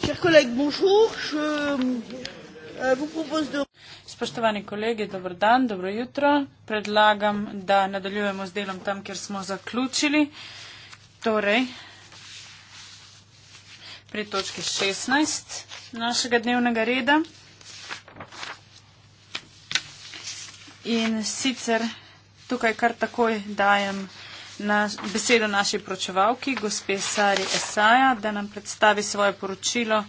Chers collègues, bonjour. Je euh, vous propose de... Spoštovani kolegi, dober dan, dobro jutro. Predlagam, da nadaljujemo z delom tam, kjer smo zaključili. Torej, pri točki 16 našega dnevnega reda. In sicer tukaj kar takoj dajem na besedo naši pročevalki, gospe Sari Esaja, da nam predstavi svoje poročilo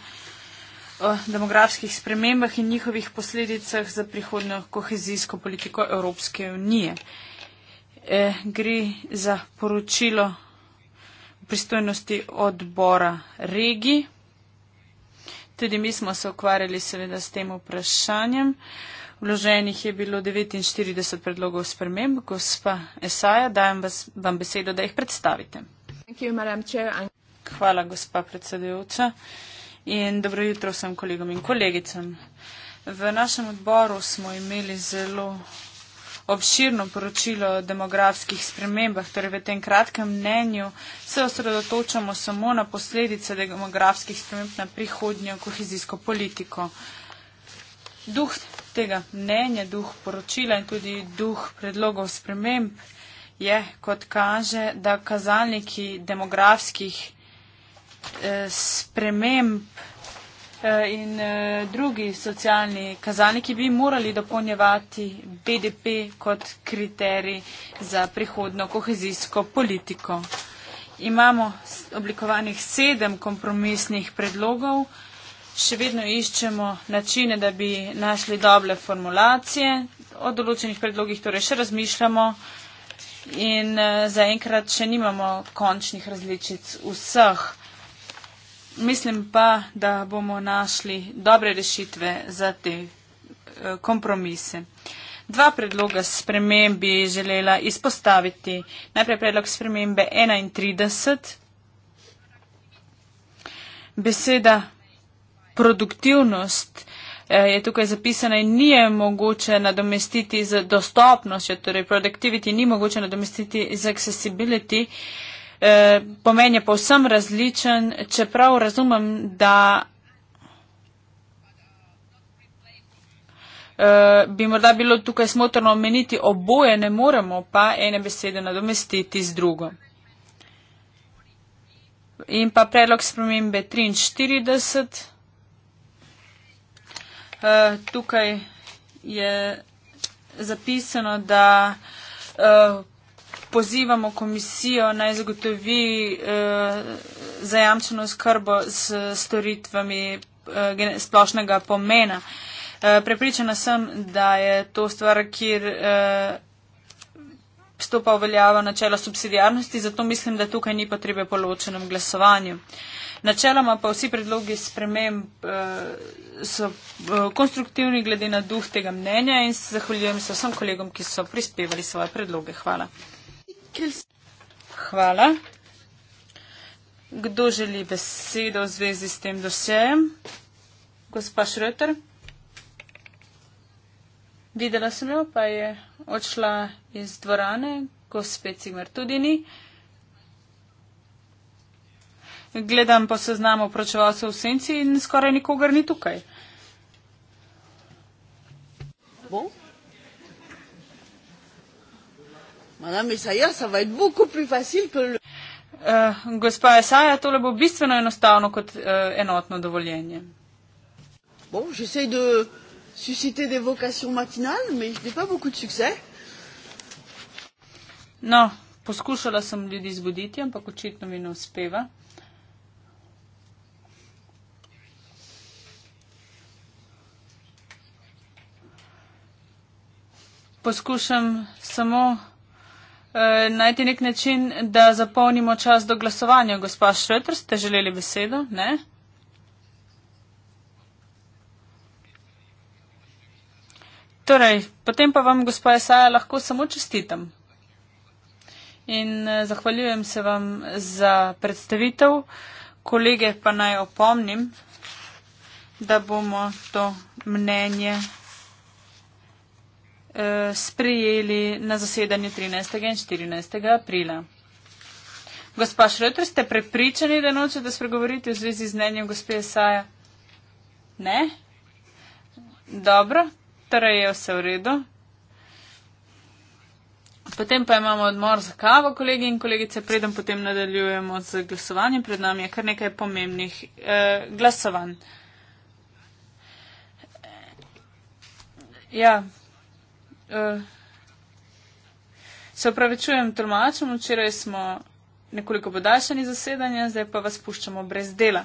o demografskih spremembah in njihovih posledicah za prihodnjo kohezijsko politiko Evropske unije. E, gre za poročilo pristojnosti odbora regi. Tudi mi smo se ukvarjali seveda s tem vprašanjem. E, Vloženih je bilo 49 predlogov sprememb. Gospa Esaja, dajem vam besedo, da jih predstavite. Hvala, gospa predsedujoča. In dobro jutro vsem kolegom in kolegicam. V našem odboru smo imeli zelo obširno poročilo o demografskih spremembah, torej v tem kratkem mnenju se osredotočamo samo na posledice demografskih sprememb na prihodnjo kohezijsko politiko. Duh tega mnenja, duh poročila in tudi duh predlogov sprememb je, kot kaže, da kazalniki demografskih eh, sprememb eh, in eh, drugi socialni kazalniki bi morali dopolnjevati BDP kot kriterij za prihodno kohezijsko politiko. Imamo oblikovanih sedem kompromisnih predlogov še vedno iščemo načine, da bi našli dobre formulacije. O določenih predlogih torej še razmišljamo in eh, zaenkrat še nimamo končnih različic vseh. Mislim pa, da bomo našli dobre rešitve za te eh, kompromise. Dva predloga spremembi želela izpostaviti. Najprej predlog spremembe 31. Beseda produktivnost eh, je tukaj zapisana in ni mogoče nadomestiti z dostopnostjo, torej productivity ni mogoče nadomestiti z accessibility. Eh, pomen je povsem različen, čeprav razumem, da eh, bi morda bilo tukaj smotrno omeniti oboje, ne moremo pa ene besede nadomestiti z drugo. In pa predlog spremembe 43. Eh, tukaj je zapisano, da eh, pozivamo komisijo naj zagotovi eh, zajamčeno skrbo s storitvami splošnega pomena. Prepričana sem, da je to stvar, kjer vstopa uveljava načela subsidijarnosti, zato mislim, da tukaj ni potrebe po ločenem glasovanju. Uh, Načeloma pa vsi predlogi sprememb eh, so eh, konstruktivni glede na duh tega mnenja in zahvaljujem se vsem kolegom, ki so prispevali svoje predloge. Hvala. Hvala. Kdo želi besedo v zvezi s tem dosejem? Gospa Šreter. Videla sem jo, pa je odšla iz dvorane, gospe Cimer tudi ni gledam po seznamu pročevalcev v senci in skoraj nikogar ni tukaj. Eh, gospa Esaja, tole bo bistveno enostavno kot uh, enotno dovoljenje. Bon, j'essaye de susciter des vocations matinales, mais je n'ai pas beaucoup de succès. Non, poskušala sem ljudi zbuditi, ampak očitno mi ne uspeva. poskušam samo eh, najti nek način, da zapolnimo čas do glasovanja. Gospa Šveter, ste želeli besedo? Ne? Torej, potem pa vam, gospa Esaja, lahko samo čestitam. In eh, zahvaljujem se vam za predstavitev. Kolege pa naj opomnim, da bomo to mnenje Eh, sprejeli na zasedanju 13. in 14. aprila. Gospa Šrotr, ste prepričani, da nočete spregovoriti v zvezi z mnenjem gospe Saja? Ne? Dobro, torej je vse v redu. Potem pa imamo odmor za kavo, kolegi in kolegice, predem potem nadaljujemo z glasovanjem. Pred nami je kar nekaj pomembnih eh, glasovanj. Ja, Uh, se opravičujem, tolmačem, včeraj smo nekoliko podaljšani zasedanja, zdaj pa vas puščamo brez dela.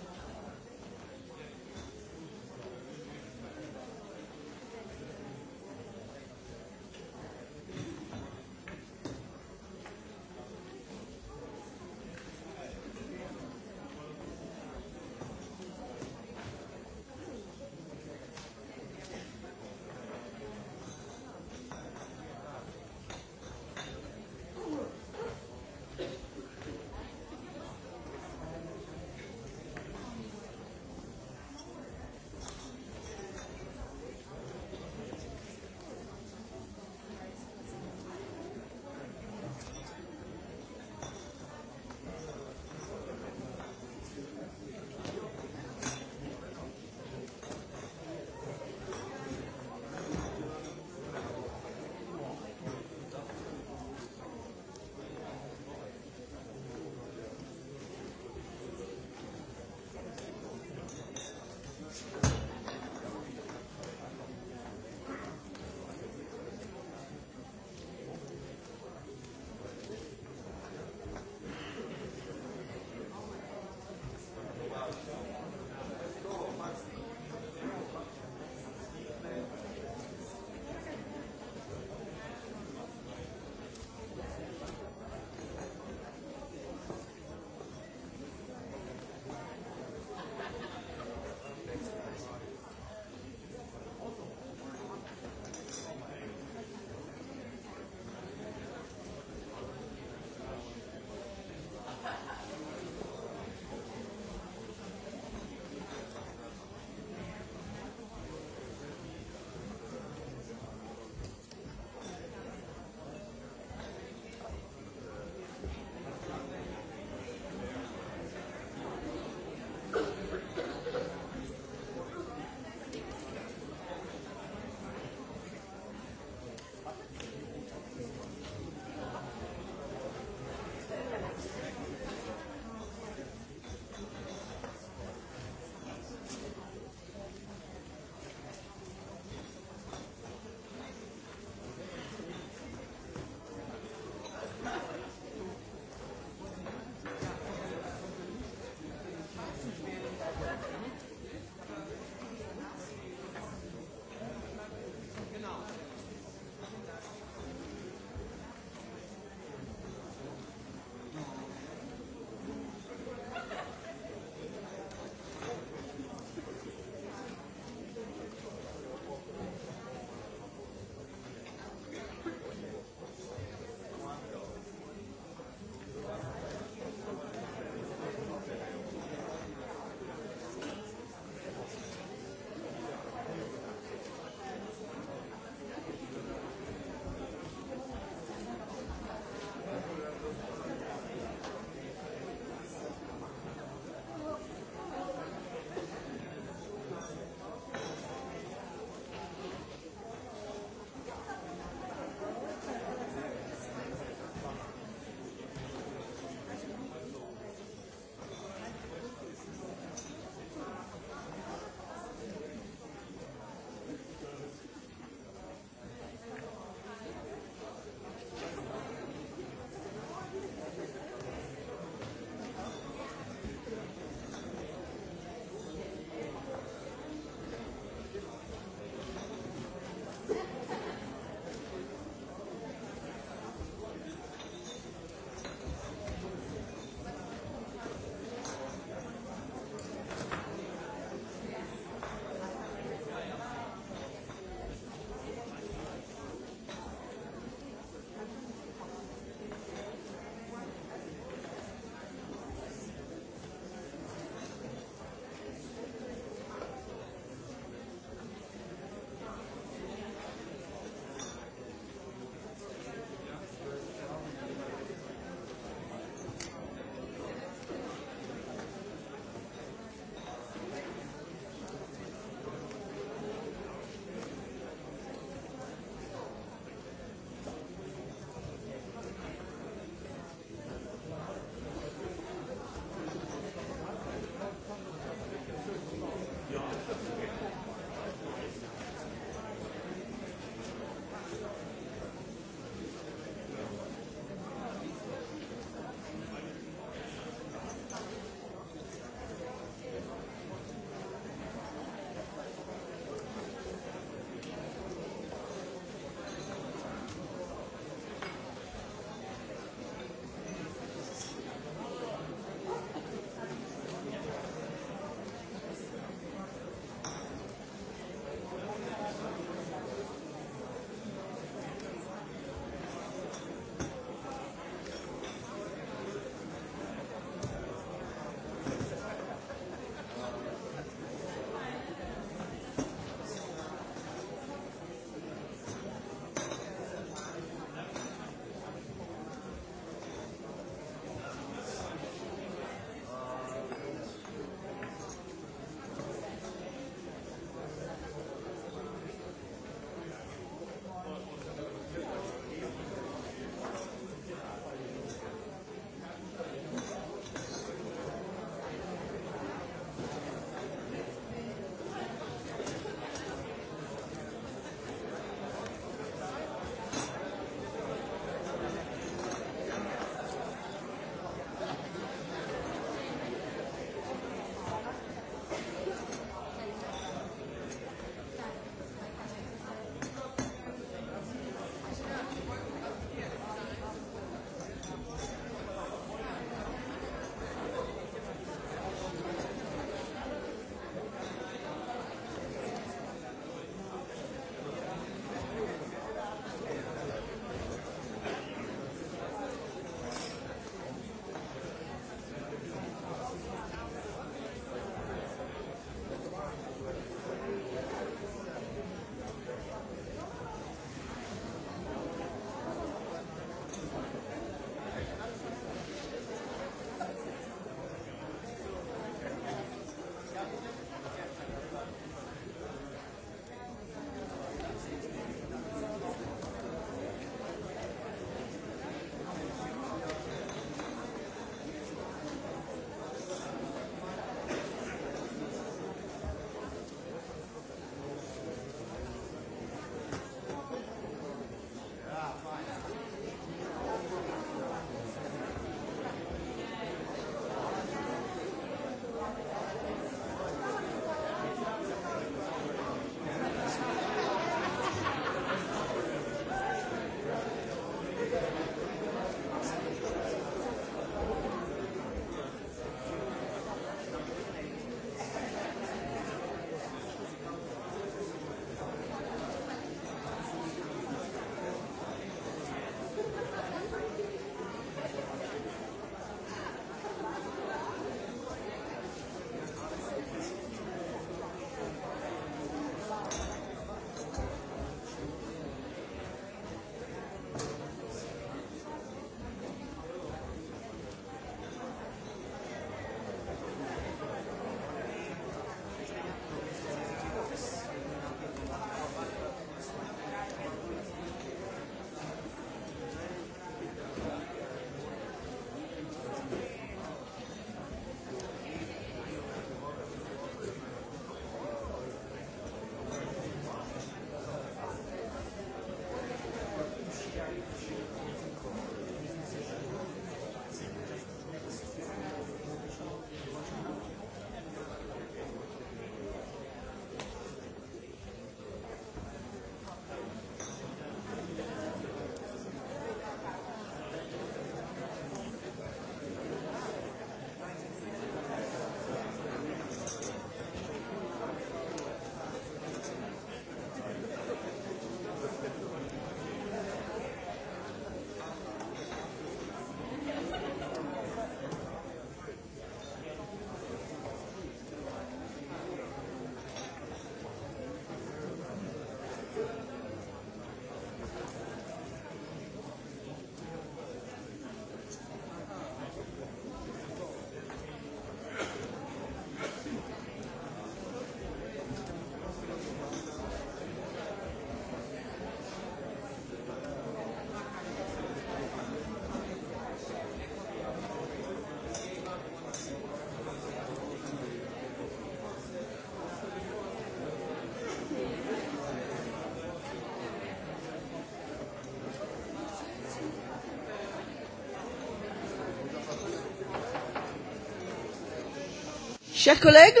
Chers collègues,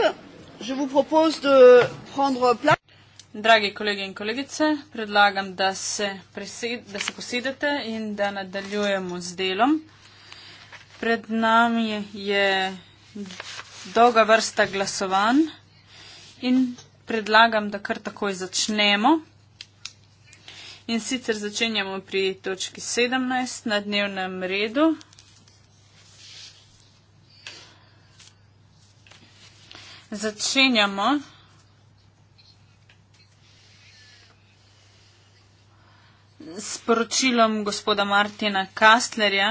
je vous propose de prendre place. Dragi kolegi in kolegice, predlagam, da se, presed, da se posedete in da nadaljujemo z delom. Pred nami je dolga vrsta glasovanj in predlagam, da kar takoj začnemo. In sicer začenjamo pri točki 17 na dnevnem redu, začenjamo. S poročilom gospoda Martina Kastlerja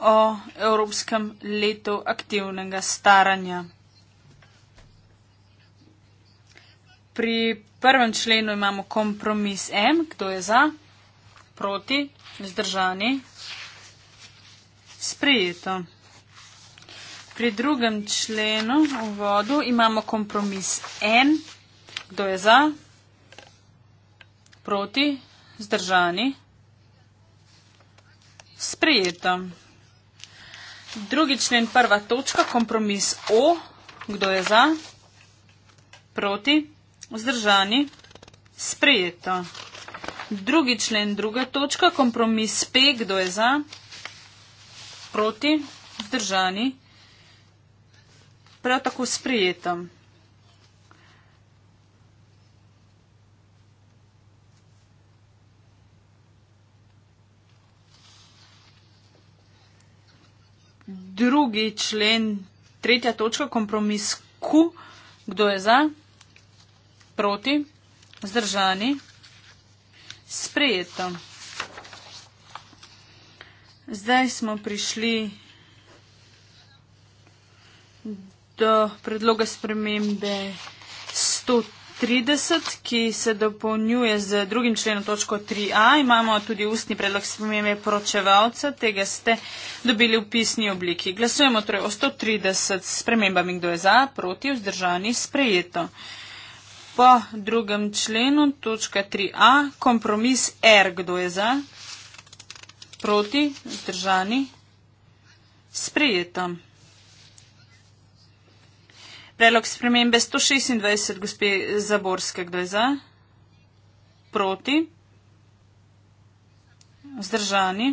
o Evropskem letu aktivnega staranja. Pri prvem členu imamo kompromis M, kdo je za, proti, vzdržani, sprejeto pri drugem členu v vodu imamo kompromis en, kdo je za, proti, zdržani, sprejeto. Drugi člen, prva točka, kompromis o, kdo je za, proti, zdržani, sprejeto. Drugi člen, druga točka, kompromis p, kdo je za, proti, zdržani, sprejeto prav tako sprijetem. Drugi člen, tretja točka, kompromis Q. Kdo je za? Proti? Zdržani? Sprejeto. Zdaj smo prišli do predloga spremembe 130, ki se dopolnjuje z drugim členom točko 3a. Imamo tudi ustni predlog spremembe poročevalca, tega ste dobili v pisni obliki. Glasujemo torej o 130 spremembami, kdo je za, proti, vzdržani, sprejeto. Po drugem členu točka 3a kompromis R, kdo je za, proti, vzdržani, sprejeto. Predlog spremembe 126, gospe Zaborske, kdo je za? Proti? Zdržani?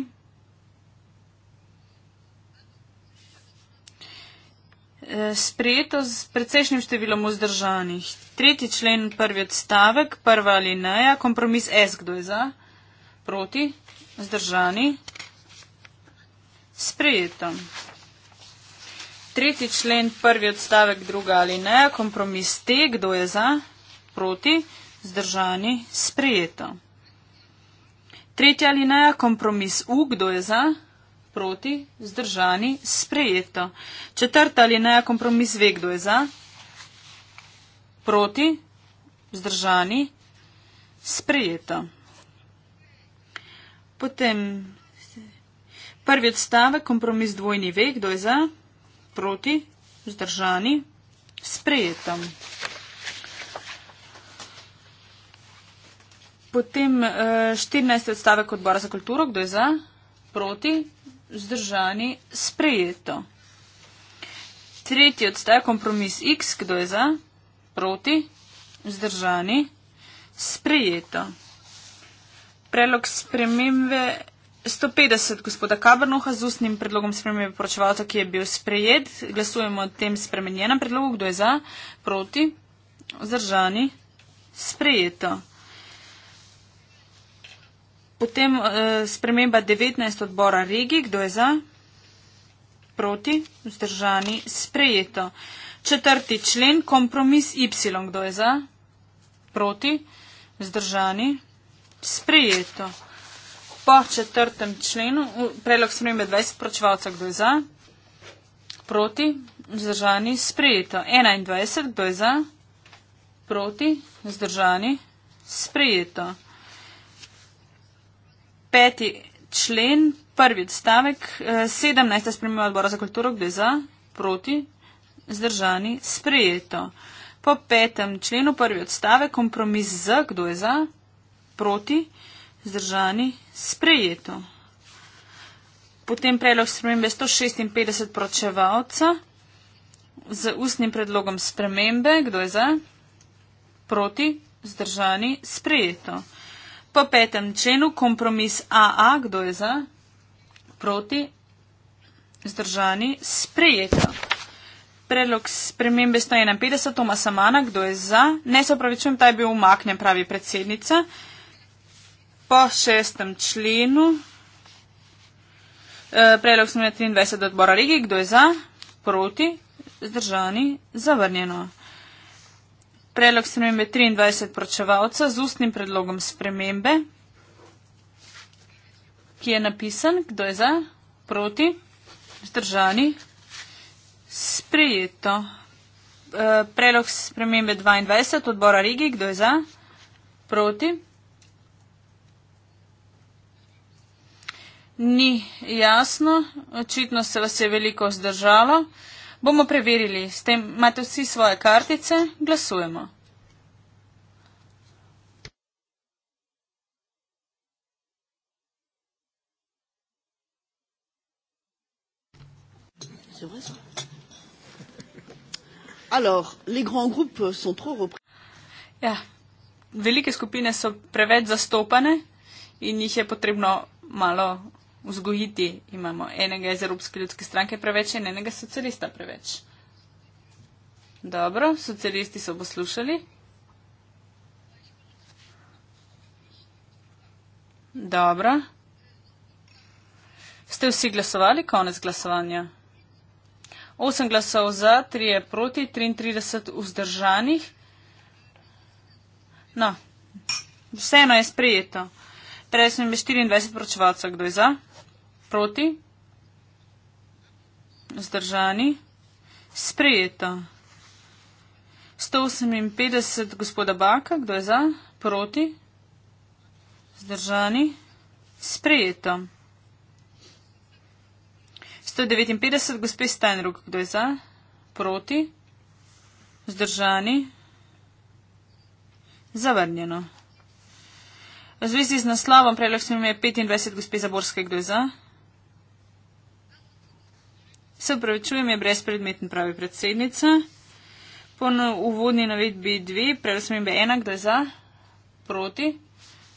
E, sprejeto s precejšnjim številom vzdržanih. Tretji člen, prvi odstavek, prva ali neja, kompromis S, kdo je za? Proti? Zdržani? Sprejeto tretji člen, prvi odstavek, druga ali ne, kompromis te, kdo je za, proti, zdržani, sprejeto. Tretja ali ne, kompromis u, kdo je za, proti, zdržani, sprejeto. Četrta ali ne, kompromis ve, kdo je za, proti, zdržani, sprejeto. Potem prvi odstavek, kompromis dvojni ve, kdo je za proti, vzdržani, sprejeta. Potem 14. Eh, odstavek odbora za kulturo, kdo je za, proti, vzdržani, sprejeto. Tretji odstavek kompromis X, kdo je za, proti, vzdržani, sprejeto. Prelog spremembe 150 gospoda Kabrnoha z ustnim predlogom spremembe poročevalca, ki je bil sprejet. Glasujemo o tem spremenjenem predlogu. Kdo je za? Proti? Zdržani? Sprejeto. Potem eh, sprememba 19 odbora regi. Kdo je za? Proti? Zdržani? Sprejeto. Četrti člen, kompromis Y. Kdo je za? Proti? Zdržani? Sprejeto po četrtem členu, predlog spremembe 20 poročevalca, kdo je za, proti, zdržani, sprejeto. 21, kdo je za, proti, zdržani, sprejeto. Peti člen, prvi odstavek, 17. Eh, spremembe odbora za kulturo, kdo je za, proti, zdržani, sprejeto. Po petem členu, prvi odstavek, kompromis z, kdo je za, proti, zdržani. Zdržani, sprejeto. Potem predlog spremembe 156 pročevalca z ustnim predlogom spremembe. Kdo je za? Proti, zdržani, sprejeto. Po petem členu kompromis AA. Kdo je za? Proti, zdržani, sprejeto. Predlog spremembe 151 Toma Samana. Kdo je za? Ne se opravičujem, ta je bil umaknjen, pravi predsednica po šestem členu. E, predlog smo na 23. odbora regij, kdo je za, proti, zdržani, zavrnjeno. Predlog spremembe 23 pročevalca z ustnim predlogom spremembe, ki je napisan, kdo je za, proti, zdržani, sprejeto. E, predlog spremembe 22 odbora regij, kdo je za, proti. ni jasno, očitno se vas je veliko zdržalo. Bomo preverili, s tem imate vsi svoje kartice, glasujemo. Ja, velike skupine so preveč zastopane in jih je potrebno malo vzgojiti. Imamo enega iz Evropske ljudske stranke preveč in enega socialista preveč. Dobro, socialisti so poslušali. Dobro. Ste vsi glasovali? Konec glasovanja. 8 glasov za, 3 je proti, 33 vzdržanih. No, vseeno je sprejeto. Prej sem imel 24 pročevalcev, kdo je za, proti, zdržani, sprejeto. 158 gospoda Baka, kdo je za, proti, zdržani, sprejeto. 159 gospe Steinrug, kdo je za, proti, zdržani, zavrnjeno. V zvezi z naslovom predlog sem imel 25 gospe Zaborske, kdo je za? Se upravičujem, je brezpredmeten pravi predsednica. Po no, uvodni navedbi 2, predlog sem imel 1, kdo je za? Proti?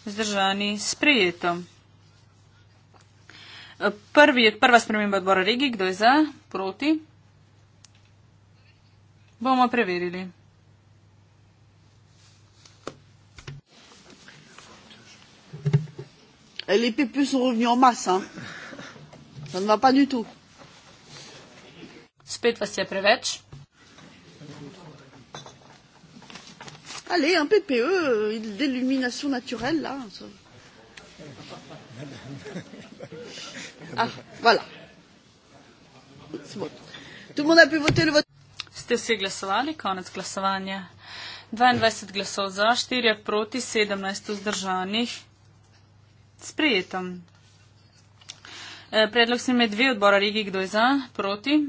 Zdržani sprejeto. Prvi je prva sprememba odbora regij, kdo je za? Proti? Bomo preverili. les ppe sont revenus en masse hein. ça ne va pas du tout spet vas je preveč allez un ppe euh, d'illumination naturelle là ça... ah voilà c'est bon tout le monde a pu voter le vote ste vsi glasovali konec glasovanja 22 glasov za 4 proti 17 vzdržanih sprejetom. E, predlog se ime dve odbora regi, kdo je za, proti,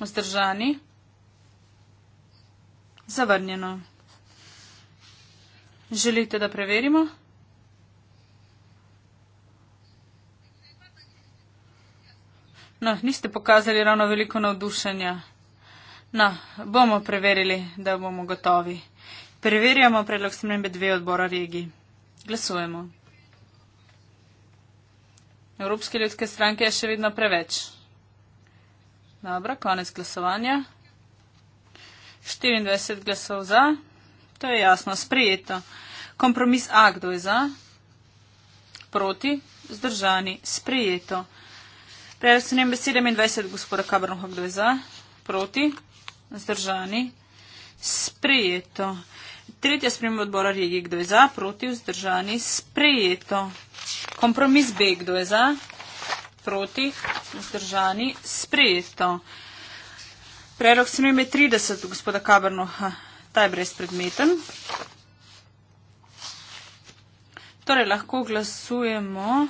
vzdržani, zavrnjeno. Želite, da preverimo? No, niste pokazali ravno veliko navdušenja. No, bomo preverili, da bomo gotovi. Preverjamo predlog smembe dve odbora regiji. Glasujemo. Evropske ljudske stranke je še vedno preveč. Dobro, konec glasovanja. 24 glasov za. To je jasno, sprejeto. Kompromis A, kdo je za? Proti, zdržani, sprejeto. Prejelo se nebe 27, gospoda Kabrnoha, kdo je za? Proti, zdržani, sprejeto. Tretja sprememba odbora regi, kdo je za, proti vzdržani, sprejeto. Kompromis B, kdo je za, proti vzdržani, sprejeto. Predlog sprememe 30, gospoda Kabrnoha, ta je brezpredmeten. Torej lahko glasujemo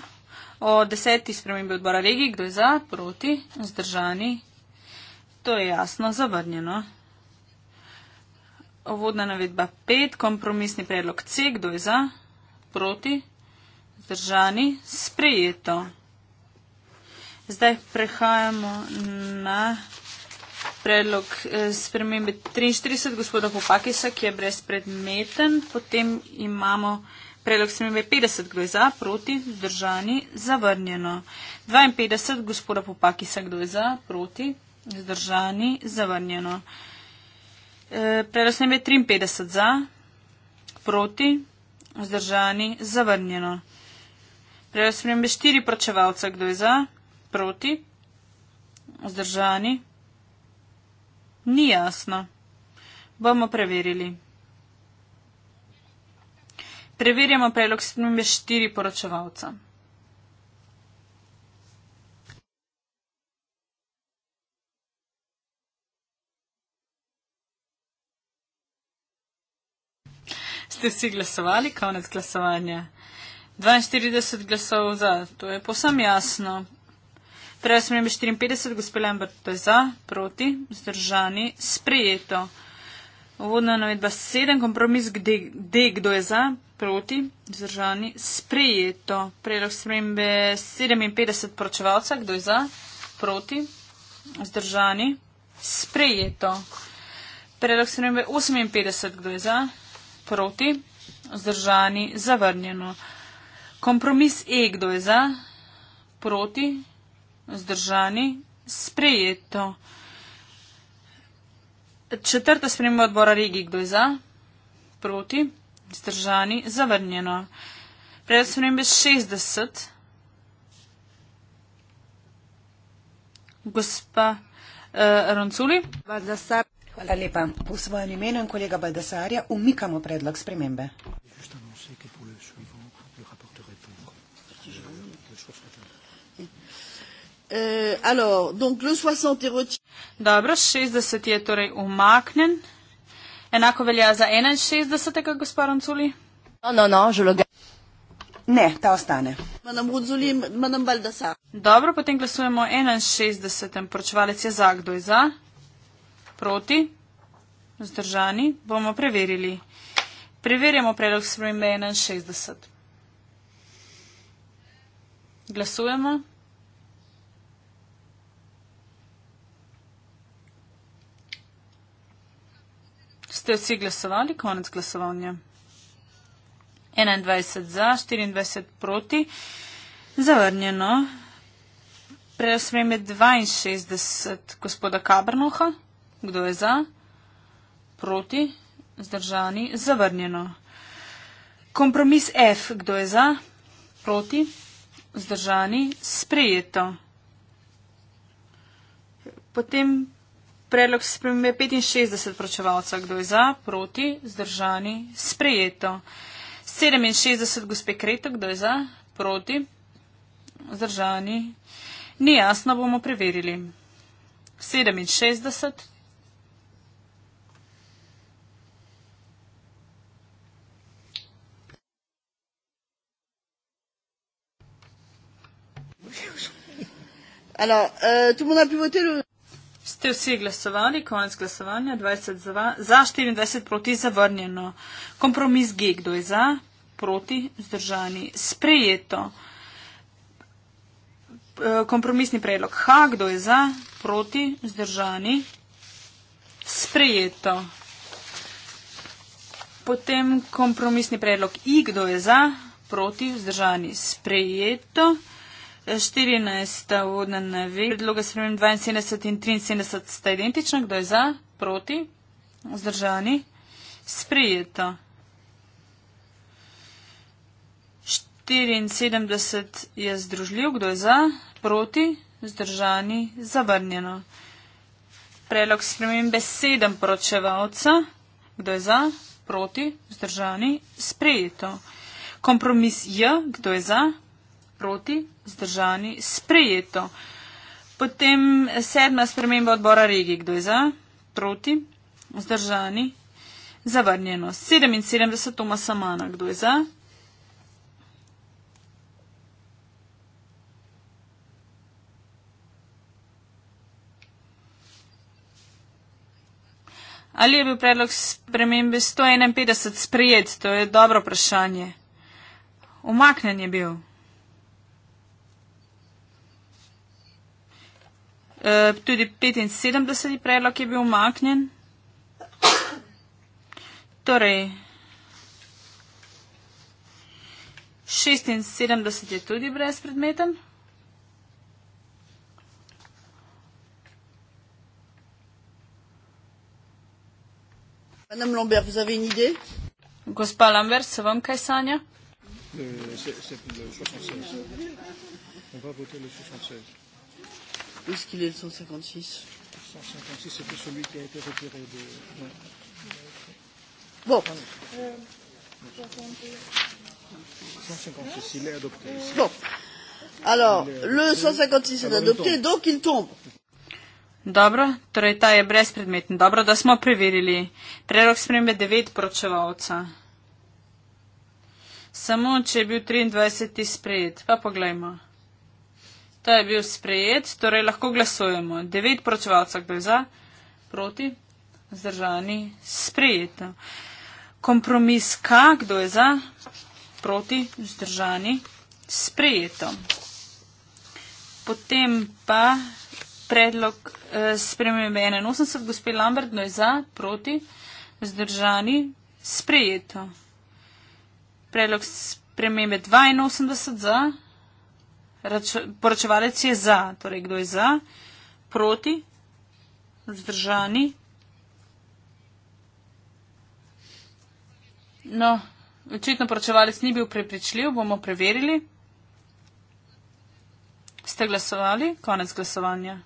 o deseti spremembi odbora regi, kdo je za, proti vzdržani. To je jasno zavrnjeno. Ovodna navedba 5, kompromisni predlog C, kdo je za, proti, zdržani, sprejeto. Zdaj prehajamo na predlog eh, spremembe 43 gospoda Popakisa, ki je brezpredmeten. Potem imamo predlog spremembe 50, kdo je za, proti, zdržani, zavrnjeno. 52 gospoda Popakisa, kdo je za, proti, zdržani, zavrnjeno. Predlog sem je 53 za, proti, vzdržani, zavrnjeno. Predlog sem je 4 pročevalca, kdo je za, proti, vzdržani, ni jasno. Bomo preverili. Preverjamo predlog sem je 4 pročevalca. ste si glasovali, konec glasovanja. 42 glasov za, to je posem jasno. Prej smo imeli 54, gospod Lambert, to je za, proti, zdržani, sprejeto. Uvodna navedba 7, kompromis, kde, kde kdo je za, proti, zdržani, sprejeto. Predlog spremembe 57 poročevalca, kdo je za, proti, zdržani, sprejeto. Predlog spremembe 58, kdo je za, proti, vzdržani, zavrnjeno. Kompromis E, kdo je za, proti, vzdržani, sprejeto. Četrta sprememba odbora regij, kdo je za, proti, vzdržani, zavrnjeno. Predvsem spremembe 60. Gospa uh, Ronculi. Hvala za sabo. Hvala lepa. V svojem imenu in kolega Baldasarja umikamo predlog spremembe. Eh, Dobro, 60 je torej umaknen. Enako velja za 61, gospod Ronculi? No, no, no, ne, ta ostane. Dobro, potem glasujemo o 61. Poročevalec je za, kdo je za? Proti? Zdržani? Bomo preverili. Preverjamo predlog spremembe 61. Glasujemo. Ste vsi glasovali? Konec glasovanja. 21 za, 24 proti. Zavrnjeno. Predlog spremembe 62 gospoda Kabrnoha. Kdo je za? Proti? Zdržani? Zavrnjeno. Kompromis F. Kdo je za? Proti? Zdržani? Sprejeto. Potem predlog spremembe 65 pročevalca. Kdo je za? Proti? Zdržani? Sprejeto. 67 gospe Kreto. Kdo je za? Proti? Zdržani? Ni jasno, bomo preverili. 67. Alors, euh, tout le monde a pu voter le... Ste vsi glasovali, konec glasovanja, 20 za, za 24 proti zavrnjeno. Kompromis G, kdo je za, proti, zdržani, sprejeto. Eh, kompromisni predlog H, kdo je za, proti, zdržani, sprejeto. Potem kompromisni predlog I, kdo je za, proti, zdržani, sprejeto. 14. vodna nevi, predloga spremem 72 in 73 sta identična, kdo je za, proti, vzdržani, sprijeto. 74 je združljiv, kdo je za, proti, vzdržani, zavrnjeno. Predlog spremembe 7 poročevalca, kdo je za, proti, vzdržani, sprejeto. Kompromis J, kdo je za, proti, zdržani, sprejeto. Potem sedma sprememba odbora regij, kdo je za, proti, zdržani, zavrnjeno. 77 Toma Samana, kdo je za. Ali je bil predlog spremembe 151 sprejet? To je dobro vprašanje. Umaknen je bil. Eh, tudi 75. predlog je bil umaknjen. Torej, 76 je tudi brezpredmeten. Madame Lambert, vous avez une idée? Gospa Lambert, se vam kaj sanja? Mm, euh, c est, c est le 76. On va voter le 76. Est-ce qu'il est le 156 156, c'était celui qui a été retiré de. Ouais. Bon. Euh, 156, il est adopté. Ici. Bon. Alors, le 156 est adopté, donc il tombe. Dobro, torej ta je brezpredmeten. Dobro, da smo preverili. Predlog spremembe 9 poročevalca. Samo, če je bil 23. sprejet. Pa poglejmo. Ta je bil sprejet, torej lahko glasujemo. 9 poročevalcev je za, proti, zdržani, sprejeto. Kompromis K, kdo je za, proti, zdržani, sprejeto. Potem pa predlog eh, spremembe 81, gospod Lambert, kdo je za, proti, zdržani, sprejeto. Predlog spremembe 82 za, Poročevalec je za, torej kdo je za, proti, vzdržani. No, očitno poročevalec ni bil prepričljiv, bomo preverili. Ste glasovali? Konec glasovanja.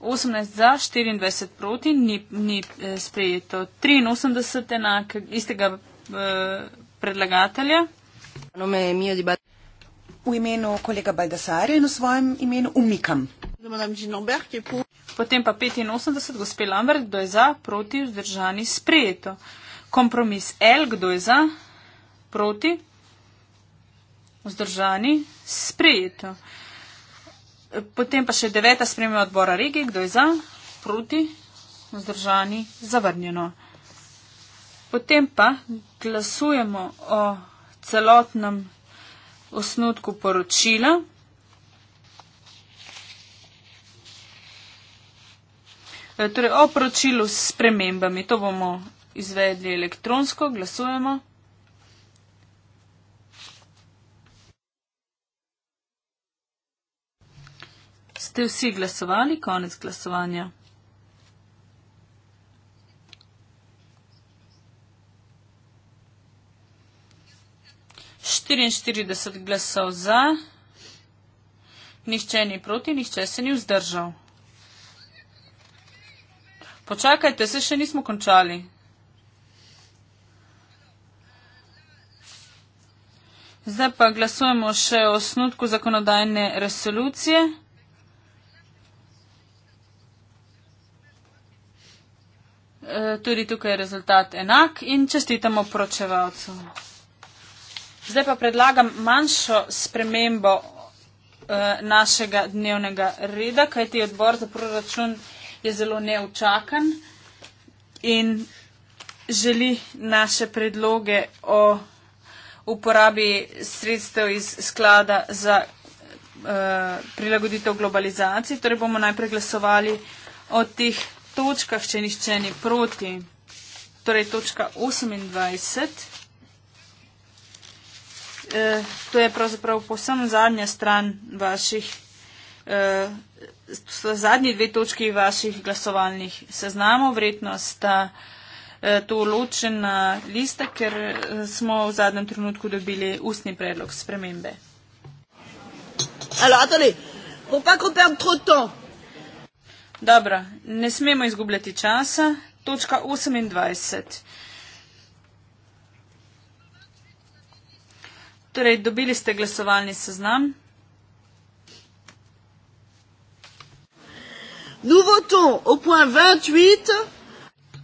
18 za, 24 proti, ni, ni eh, sprejeto. 83 enak istega eh, predlagatelja. No, me je mi odibati v imenu kolega Baldasarja in v svojem imenu umikam. Potem pa 85, gospe Lambert, kdo je za, proti, vzdržani, sprejeto. Kompromis L, kdo je za, proti, vzdržani, sprejeto. Potem pa še deveta sprememba odbora regije, kdo je za, proti, vzdržani, zavrnjeno. Potem pa glasujemo o celotnem osnutku poročila. E, torej, o poročilu s spremembami, to bomo izvedli elektronsko, glasujemo. Ste vsi glasovali, konec glasovanja. 44 glasov za, nihče ni proti, nihče se ni vzdržal. Počakajte, se še nismo končali. Zdaj pa glasujemo še o osnutku zakonodajne resolucije. E, tudi tukaj je rezultat enak in čestitamo pročevalcu. Zdaj pa predlagam manjšo spremembo eh, našega dnevnega reda, kajti odbor za proračun je zelo neučakan in želi naše predloge o uporabi sredstev iz sklada za eh, prilagoditev globalizaciji. Torej bomo najprej glasovali o teh točkah, če nišče ni proti. Torej točka 28 eh, to je pravzaprav posem zadnja stran vaših, eh, so zadnji dve točki vaših glasovalnih seznamov, vrednost eh, to ločena lista, ker eh, smo v zadnjem trenutku dobili ustni predlog spremembe. Dobro, ne smemo izgubljati časa. Točka 28. Torej, dobili ste glasovalni seznam.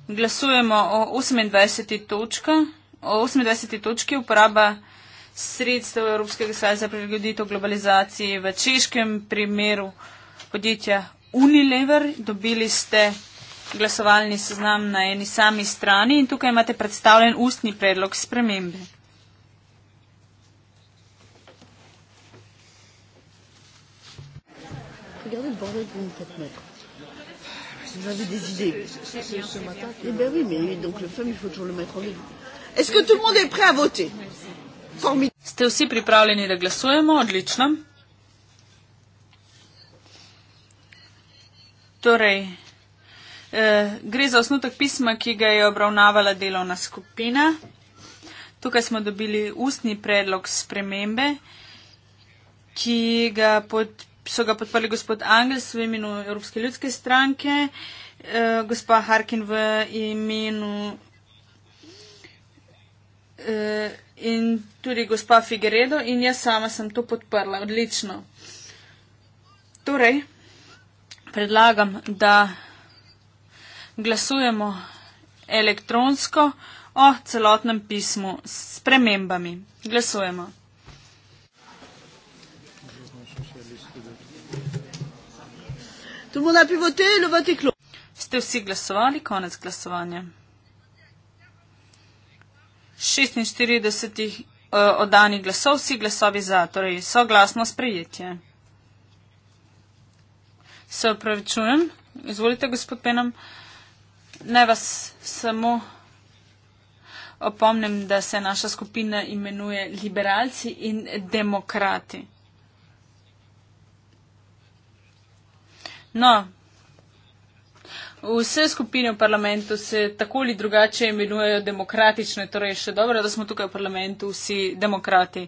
Glasujemo o 28. točki, o 28. točki uporaba sredstev Evropskega sveta za prilagoditev globalizaciji v češkem primeru podjetja Unilever. Dobili ste glasovalni seznam na eni sami strani in tukaj imate predstavljen ustni predlog spremembe. regardez le bordel que vous me faites mettre. Vous avez des idées. Eh bien oui, mais donc le femme, il faut toujours le mettre en ligne. Est-ce que tout le monde est prêt à voter Ste vsi pripravljeni, da glasujemo? Odlično. Torej, eh, gre za osnutek pisma, ki ga je obravnavala delovna skupina. Tukaj smo dobili ustni predlog spremembe, ki ga podpira so ga podprli gospod Angels v imenu Evropske ljudske stranke, eh, gospa Harkin v imenu eh, in tudi gospa Figueredo in jaz sama sem to podprla. Odlično. Torej, predlagam, da glasujemo elektronsko o celotnem pismu s premembami. Glasujemo. Tout le monde a pu voter, le vote est clos. Ste vsi glasovali, konec glasovanja. 46 uh, eh, oddanih glasov, vsi glasovi za, torej soglasno sprejetje. Se opravičujem, izvolite gospod Penam, ne vas samo opomnim, da se naša skupina imenuje liberalci in demokrati. No, vse skupine v parlamentu se tako ali drugače imenujejo demokratične, torej še dobro, da smo tukaj v parlamentu vsi demokrati.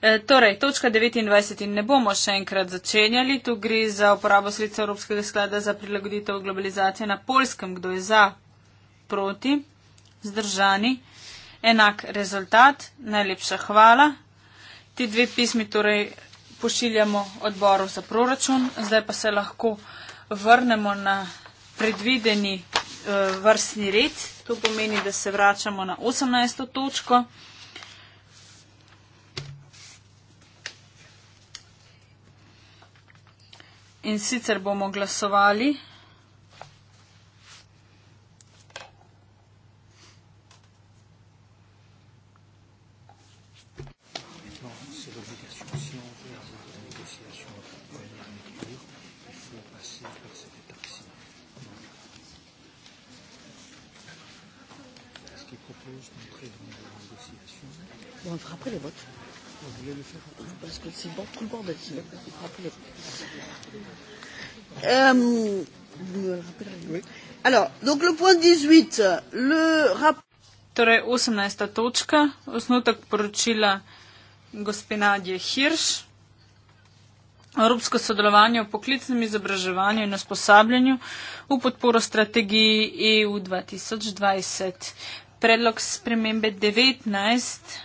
E, torej, točka 29 in ne bomo še enkrat začenjali, tu gre za uporabo sredstva Evropskega sklada za prilagoditev globalizacije na polskem, kdo je za, proti, zdržani, enak rezultat, najlepša hvala. Ti dve pismi torej pošiljamo odboru za proračun. Zdaj pa se lahko vrnemo na predvideni uh, vrstni red. To pomeni, da se vračamo na 18. točko. In sicer bomo glasovali parce que c'est beaucoup le bordel, si vous vous rappelez. Euh, vous me rappellerez. Oui. Alors, donc le point 18, le rapport. Torej, 18. točka, osnutek poročila gospodinje Hirš, evropsko sodelovanje v poklicnem izobraževanju in usposabljanju v podporo strategiji EU 2020, predlog spremembe 19.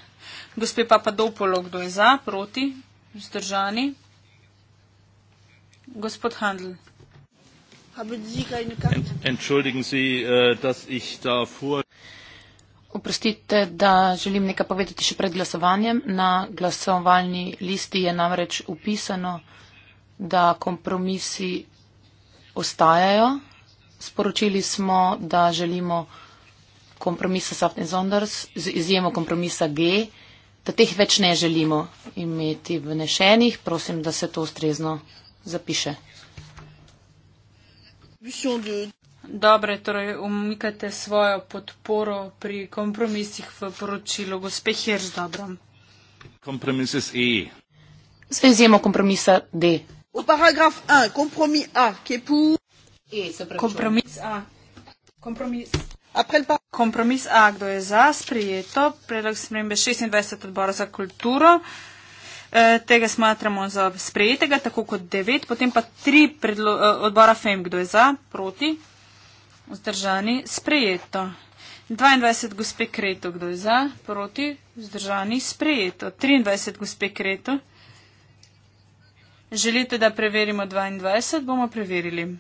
Gospe Papadopolo, kdo je za, proti, vzdržani? Gospod Handl. Äh, Oprostite, da želim nekaj povedati še pred glasovanjem. Na glasovalni listi je namreč upisano, da kompromisi ostajajo. Sporočili smo, da želimo kompromisa Saft in Zonders z izjemo kompromisa G, uh, da teh več ne želimo imeti vnešenih, prosim, da se to ustrezno zapiše. Dobre, torej umikate svojo podporo pri kompromisih v poročilu. Gospe Hirš, dobro. Kompromises E. Z izjemo kompromisa D. V paragraf 1, kompromis A, ki je pu. E, se pravi. Kompromis A. Kompromis. Après le par... Kompromis A, kdo je za, sprijeto. Predlog spremembe 26 odbora za kulturo. E, tega smatramo za sprijetega, tako kot 9. Potem pa 3 e, odbora FEM, kdo je za, proti. Vzdržani, sprijeto. 22 gospe Kreto, kdo je za, proti. Vzdržani, sprijeto. 23 gospe Kreto. Želite, da preverimo 22? Bomo preverili.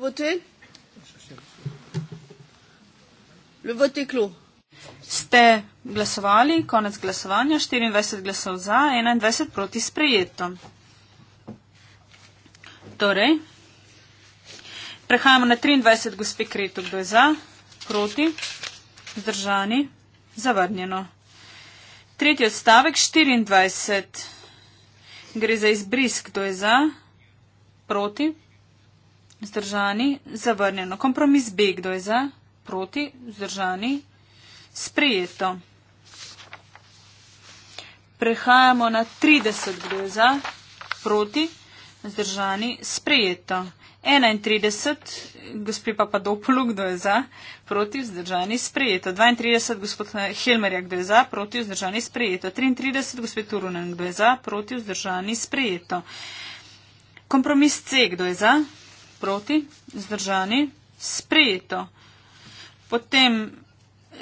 voté Le vote est clos. Ste glasovali, konec glasovanja, 24 glasov za, 21 proti sprejeto. Torej, prehajamo na 23 gospe kreto, kdo je za, proti, zdržani, zavrnjeno. Tretji odstavek, 24, gre za izbrisk, kdo je za, proti, Zdržani. Zavrnjeno. Kompromis B. Kdo je za? Proti. Zdržani. Sprejeto. Prehajamo na 30. Kdo je za? Proti. Zdržani. Sprejeto. 31. Gospi Papadopolu. Kdo je za? Proti. Zdržani. Sprejeto. 32. Gospod Helmerja. Kdo je za? Proti. Zdržani. Sprejeto. 33. Gospod Turunen. Kdo je za? Proti. Zdržani. Sprejeto. Kompromis C. Kdo je za? Proti proti, zdržani, sprejeto. Potem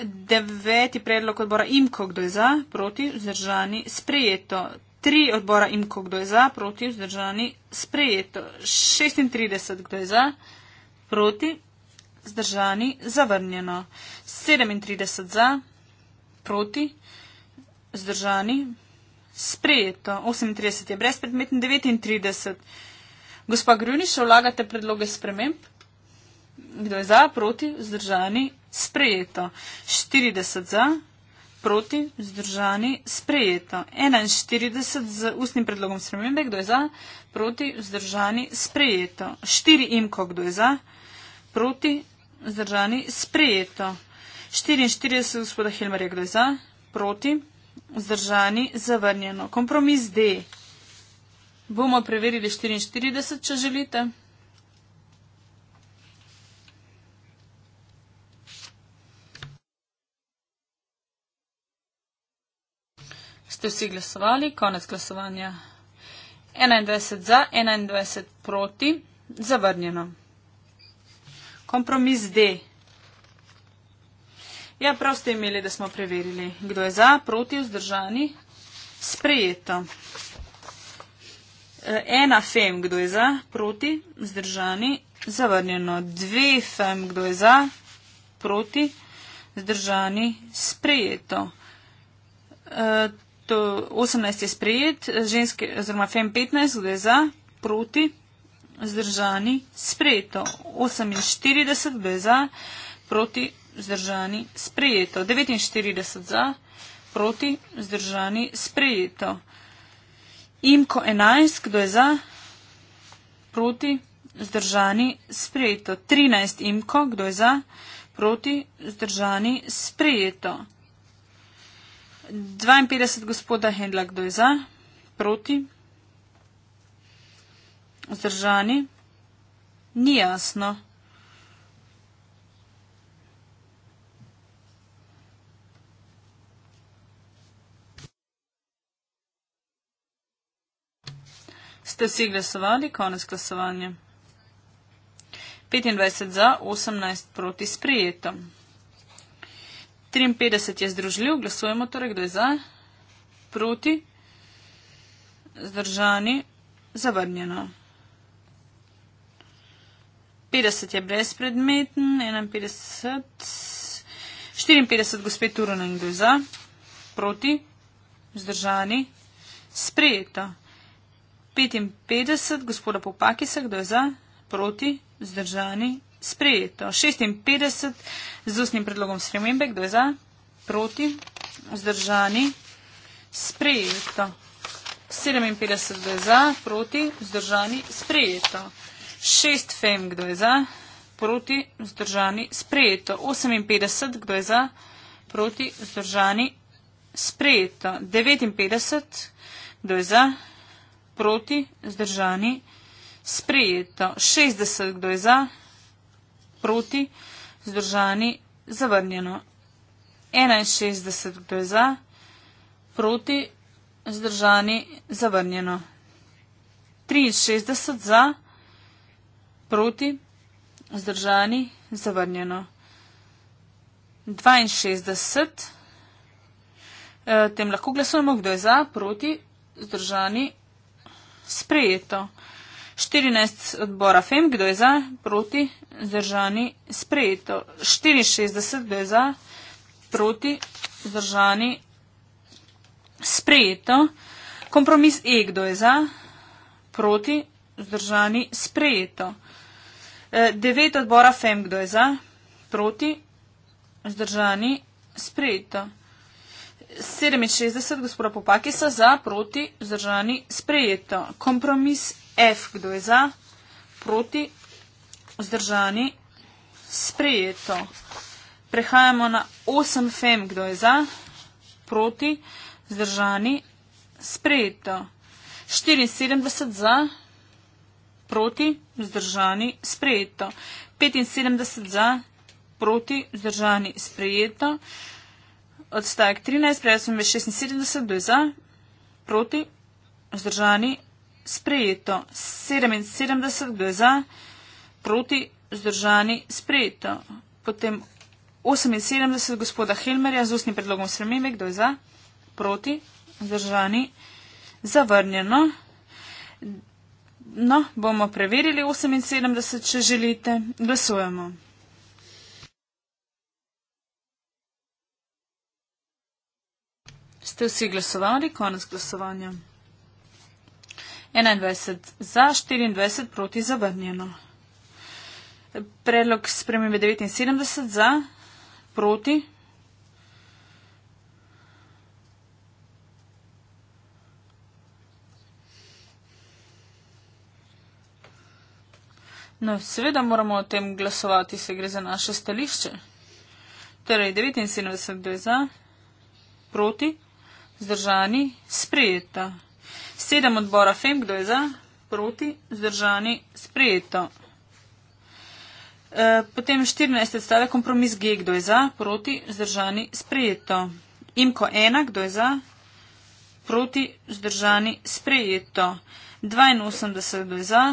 deveti predlog odbora imko, kdo je za, proti, zdržani, sprejeto. Tri odbora imko, kdo je za, proti, zdržani, sprejeto. 36, kdo je za, proti, zdržani, zavrnjeno. 37 za, proti, zdržani, sprejeto. 38 je brezpredmetno, 39. Gospa Grunič, vlagate predloge sprememb? Kdo je za, proti, vzdržani, sprejeto? 40 za, proti, vzdržani, sprejeto. 41 z ustnim predlogom spremembe, kdo je za, proti, vzdržani, sprejeto. 4 imko, kdo je za, proti, vzdržani, sprejeto. 44 gospoda Helmer je kdo je za, proti, vzdržani, zavrnjeno. Kompromis D. Bomo preverili 44, če želite. Ste vsi glasovali, konec glasovanja. 21 za, 21 proti, zavrnjeno. Kompromis D. Ja, prav ste imeli, da smo preverili, kdo je za, proti, vzdržani, sprejeto. Eh, ena fem, kdo je za, proti, zdržani, zavrnjeno, dve fem, kdo je za, proti, zdržani, sprejeto. E, to, 18 je sprejet, ženske, oziroma fem 15, kdo je za, proti, zdržani, sprejeto. 48, kdo je za, proti, zdržani, sprejeto. 49 za, proti, zdržani, sprejeto. Imko 11, kdo je za? Proti, zdržani, sprejeto. 13, imko, kdo je za? Proti, zdržani, sprejeto. 52, gospoda Hendla, kdo je za? Proti, zdržani, ni jasno. Ste vsi glasovali? Konec glasovanja. 25 za, 18 proti sprejeto. 53 je združljiv, glasujemo torej, kdo je za, proti, zdržani, zavrnjeno. 50 je brezpredmeten, 51, 54 gospe Turunen, kdo je za, proti, zdržani, sprejeto. 55, gospoda Popakisa, kdo je za, proti, zdržani, sprejeto. 56, z ustnim predlogom spremembe, kdo je za, proti, zdržani, sprejeto. 57, kdo je za, proti, zdržani, sprejeto. 6, fem, kdo je za, proti, zdržani, sprejeto. 58, kdo je za, proti, zdržani, sprejeto. 59, kdo je za, proti, zdržani, sprejeto, 60 kdo je za, proti, zdržani, zavrnjeno, 61 kdo je za, proti, zdržani, zavrnjeno, 63 za, proti, zdržani, zavrnjeno, 62, eh, tem lahko glasujemo, kdo je za, proti, zdržani, zavrnjeno sprejeto. 14 odbora FEM, kdo je za, proti, zdržani, sprejeto. 64 kdo je za, proti, zdržani, sprejeto. Kompromis E, kdo je za, proti, zdržani, sprejeto. 9 e, odbora FEM, kdo je za, proti, zdržani, sprejeto. 67 gospoda Popakisa za, proti zdržani sprejeto. Kompromis F, kdo je za, proti zdržani sprejeto. Prehajamo na 8 FEM, e kdo je za, proti zdržani sprejeto. 74 za, proti zdržani sprejeto. 75 za, proti zdržani sprejeto odstajek 13, prejel sem 76, do za, proti, vzdržani, sprejeto. 77, do za, proti, vzdržani, sprejeto. Potem 78, gospoda Helmerja, z ustnim predlogom spremembe, kdo je za, proti, vzdržani, zavrnjeno. No, bomo preverili 78, če želite. Glasujemo. Ste vsi glasovali? Konec glasovanja. 21 za, 24 proti zavrnjeno. Predlog spremembe 79 za, proti. No, seveda moramo o tem glasovati, se gre za naše stališče. Torej, 79 za, proti. Zdržani, sprejeta. Sedem odbora FEM, kdo je za, proti, zdržani, sprejeto. E, potem 14. stave kompromis G, kdo je za, proti, zdržani, sprejeto. Imko ena, kdo je za, proti, zdržani, sprejeto. 82, kdo je za,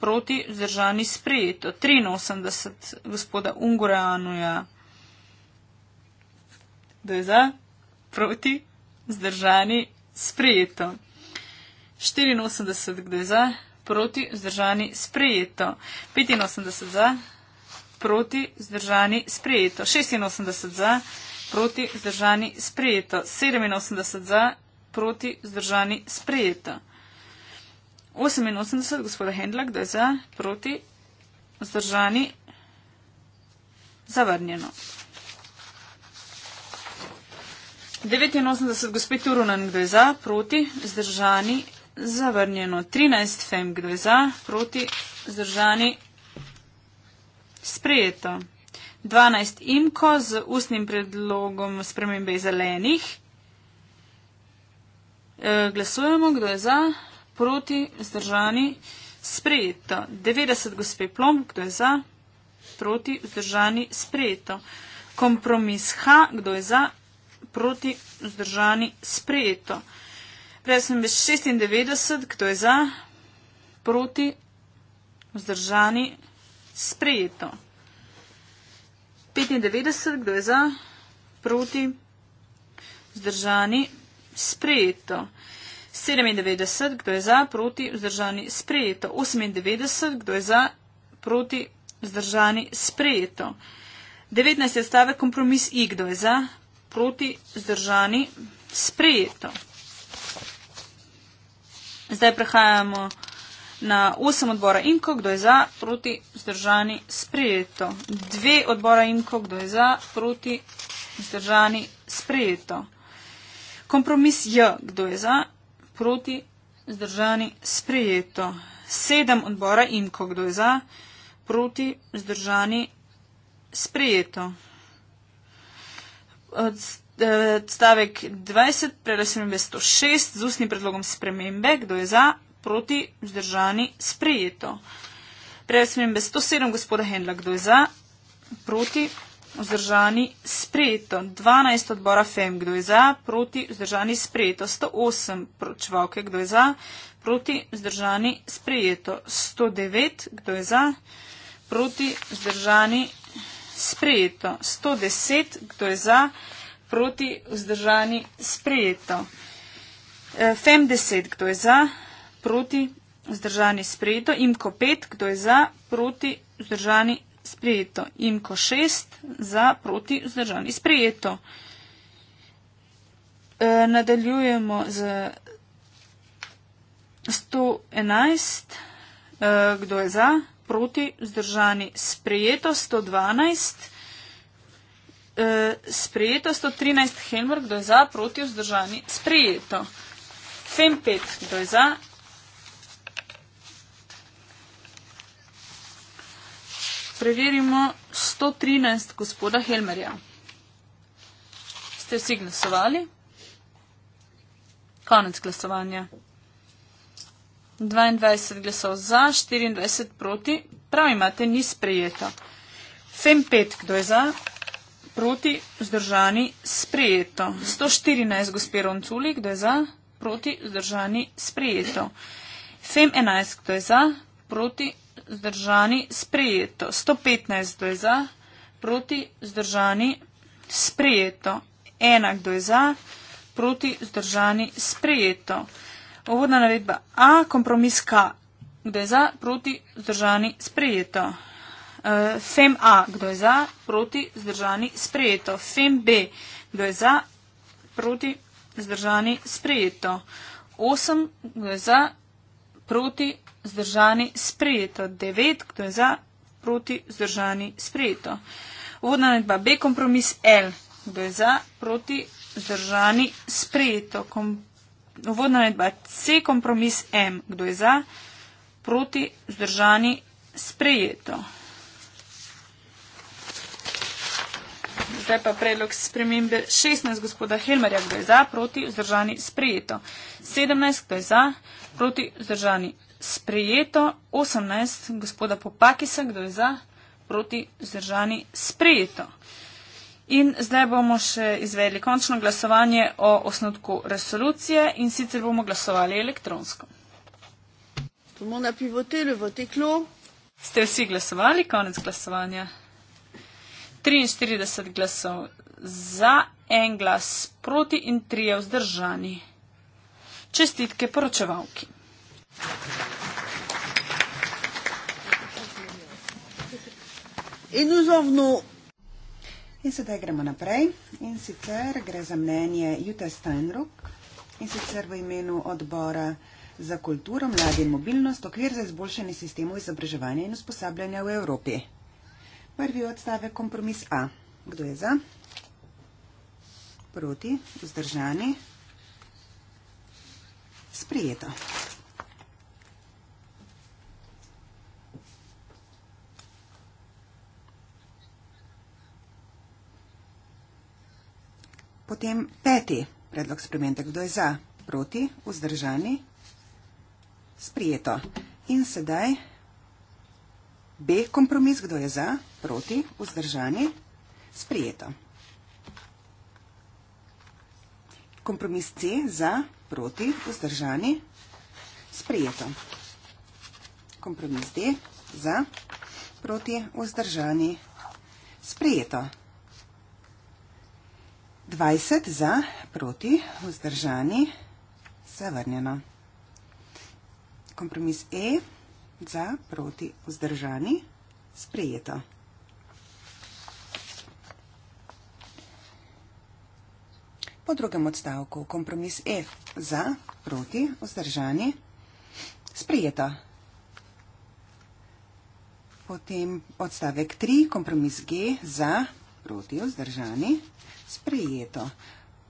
proti, zdržani, sprejeto. 83, gospoda Ungureanuja, kdo je za, proti, zdržani, sprejeto. 84 gde za, proti, zdržani, sprejeto. 85 za, proti, zdržani, sprejeto. 86 za, proti, zdržani, sprejeto. 87 za, proti, zdržani, sprejeto. 88 gospoda Hendla, kdo je za, proti, zdržani, zavrnjeno. 89 gospod Turunen gre za, proti, zdržani, zavrnjeno. 13 fem gre za, proti, zdržani, sprejeto. 12 imko z ustnim predlogom spremembe zelenih. E, glasujemo, kdo je za, proti, zdržani, sprejeto. 90 gospe plom, kdo je za, proti, zdržani, sprejeto. Kompromis H, kdo je za, proti, vzdržani, sprejeto. Prej sem bil 96, kdo je za, proti, vzdržani, sprejeto. 95, kdo je za, proti, vzdržani, sprejeto. 97, kdo je za, proti, vzdržani, sprejeto. 98, kdo je za, proti, vzdržani, sprejeto. 19. stavek kompromis I, kdo je za, proti zdržani sprejeto. Zdaj prehajamo na 8 odbora Inko, kdo je za, proti zdržani sprejeto. 2 odbora Inko, kdo je za, proti zdržani sprejeto. Kompromis J, kdo je za, proti zdržani sprejeto. 7 odbora Inko, kdo je za, proti zdržani sprejeto. Eh, odstavek 20, prelesenjuje 106 z ustnim predlogom spremembe, kdo je za, proti, vzdržani, sprejeto. Prelesenjuje 107 gospoda Hendla, kdo je za, proti, vzdržani, sprejeto. 12 odbora FEM, kdo je za, proti, vzdržani, sprejeto. 108 pročvalke, kdo je za, proti, vzdržani, sprejeto. 109, kdo je za, proti, vzdržani, sprejeto sprejeto. 110, kdo je za, proti, vzdržani, sprejeto. 50, e, kdo je za, proti, vzdržani, sprejeto. Imko 5, kdo je za, proti, vzdržani, sprejeto. Imko 6, za, proti, vzdržani, sprejeto. E, nadaljujemo z 111, e, kdo je za, proti, vzdržani, sprejeto 112, eh, sprejeto 113, Helmer, kdo je za, proti, vzdržani, sprejeto. FEM 5, kdo je za. Preverimo 113 gospoda Helmerja. Ste vsi glasovali? Konec glasovanja. 22 glasov za, 24 proti. Prav imate, ni sprejeto. FEM 5, kdo je za, proti, vzdržani, sprejeto. 114, gospe Ronculi, kdo je za, proti, vzdržani, sprejeto. FEM 11, kdo je za, proti, vzdržani, sprejeto. 115, kdo je za, proti, vzdržani, sprejeto. Enak, kdo je za, proti, vzdržani, sprejeto. Uvodna navedba A, kompromis K, kdo je za, proti, zdržani, sprejeto. E, Fem A, kdo je za, proti, zdržani, sprejeto. Fem B, kdo je za, proti, zdržani, sprejeto. Osem, kdo je za, proti, zdržani, sprejeto. Devet, kdo je za, proti, zdržani, sprejeto. Uvodna navedba B, kompromis L, kdo je za, proti, zdržani, sprejeto. Kompromis uvodna nedba C, kompromis M, kdo je za, proti, zdržani, sprejeto. Zdaj pa predlog spremembe 16 gospoda Helmerja, kdo je za, proti, zdržani, sprejeto. 17, kdo je za, proti, zdržani, sprejeto. 18, gospoda Popakisa, kdo je za, proti, zdržani, sprejeto. In zdaj bomo še izvedli končno glasovanje o osnutku resolucije in sicer bomo glasovali elektronsko. Ste vsi glasovali? Konec glasovanja. 43 glasov za, en glas proti in trije vzdržani. Čestitke poročevalki. In nous en venons In sedaj gremo naprej. In sicer gre za mnenje Jute Steinruck in sicer v imenu odbora za kulturo, mlade in mobilnost, okvir za izboljšanje sistemov izobraževanja in usposabljanja v Evropi. Prvi odstavek kompromis A. Kdo je za? Proti? Vzdržani? Sprijeto. potem peti predlog spremenbe, kdo je za, proti, vzdržani, sprijeto. In sedaj B kompromis, kdo je za, proti, vzdržani, sprijeto. Kompromis C za, proti, vzdržani, sprijeto. Kompromis D za, proti, vzdržani, sprijeto. 20 za, proti, vzdržani, zavrnjeno. Kompromis E za, proti, vzdržani, sprejeto. Po drugem odstavku kompromis E za, proti, vzdržani, sprejeto. Potem odstavek 3, kompromis G za, proti, vzdržani proti vzdržani, sprejeto.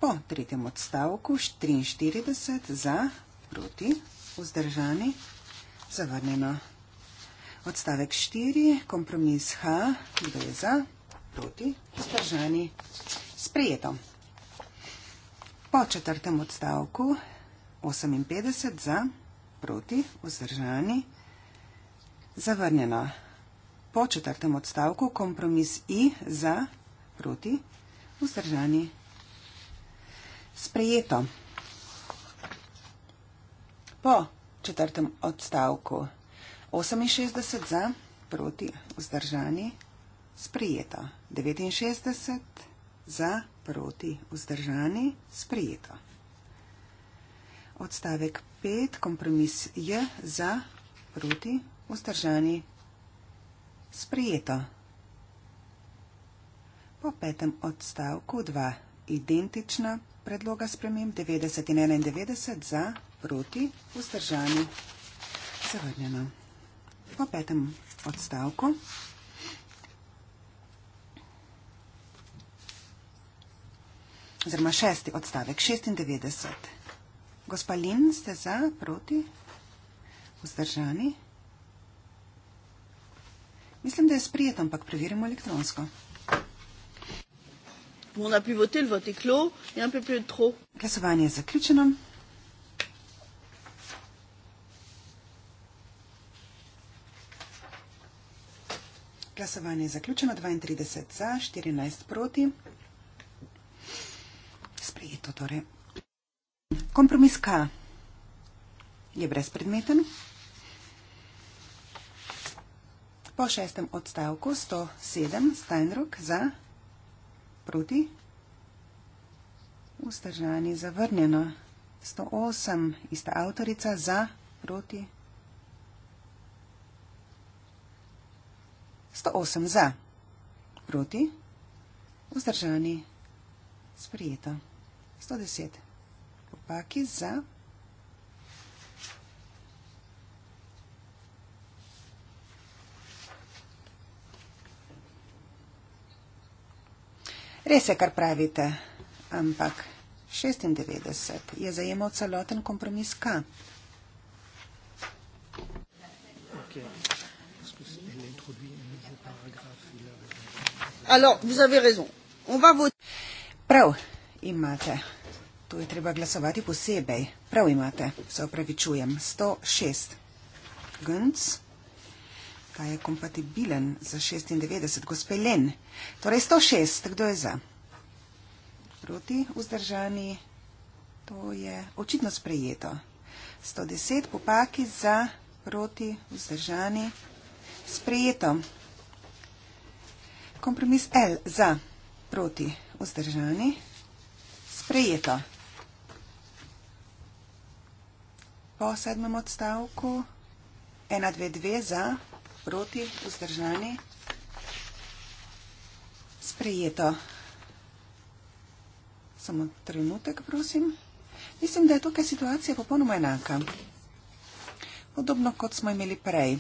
Po tretjem odstavku 43 za, proti vzdržani, zavrnjeno. Odstavek 4, kompromis H, kdo je za, proti vzdržani, sprejeto. Po četrtem odstavku 58 za, proti vzdržani, zavrnjeno po četrtem odstavku kompromis I za proti vzdržani. Sprejeto. Po četrtem odstavku 68 za proti vzdržani. Sprejeto. 69 za proti vzdržani. Sprejeto. Odstavek 5. Kompromis J za proti vzdržani sprejeto. Po petem odstavku 2 identična predloga sprememb 90 in 91 za proti vzdržani zavrnjeno. Po petem odstavku oziroma šesti odstavek 96. Gospa Lin ste za proti vzdržani zavrnjeno. Mislim, da je sprijet, ampak preverimo elektronsko. On a pu voter le vote est clos, il y a un peu plus de trop. Glasovanje je zaključeno. Glasovanje je zaključeno 32 za, 14 proti. Sprejeto torej. Kompromis K je brezpredmeten. Po šestem odstavku 107 Steinrock za proti. Vzdržani zavrnjeno. 108 ista avtorica za proti. 108 za proti. Vzdržani sprijeto. 110 popaki za proti. Res je, kar pravite, ampak 96 je zajemal celoten kompromis K. Prav imate. Tu je treba glasovati posebej. Prav imate. Se opravičujem. 106. Gunc pa je kompatibilen za 96, gospe Len. Torej 106, kdo je za? Proti, vzdržani, to je očitno sprejeto. 110, popaki za, proti, vzdržani, sprejeto. Kompromis L, za, proti, vzdržani, sprejeto. Po sedmem odstavku, 1, 2, 2, za, proti, vzdržani proti, vzdržani. Sprejeto. Samo trenutek, prosim. Mislim, da je tukaj situacija popolnoma enaka. Podobno kot smo imeli prej.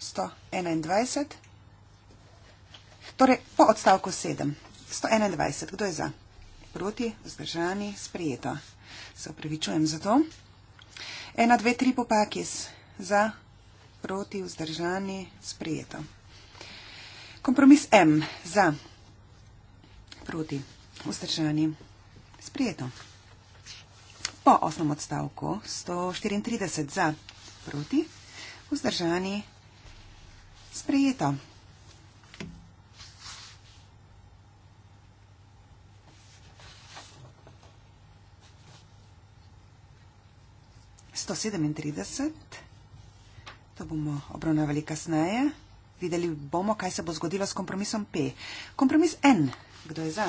121. Torej, po odstavku 7. 121. Kdo je za? Proti, vzdržani, sprejeto. Se upravičujem za to. 1, 2, 3 popakis. Za, proti, vzdržani, sprijeto. Kompromis M za, proti, vzdržani, sprijeto. Po osmem odstavku 134 za, proti, vzdržani, sprijeto. Сто сідем тридесять. To bomo obravnavali kasneje. Videli bomo, kaj se bo zgodilo s kompromisom P. Kompromis N. Kdo je za?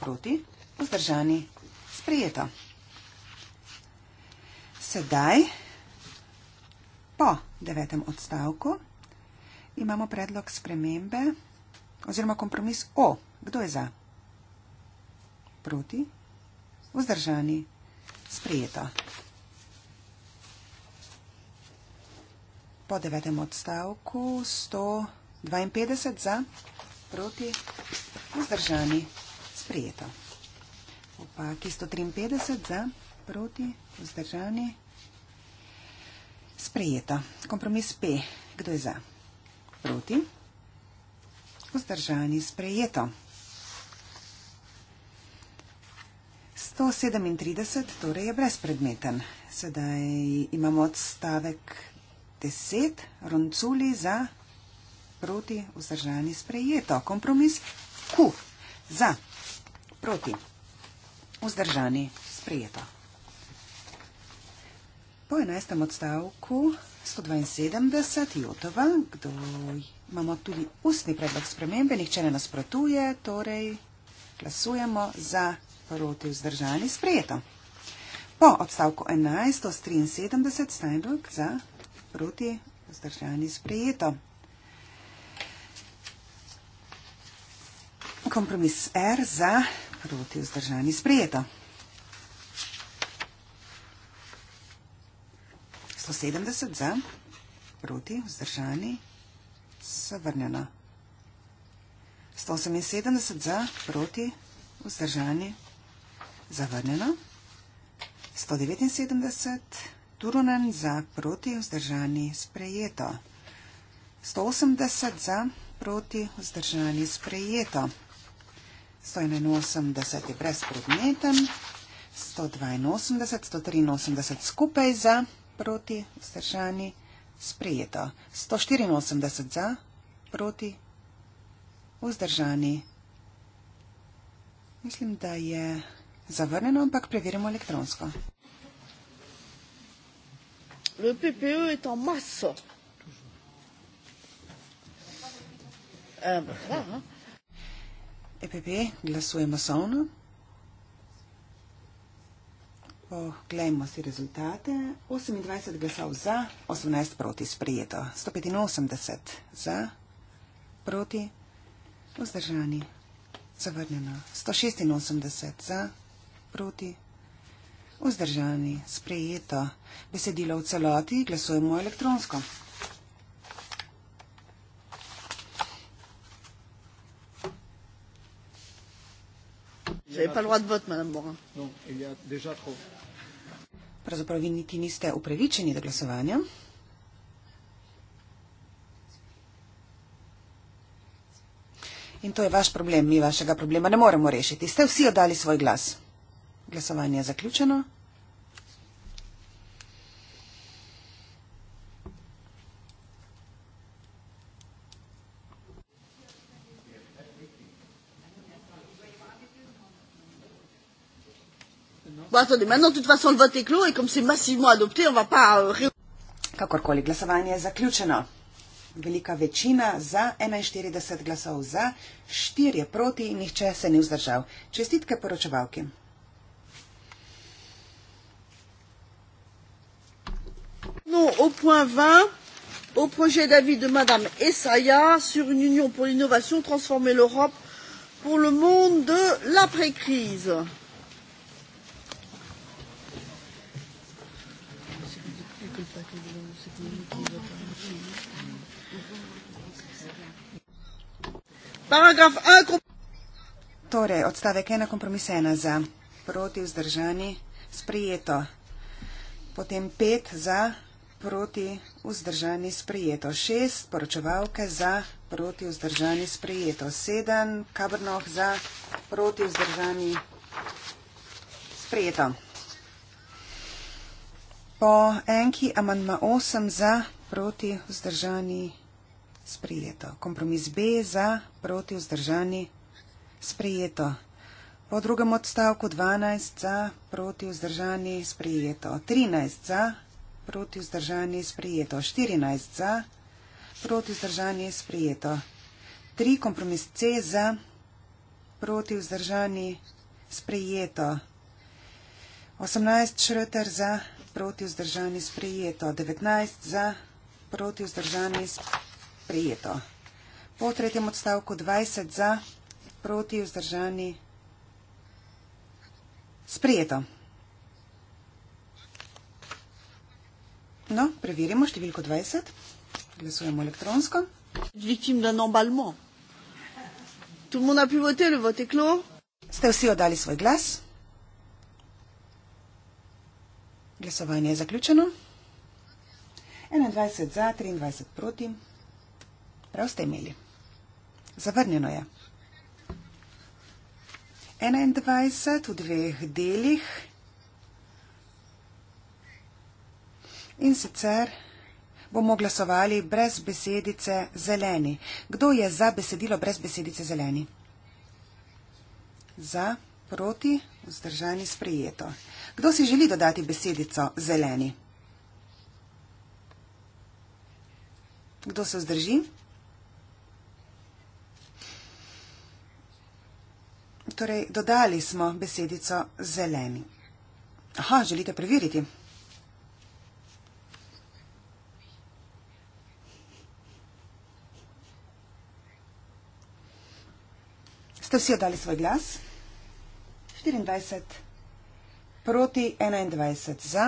Proti? Vzdržani? Sprijeto. Sedaj, po devetem odstavku, imamo predlog spremembe oziroma kompromis O. Kdo je za? Proti? Vzdržani? Sprijeto. po devetem odstavku 152 za, proti, vzdržani, sprijeto. V paki 153 za, proti, vzdržani, sprijeto. Kompromis P, kdo je za? Proti, vzdržani, sprijeto. 137, torej je brezpredmeten. Sedaj imamo odstavek 153 deset runculi za proti vzdržani sprejeto. Kompromis Q za proti vzdržani sprejeto. Po enajstem odstavku 172 Jotova, kdo imamo tudi ustni predlog spremembe, nihče ne nasprotuje, torej glasujemo za proti vzdržani sprejeto. Po odstavku 11 173 Steinberg za proti, vzdržani sprejeto. Kompromis R za proti, vzdržani sprejeto. 170 za proti, vzdržani, zavrnjeno. 178 za proti, vzdržani, zavrnjeno. 179 proti, Turunen za proti vzdržani sprejeto. 180 za proti vzdržani sprejeto. 181 je brez predmeten. 182, 183 skupaj za proti vzdržani sprejeto. 184 za proti vzdržani. Mislim, da je zavrnjeno, ampak preverimo elektronsko. Le PPE est en masse. EPP, euh, e glasuje masovno. Poglejmo si rezultate. 28 glasov za, 18 proti sprijeto. 185 za, proti, vzdržani, zavrnjeno. 186 za, proti, vzdržani. Vzdržani, sprejeto. Besedilo v celoti glasujemo elektronsko. Pravzaprav vi niti niste upravičeni do glasovanja. In to je vaš problem, mi vašega problema ne moremo rešiti. Ste vsi oddali svoj glas? Glasovanje je zaključeno. Euh, Kakorkoli glasovanje je zaključeno. Velika večina za 41 glasov za, 4 proti in nihče se ni vzdržal. Čestitke poročevalki. maintenant au point 20, au projet d'avis de Madame Essaya sur une union pour l'innovation, transformer l'Europe pour le monde de l'après-crise. Paragraf 1. Torej, odstavek 1 kompromisa 1 za, proti vzdržani, sprijeto. Potem 5 za, proti vzdržani sprejeto. Šest poročevalke za proti vzdržani sprejeto. Sedem kabrnoh za proti vzdržani sprejeto. Po enki amandma 8 za proti vzdržani sprejeto. Kompromis B za proti vzdržani sprejeto. Po drugem odstavku 12 za proti vzdržani sprejeto. 13 za proti vzdržani sprijeto, 14 za, proti vzdržani sprijeto, 3 kompromis C za, proti vzdržani sprijeto, 18 šreter za, proti vzdržani sprijeto, 19 za, proti vzdržani sprijeto. Po tretjem odstavku 20 za, proti vzdržani sprijeto. No, preverimo številko 20. Glasujemo elektronsko. Ste vsi oddali svoj glas? Glasovanje je zaključeno. 21 za, 23 proti. Prav ste imeli. Zavrnjeno je. 21 v dveh delih. In sicer bomo glasovali brez besedice zeleni. Kdo je za besedilo brez besedice zeleni? Za, proti, vzdržani, sprejeto. Kdo si želi dodati besedico zeleni? Kdo se vzdrži? Torej, dodali smo besedico zeleni. Aha, želite preveriti? Ste vsi oddali svoj glas? 24 proti 21 za.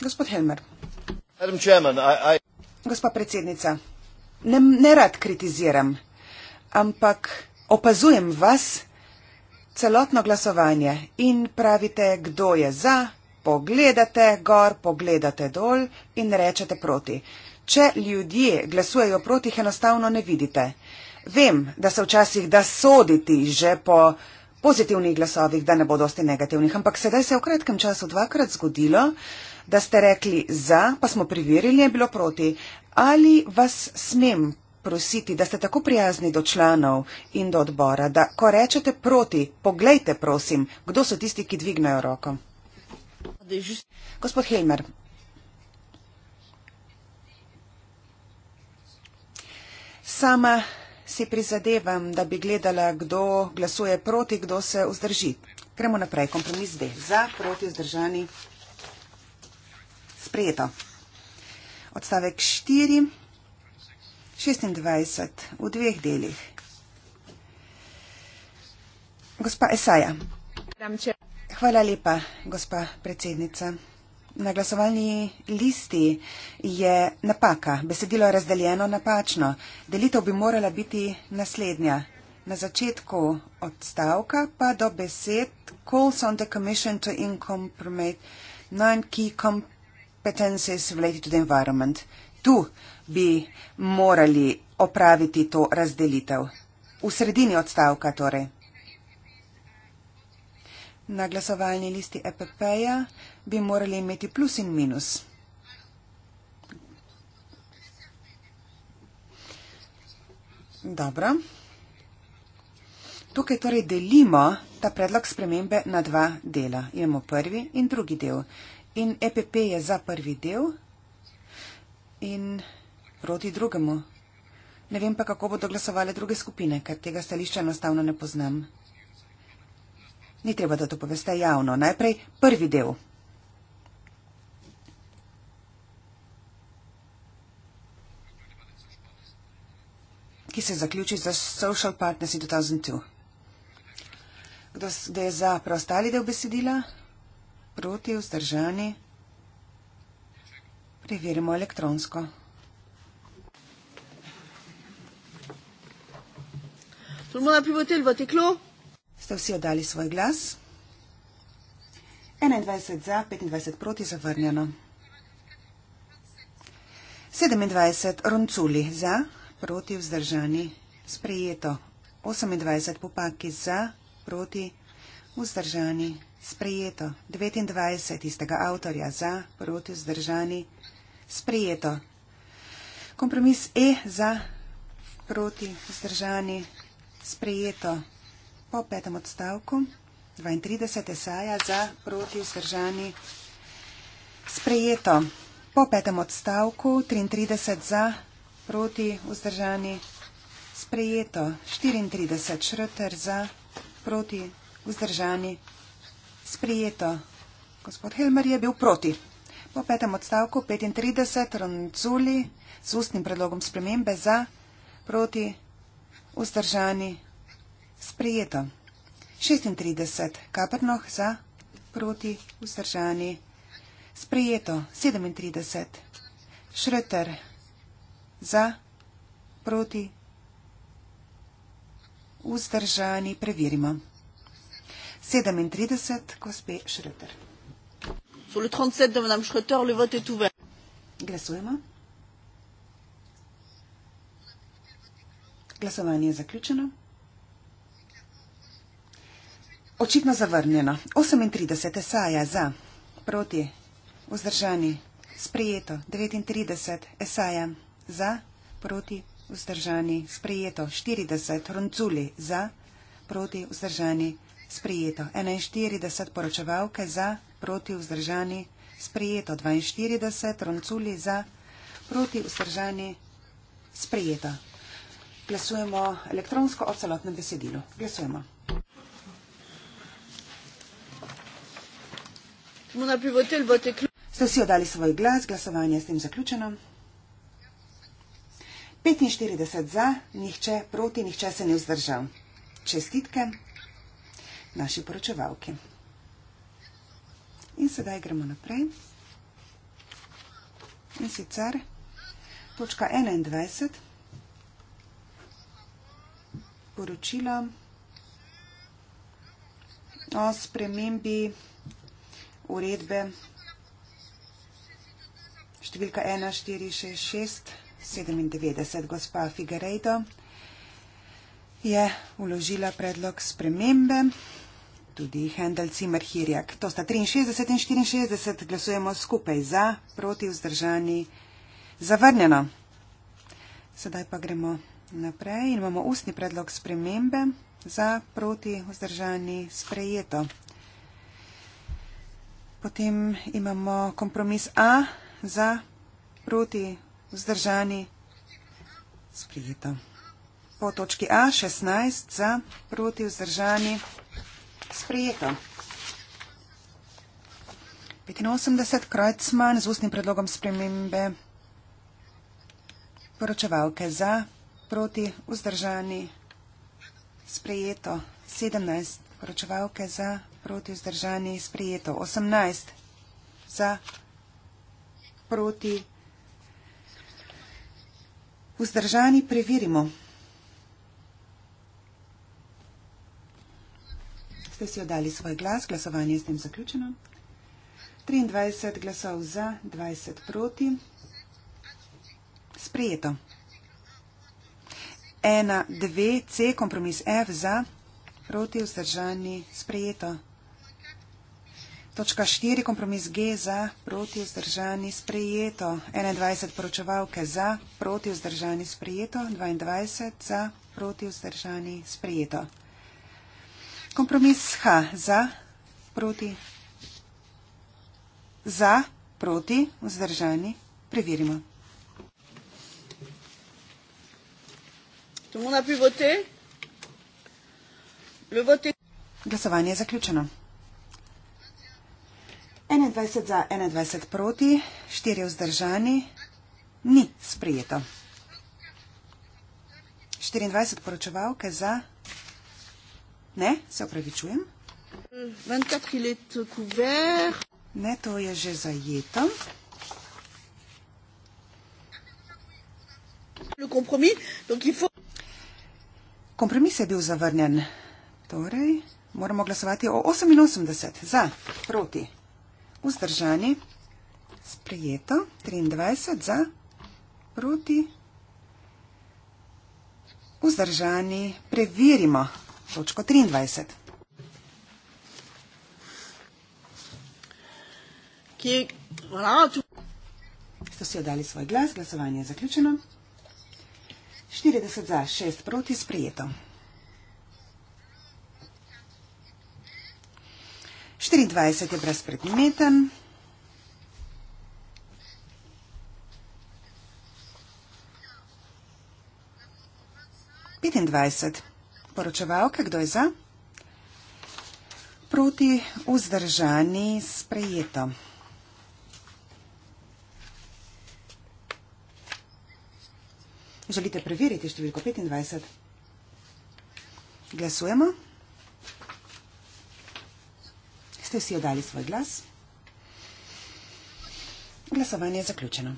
Gospod Helmer. Chairman, I, I... Gospa predsednica, ne, ne rad kritiziram, ampak opazujem vas celotno glasovanje in pravite, kdo je za, pogledate gor, pogledate dol in rečete proti. Če ljudje glasujejo proti, enostavno ne vidite. Vem, da se včasih da soditi že po pozitivnih glasovih, da ne bo dosti negativnih, ampak sedaj se je v kratkem času dvakrat zgodilo, da ste rekli za, pa smo preverili, je bilo proti. Ali vas smem prositi, da ste tako prijazni do članov in do odbora, da ko rečete proti, pogledajte prosim, kdo so tisti, ki dvignajo roko? Gospod Helmer, Sama si prizadevam, da bi gledala, kdo glasuje proti, kdo se vzdrži. Gremo naprej. Kompromis D. Za, proti, vzdržani. Sprejeto. Odstavek 4. 26. V dveh delih. Gospa Esaja. Hvala lepa, gospa predsednica na glasovalni listi je napaka, besedilo je razdeljeno napačno. Delitev bi morala biti naslednja. Na začetku odstavka pa do besed calls on the commission to incompromise nine key competencies related to the environment. Tu bi morali opraviti to razdelitev. V sredini odstavka torej. Na glasovalni listi EPP-ja bi morali imeti plus in minus. Dobro. Tukaj torej delimo ta predlog spremembe na dva dela. Imamo prvi in drugi del. In EPP je za prvi del in proti drugemu. Ne vem pa, kako bodo glasovali druge skupine, ker tega stališča enostavno ne poznam. Ni treba, da to poveste javno. Najprej prvi del. ki se je zaključil za Social Partners in 2002. Kdo je za preostali del besedila? Proti, vzdržani? Preverimo elektronsko. Ste vsi oddali svoj glas? 21 za, 25 proti, zavrnjeno. 27 Ronculi za proti vzdržani sprejeto. 28 popaki za proti vzdržani sprejeto. 29 istega avtorja za proti vzdržani sprejeto. Kompromis E za proti vzdržani sprejeto. Po petem odstavku 32 esaja za proti vzdržani sprejeto. Po petem odstavku 33 za proti vzdržani sprejeto proti vzdržani, sprejeto 34 šrter za proti vzdržani, sprejeto. Gospod Helmer je bil proti. Po petem odstavku 35 Ronculi z ustnim predlogom spremembe za proti vzdržani, sprejeto. 36 Kapernoh za proti vzdržani, sprejeto. 37 Šrter za, proti, vzdržani, preverimo. 37, gospe Šreter. Glasujemo. Glasovanje je zaključeno. Očitno zavrnjeno. 38 esaja za, proti, vzdržani, sprejeto. 39 esaja za, proti, vzdržani, sprejeto 40, runculi za, proti, vzdržani, sprejeto 41, poročevalke za, proti, vzdržani, sprejeto 42, runculi za, proti, vzdržani, sprejeto. Glasujemo elektronsko o celotnem besedilu. Glasujemo. Ste vsi oddali svoj glas, glasovanje je s tem zaključeno. 45 za, nihče proti, nihče se ni vzdržal. Čestitke naši poročevalki. In sedaj gremo naprej. In sicer točka 21, poročila o spremembi uredbe številka 1466. 97, gospa Figueiredo, je uložila predlog spremembe, tudi Hendel Cimer Hirjak. To sta 63 in 64, glasujemo skupaj za, proti vzdržani, zavrnjeno. Sedaj pa gremo naprej in imamo ustni predlog spremembe za, proti vzdržani, sprejeto. Potem imamo kompromis A za, proti vzdržani, sprijeto. Po točki A 16 za, proti vzdržani, sprijeto. 85 krat manj z ustnim predlogom spremembe poročevalke za, proti vzdržani, sprijeto. 17 poročevalke za, proti vzdržani, sprijeto. 18 za, proti vzdržani vzdržani preverimo. Ste si oddali svoj glas, glasovanje je s tem zaključeno. 23 glasov za, 20 proti. Sprejeto. 1, 2, C, kompromis F za, proti vzdržani, sprejeto. Točka 4, kompromis G za, proti vzdržani sprejeto. 21 poročevalke za, proti vzdržani sprejeto. 22 za, proti vzdržani sprejeto. Kompromis H za, proti. Za, proti, vzdržani. Preverimo. Glasovanje je zaključeno. 21 za 21 proti, 4 vzdržani, ni sprejeto. 24 poročevalke za. Ne, se upravičujem. Ne, to je že zajeto. Kompromis je bil zavrnjen. Torej, moramo glasovati o 88 za, proti vzdržani, sprijeto, 23 za, proti, vzdržani, preverimo, točko 23. Ste si odali svoj glas, glasovanje je zaključeno. 40 za, 6 proti, sprijeto. 24 je brezpredmeten. Petindvajset. Poročevalke, kdo je za? Proti vzdržani sprejeto. Želite preveriti številko petindvajset? Glasujemo ste si oddali svoj glas. Glasovanje je zaključeno.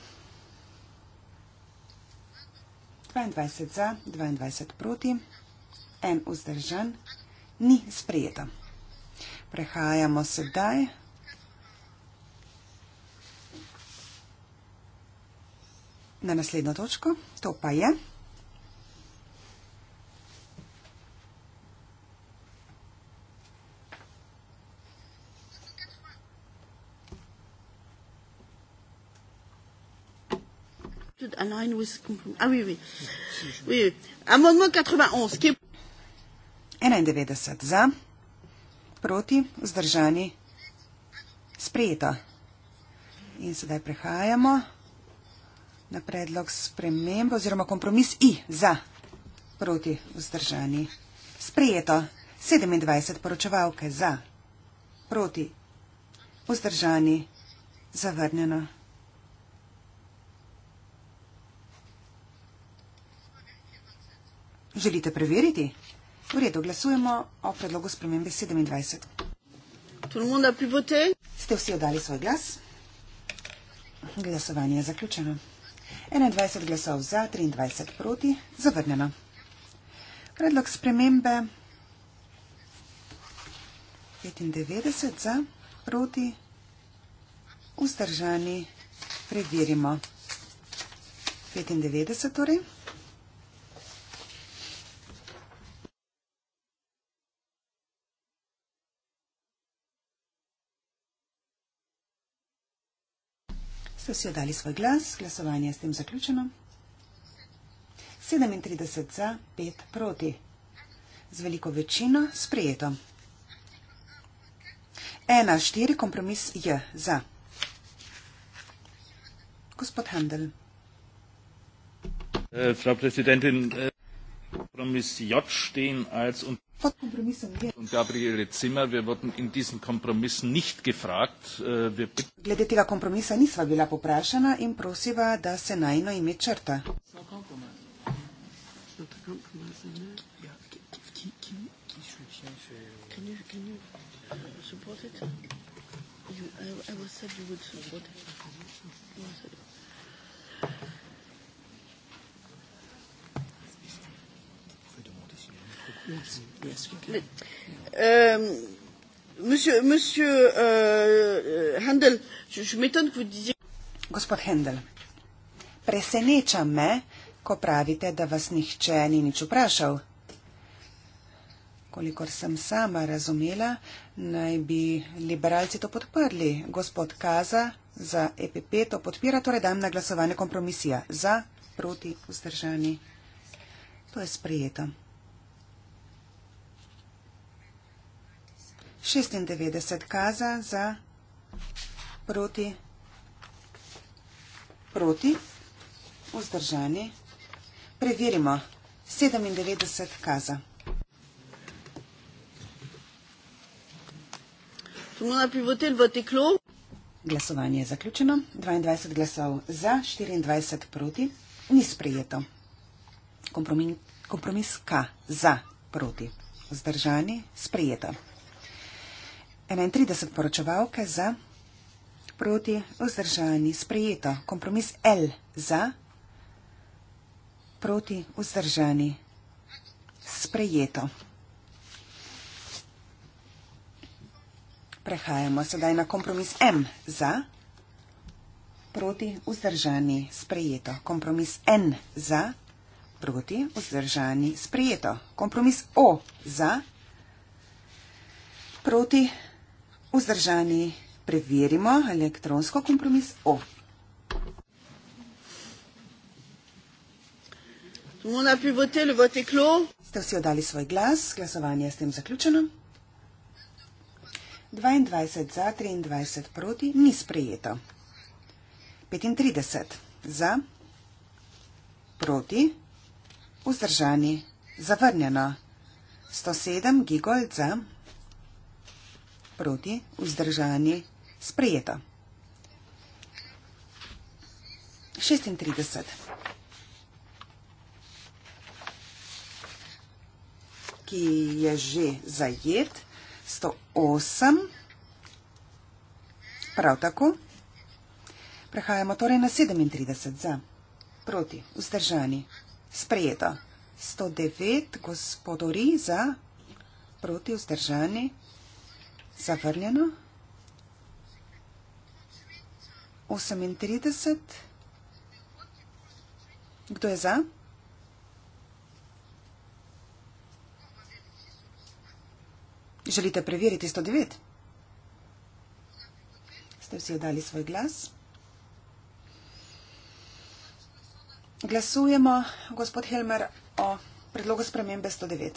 22 za, 22 proti, en vzdržan, ni sprejeto. Prehajamo sedaj. Na naslednjo točko, to pa je. alors une Ah oui, oui. oui, oui. Amendement 91. Qui est... 91 za, proti, vzdržani, sprejeto. In sedaj prehajamo na predlog spremembo oziroma kompromis I za, proti, vzdržani, sprejeto. 27 poročevalke za, proti, vzdržani, zavrnjeno. Želite preveriti? V redu, glasujemo o predlogu spremembe 27. Ste vsi oddali svoj glas? Glasovanje je zaključeno. 21 glasov za, 23 proti, zavrnjeno. Predlog spremembe 95 za, proti, vzdržani, preverimo. 95 torej. ste si oddali svoj glas, glasovanje je s tem zaključeno. 37 za, 5 proti. Z veliko večino sprejeto. 1, 4, kompromis je za. Gospod Handel. Eh, Frau Präsidentin, eh, äh, kompromis J stehen als und von Kompromissen gehen. Und Gabriele Zimmer, wir wurden in diesen Kompromissen nicht gefragt. Äh, wir Glede tega kompromisa nisva bila poprašena in prosiva, da se najno ime črta. Support it. You, I, I was said you would support it. You said it. Euh, euh, Gospod Hendel, preseneča me, ko pravite, da vas nihče ni nič vprašal. Kolikor sem sama razumela, naj bi liberalci to podprli. Gospod Kaza za EPP to podpira, torej dam na glasovanje kompromisija za, proti, vzdržani. To je sprejeto. 96 kaza za proti, proti, vzdržani. Preverimo, 97 kaza. Glasovanje je zaključeno, 22 glasov za, 24 proti, ni sprejeto. Kompromis K za proti, vzdržani, sprejeto. 31 poročevalke za, proti vzdržani, sprejeto. Kompromis L za, proti vzdržani, sprejeto. Prehajamo sedaj na kompromis M za, proti vzdržani, sprejeto. Kompromis N za, proti vzdržani, sprejeto. Kompromis O za, proti vzdržani, sprejeto vzdržani preverimo elektronsko kompromis O. Ste vsi oddali svoj glas, glasovanje je s tem zaključeno. 22 za, 23 proti, ni sprejeto. 35 za, proti, vzdržani, zavrnjeno. 107 gigolt za proti vzdržani sprejeta. 36. Ki je že zajet. 108. Prav tako. Prehajamo torej na 37 za. Proti vzdržani sprejeta. 109. Gospodori za. Proti vzdržani sprejeta zavrnjeno. 38. Kdo je za? Želite preveriti 109? Ste vsi odali svoj glas? Glasujemo, gospod Helmer, o predlogu spremembe 109.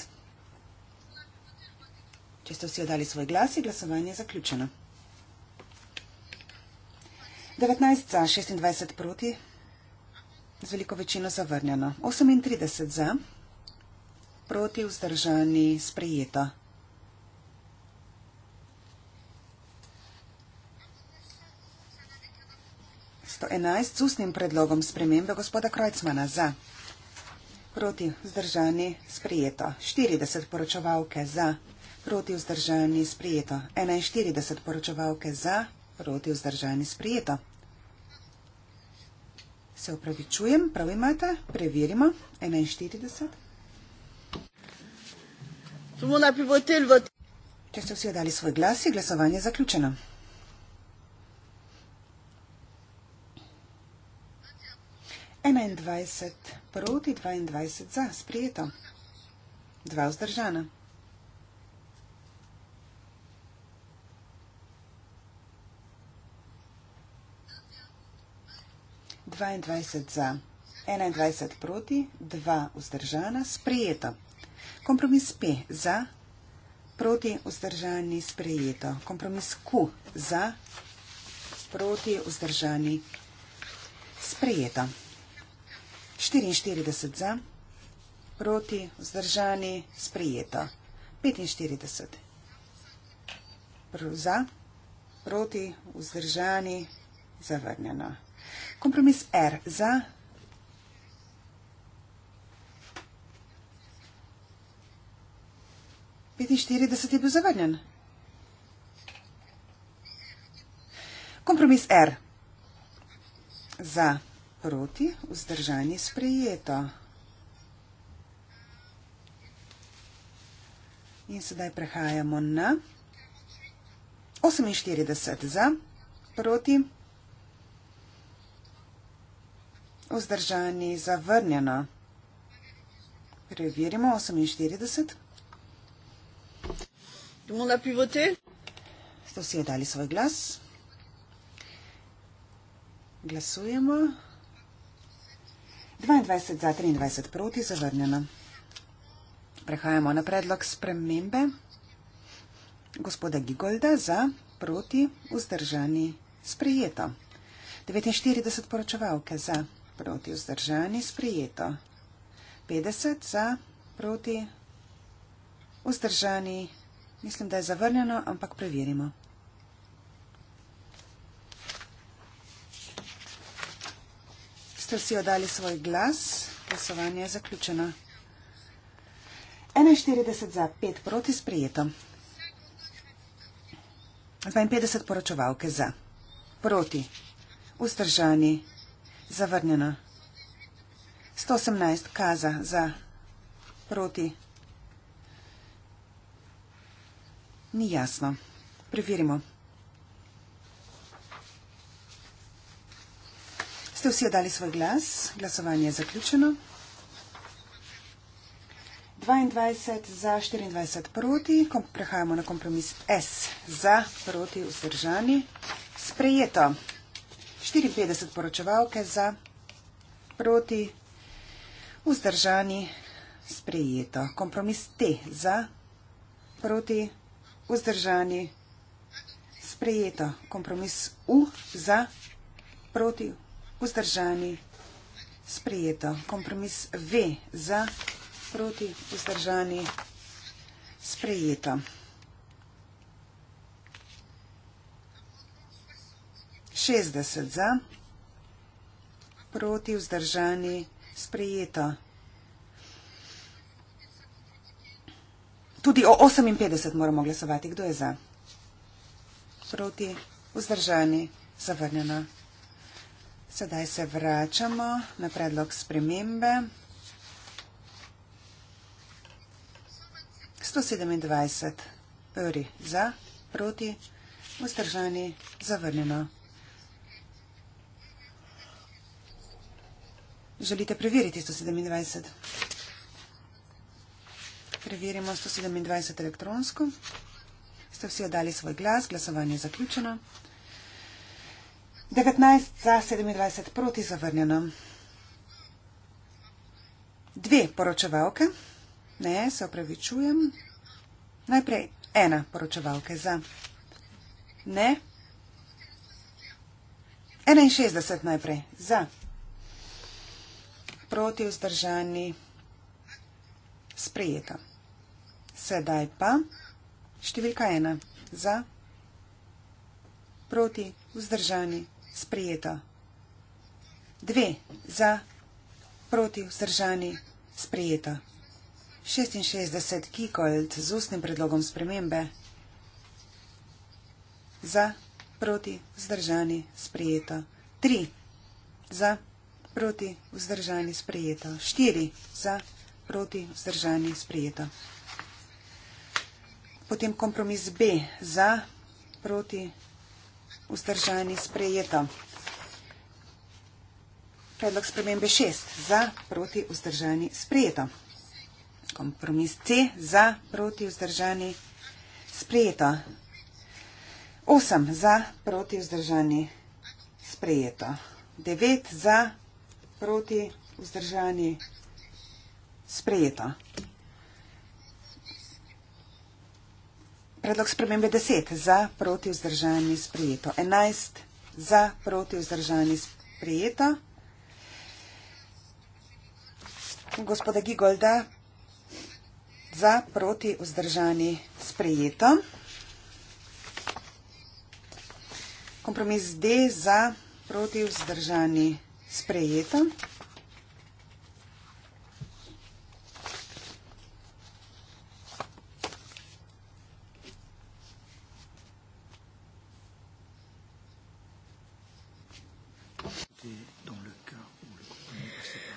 Če ste vsi oddali svoj glas, je glasovanje zaključeno. 19 za, 26 proti, z veliko večino zavrnjeno. 38 za, proti vzdržani, sprejeto. Z ustnim predlogom spremembe gospoda Krojcmana za, proti vzdržani, sprejeto. 40 poročevalke za proti vzdržani sprijeto. 41 poročevalke za, proti vzdržani sprijeto. Se upravičujem, prav imate, preverimo. 41. Samo na pivotel v... Če ste vsi odali svoj glas, je glasovanje zaključeno. Enaindvajset proti dvaindvajset za, sprijeto. Dva vzdržana. 22 za, 21 proti, 2 vzdržana, sprejeto. Kompromis P za, proti vzdržani, sprejeto. Kompromis Q za, proti vzdržani, sprejeto. 44 za, proti vzdržani, sprejeto. 45 za, proti vzdržani, zavrnjeno. Kompromis R za. Petinštirideset je bil zavrnjen. Kompromis R za proti vzdržanje sprejeto. In sedaj prehajamo na 48 za proti vzdržanje sprejeto vzdržani zavrnjeno. Preverimo 48. Demo na pivote. Ste vsi dali svoj glas. Glasujemo. 22 za, 23 proti, zavrnjeno. Prehajamo na predlog spremembe. Gospoda Gigolda za, proti, vzdržani, sprejeto. 49 poročevalke za proti vzdržani sprejeto. 50 za proti vzdržani. Mislim, da je zavrnjeno, ampak preverimo. Ste vsi odali svoj glas, glasovanje je zaključeno. 41 za 5 proti sprejeto. 52 poročevalke za proti vzdržani sprejeto zavrnjena. 118 kaza za proti. Ni jasno. Preverimo. Ste vsi dali svoj glas? Glasovanje je zaključeno. 22 za 24 proti, prehajamo na kompromis S za proti vzdržani. Sprejeto. 54 poročevalke za, proti, vzdržani, sprejeto. Kompromis T za, proti, vzdržani, sprejeto. Kompromis U za, proti, vzdržani, sprejeto. Kompromis V za, proti, vzdržani, sprejeto. Sprejeto. 60 za, proti vzdržani sprejeto. Tudi o 58 moramo glasovati. Kdo je za? Proti vzdržani zavrnjeno. Sedaj se vračamo na predlog spremembe. 127 euri za, proti, vzdržani, zavrnjeno. Želite preveriti 127? Preverimo 127 elektronsko. Ste vsi oddali svoj glas, glasovanje je zaključeno. 19 za 27 proti zavrnjeno. Dve poročevalke. Ne, se opravičujem. Najprej ena poročevalke za. Ne. 61 najprej za proti vzdržani sprejeta. Sedaj pa številka ena za proti vzdržani sprejeta. Dve za proti vzdržani sprejeta. 66 kikolt z ustnim predlogom spremembe za proti vzdržani sprejeta. Tri za proti vzdržani sprejeta proti vzdržanje sprejeto. Štiri za proti vzdržanje sprejeto. Potem kompromis B za proti vzdržanje sprejeto. Predlog spremembe 6 za proti vzdržanje sprejeto. Kompromis C za proti vzdržanje sprejeto. 8 za proti vzdržanje sprejeto. 9 za proti vzdržanje sprejeto proti vzdržani sprejeta. Predlog spremembe 10 za proti vzdržani sprejeto. 11 za proti vzdržani sprejeto. Gospoda Gigolda za proti vzdržani sprejeto. Kompromis D za proti vzdržani sprejeto sprejeta.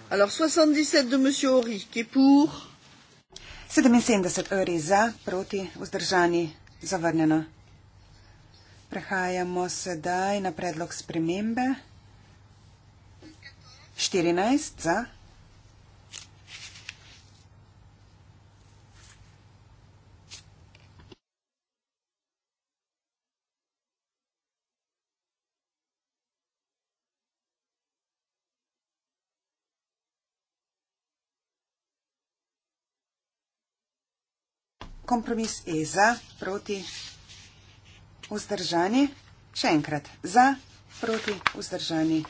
Alors 77 de monsieur Ori qui est pour 77 Ori za proti vzdržani zavrnjeno Prehajamo sedaj na predlog spremembe. 14 za 14. Kompromis je za proti vzdržanje. Še enkrat za proti vzdržanje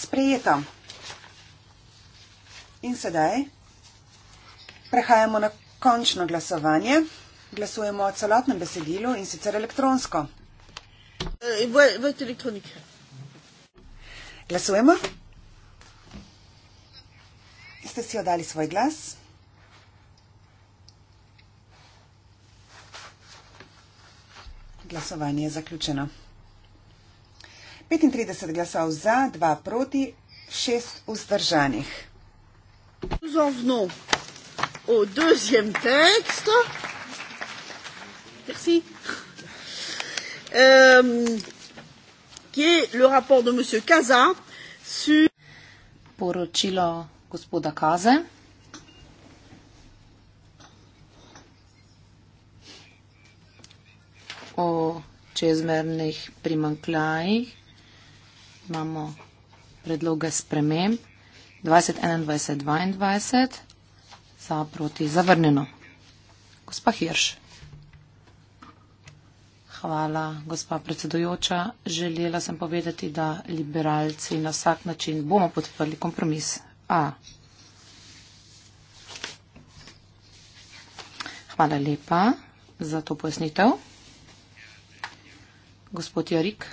sprejeta. In sedaj prehajamo na končno glasovanje. Glasujemo o celotnem besedilu in sicer elektronsko. V, eh, v elektronike. Glasujemo. Ste si oddali svoj glas? Glasovanje je zaključeno. 35 glasov za, 2 proti, 6 vzdržanih. Zavno o drugem tekstu. Merci. Kje euh, je le rapport de monsieur Kaza? Su... Poročilo gospoda Kaze. O čezmernih primankljajih imamo predloge sprememb 2021-2022 za proti zavrnjeno. Gospa Hirš. Hvala, gospa predsedujoča. Želela sem povedati, da liberalci na vsak način bomo podprli kompromis. A. Hvala lepa za to pojasnitev. Gospod Jarik,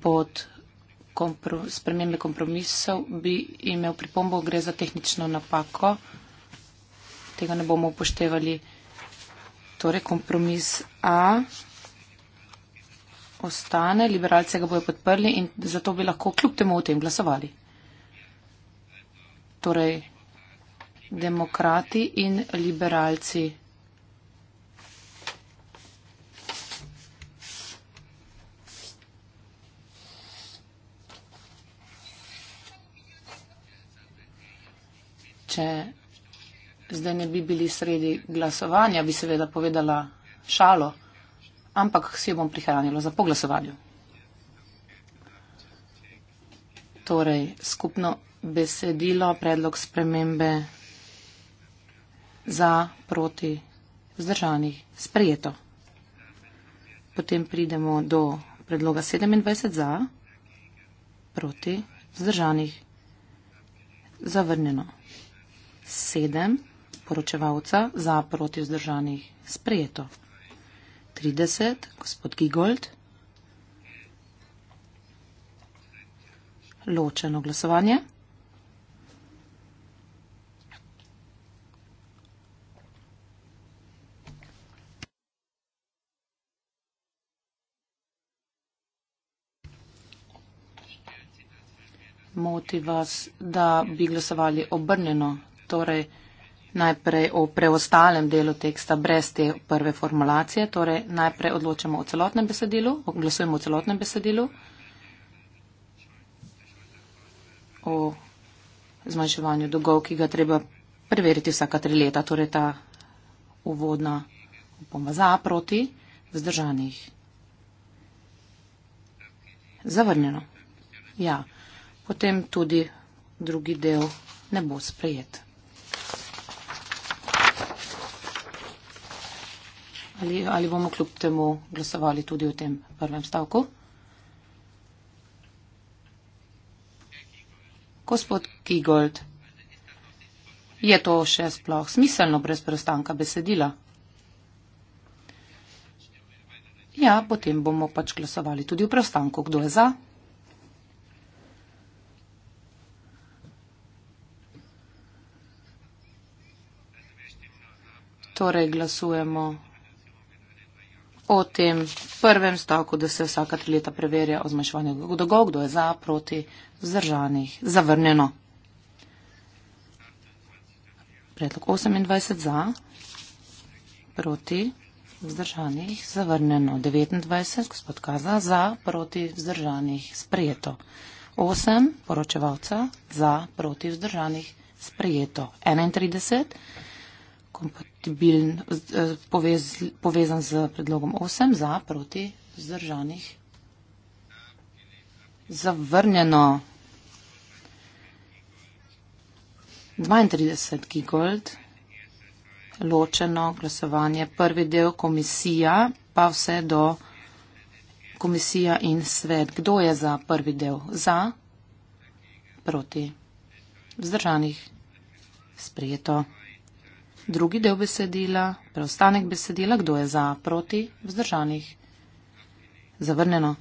pod kompro, spremembe kompromisov bi imel pripombo, gre za tehnično napako. Tega ne bomo upoštevali. Torej, kompromis A ostane, liberalce ga bojo podprli in zato bi lahko kljub temu o tem glasovali. Torej, demokrati in liberalci. če zdaj ne bi bili sredi glasovanja, bi seveda povedala šalo, ampak si jo bom prihranila za poglasovanje. Torej, skupno besedilo, predlog spremembe za, proti, vzdržanih, sprejeto. Potem pridemo do predloga 27 za, proti, vzdržanih, zavrnjeno. 7 poročevalca za proti vzdržanih sprejeto. 30 gospod Gigold. Ločeno glasovanje. Moti vas, da bi glasovali obrnjeno torej najprej o preostalem delu teksta brez te prve formulacije. Torej najprej odločamo o celotnem besedilu, glasujemo o celotnem besedilu, o zmanjševanju dolgov, ki ga treba preveriti vsaka tri leta, torej ta uvodna upoma za, proti, vzdržanih. Zavrnjeno. Ja, potem tudi drugi del ne bo sprejet. ali, ali bomo kljub temu glasovali tudi v tem prvem stavku. Gospod Kigold, je to še sploh smiselno brez prestanka besedila? Ja, potem bomo pač glasovali tudi v prestanku. Kdo je za? Torej glasujemo o tem prvem stavku, da se vsaka tri leta preverja o zmanjševanju dolgov, kdo je za, proti, vzdržanih, zavrnjeno. Predlog 28 za, proti, vzdržanih, zavrnjeno. 29, gospod Kaza, za, proti, vzdržanih, sprejeto. 8, poročevalca, za, proti, vzdržanih, sprejeto. 31 kompatibilen, povez, povezan z predlogom 8 za proti zdržanih. Zavrnjeno 32 gigold, ločeno glasovanje, prvi del komisija, pa vse do komisija in svet. Kdo je za prvi del? Za, proti, vzdržanih, sprejeto drugi del besedila, preostanek besedila, kdo je za, proti, vzdržanih. Zavrneno.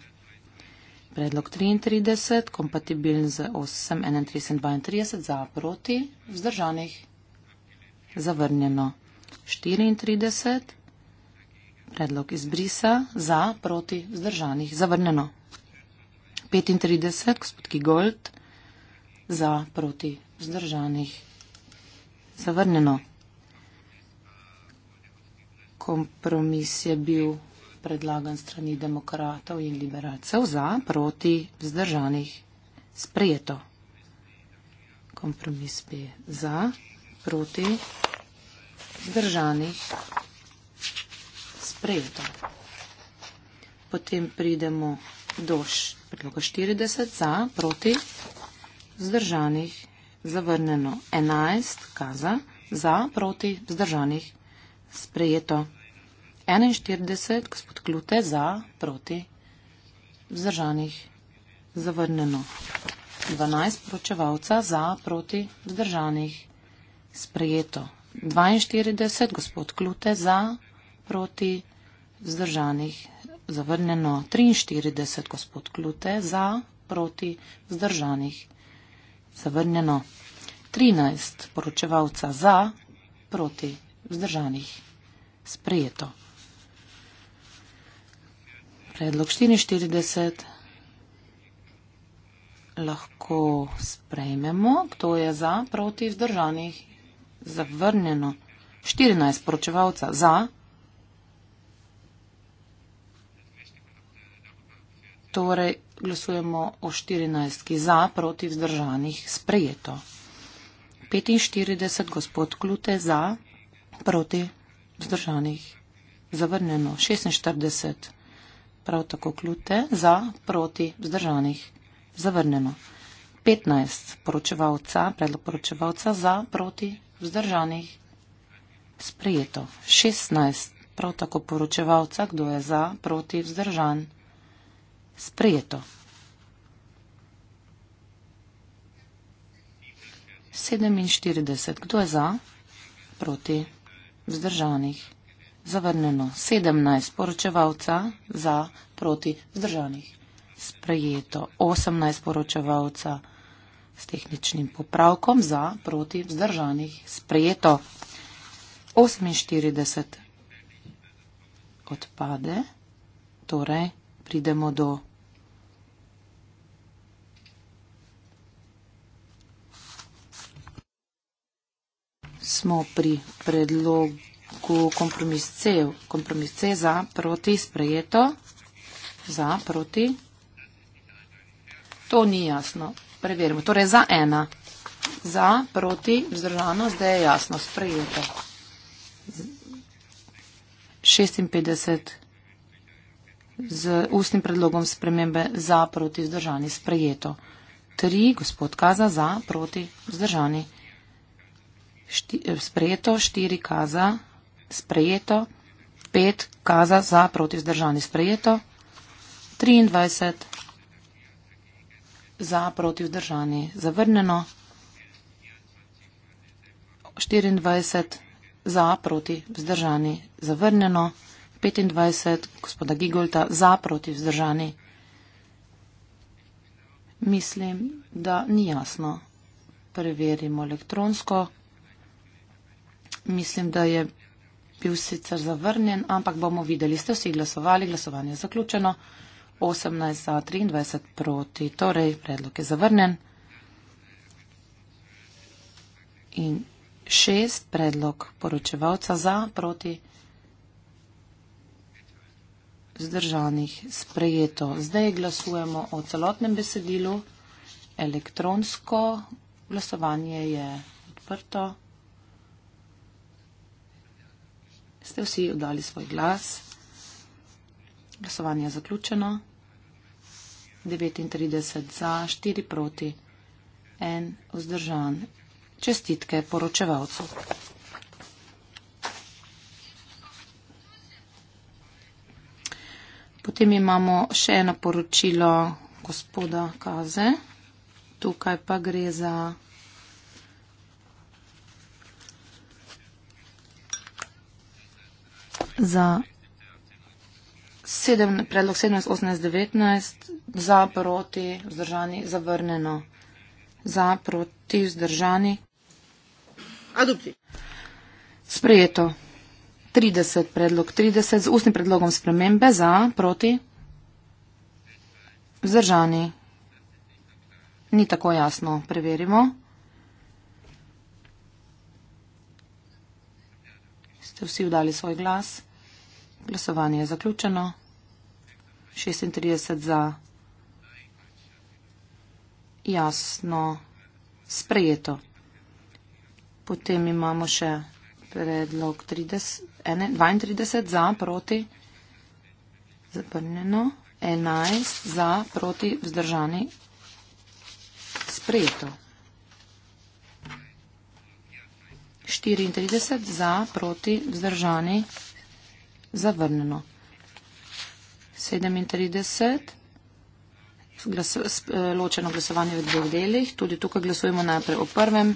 Predlog 33, kompatibiln z 8, 31, 32, za, proti, vzdržanih. Zavrnjeno. 34, predlog izbrisa, za, proti, vzdržanih. Zavrnjeno. 35, gospod Kigold, za, proti, vzdržanih. Zavrnjeno kompromis je bil predlagan strani demokratov in liberacev za, proti, vzdržanih, sprejeto. Kompromis bi za, proti, vzdržanih, sprejeto. Potem pridemo do predloga 40 za, proti, vzdržanih, zavrnjeno 11, kaza, za, proti, vzdržanih, sprejeto. 41, gospod Klute, za, proti, vzdržanih, zavrnjeno. 12 poročevalca za, proti, vzdržanih, sprejeto. 42, gospod Klute, za, proti, vzdržanih, zavrnjeno. 43, gospod Klute, za, proti, vzdržanih, zavrnjeno. 13 poročevalca za, proti, vzdržanih, sprejeto predlog 44 lahko sprejmemo. Kdo je za, proti, vzdržanih? Zavrnjeno. 14 poročevalca za. Torej, glasujemo o 14, ki za, proti, vzdržanih, sprejeto. 45, gospod Klute, za, proti, vzdržanih, zavrnjeno. 46 prav tako klute za, proti, vzdržanih, zavrnjeno. 15 poročevalca, predlog poročevalca za, proti, vzdržanih, sprejeto. 16 prav tako poročevalca, kdo je za, proti, vzdržan, sprejeto. 47 kdo je za, proti, vzdržanih, sprejeto zavrnjeno 17 poročevalca za proti vzdržanih. Sprejeto 18 poročevalca s tehničnim popravkom za proti vzdržanih. Sprejeto 48 odpade, torej pridemo do. Smo pri predlogu ku kompromis C, kompromis C za, proti, sprejeto, za, proti. To ni jasno. Preverimo. Torej za ena. Za, proti, vzdržano, zdaj je jasno, sprejeto. 56 z ustnim predlogom spremembe za, proti, vzdržani, sprejeto. 3, gospod Kaza, za, proti, vzdržani. Šti, eh, sprejeto, 4 Kaza, sprejeto, 5 kaza za proti vzdržani sprejeto, 23 za proti vzdržani zavrnjeno, 24 za proti vzdržani zavrnjeno, 25 gospoda Gigolta za proti vzdržani. Mislim, da ni jasno. Preverimo elektronsko. Mislim, da je bil sicer zavrnjen, ampak bomo videli, ste vsi glasovali, glasovanje je zaključeno. 18 za 23 proti, torej predlog je zavrnjen. In šest predlog poročevalca za proti zdržanih sprejeto. Zdaj glasujemo o celotnem besedilu. Elektronsko glasovanje je odprto. ste vsi oddali svoj glas. Glasovanje je zaključeno. 39 za, 4 proti, 1 vzdržan. Čestitke poročevalcu. Potem imamo še eno poročilo gospoda Kaze. Tukaj pa gre za. za 7, predlog 17, 18, 19, za proti vzdržani, zavrnjeno. Za proti vzdržani. Adopti. Sprejeto. 30, predlog 30, z ustnim predlogom spremembe, za proti vzdržani. Ni tako jasno. Preverimo. Ste vsi vdali svoj glas? Glasovanje je zaključeno. 36 za. Jasno. Sprejeto. Potem imamo še predlog 30, ene, 32 za, proti. Zaprneno. 11 za, proti, vzdržani. Sprejeto. 34 za, proti, vzdržani zavrnjeno. 37. Glas, eh, ločeno glasovanje v dveh delih. Tudi tukaj glasujemo najprej o prvem,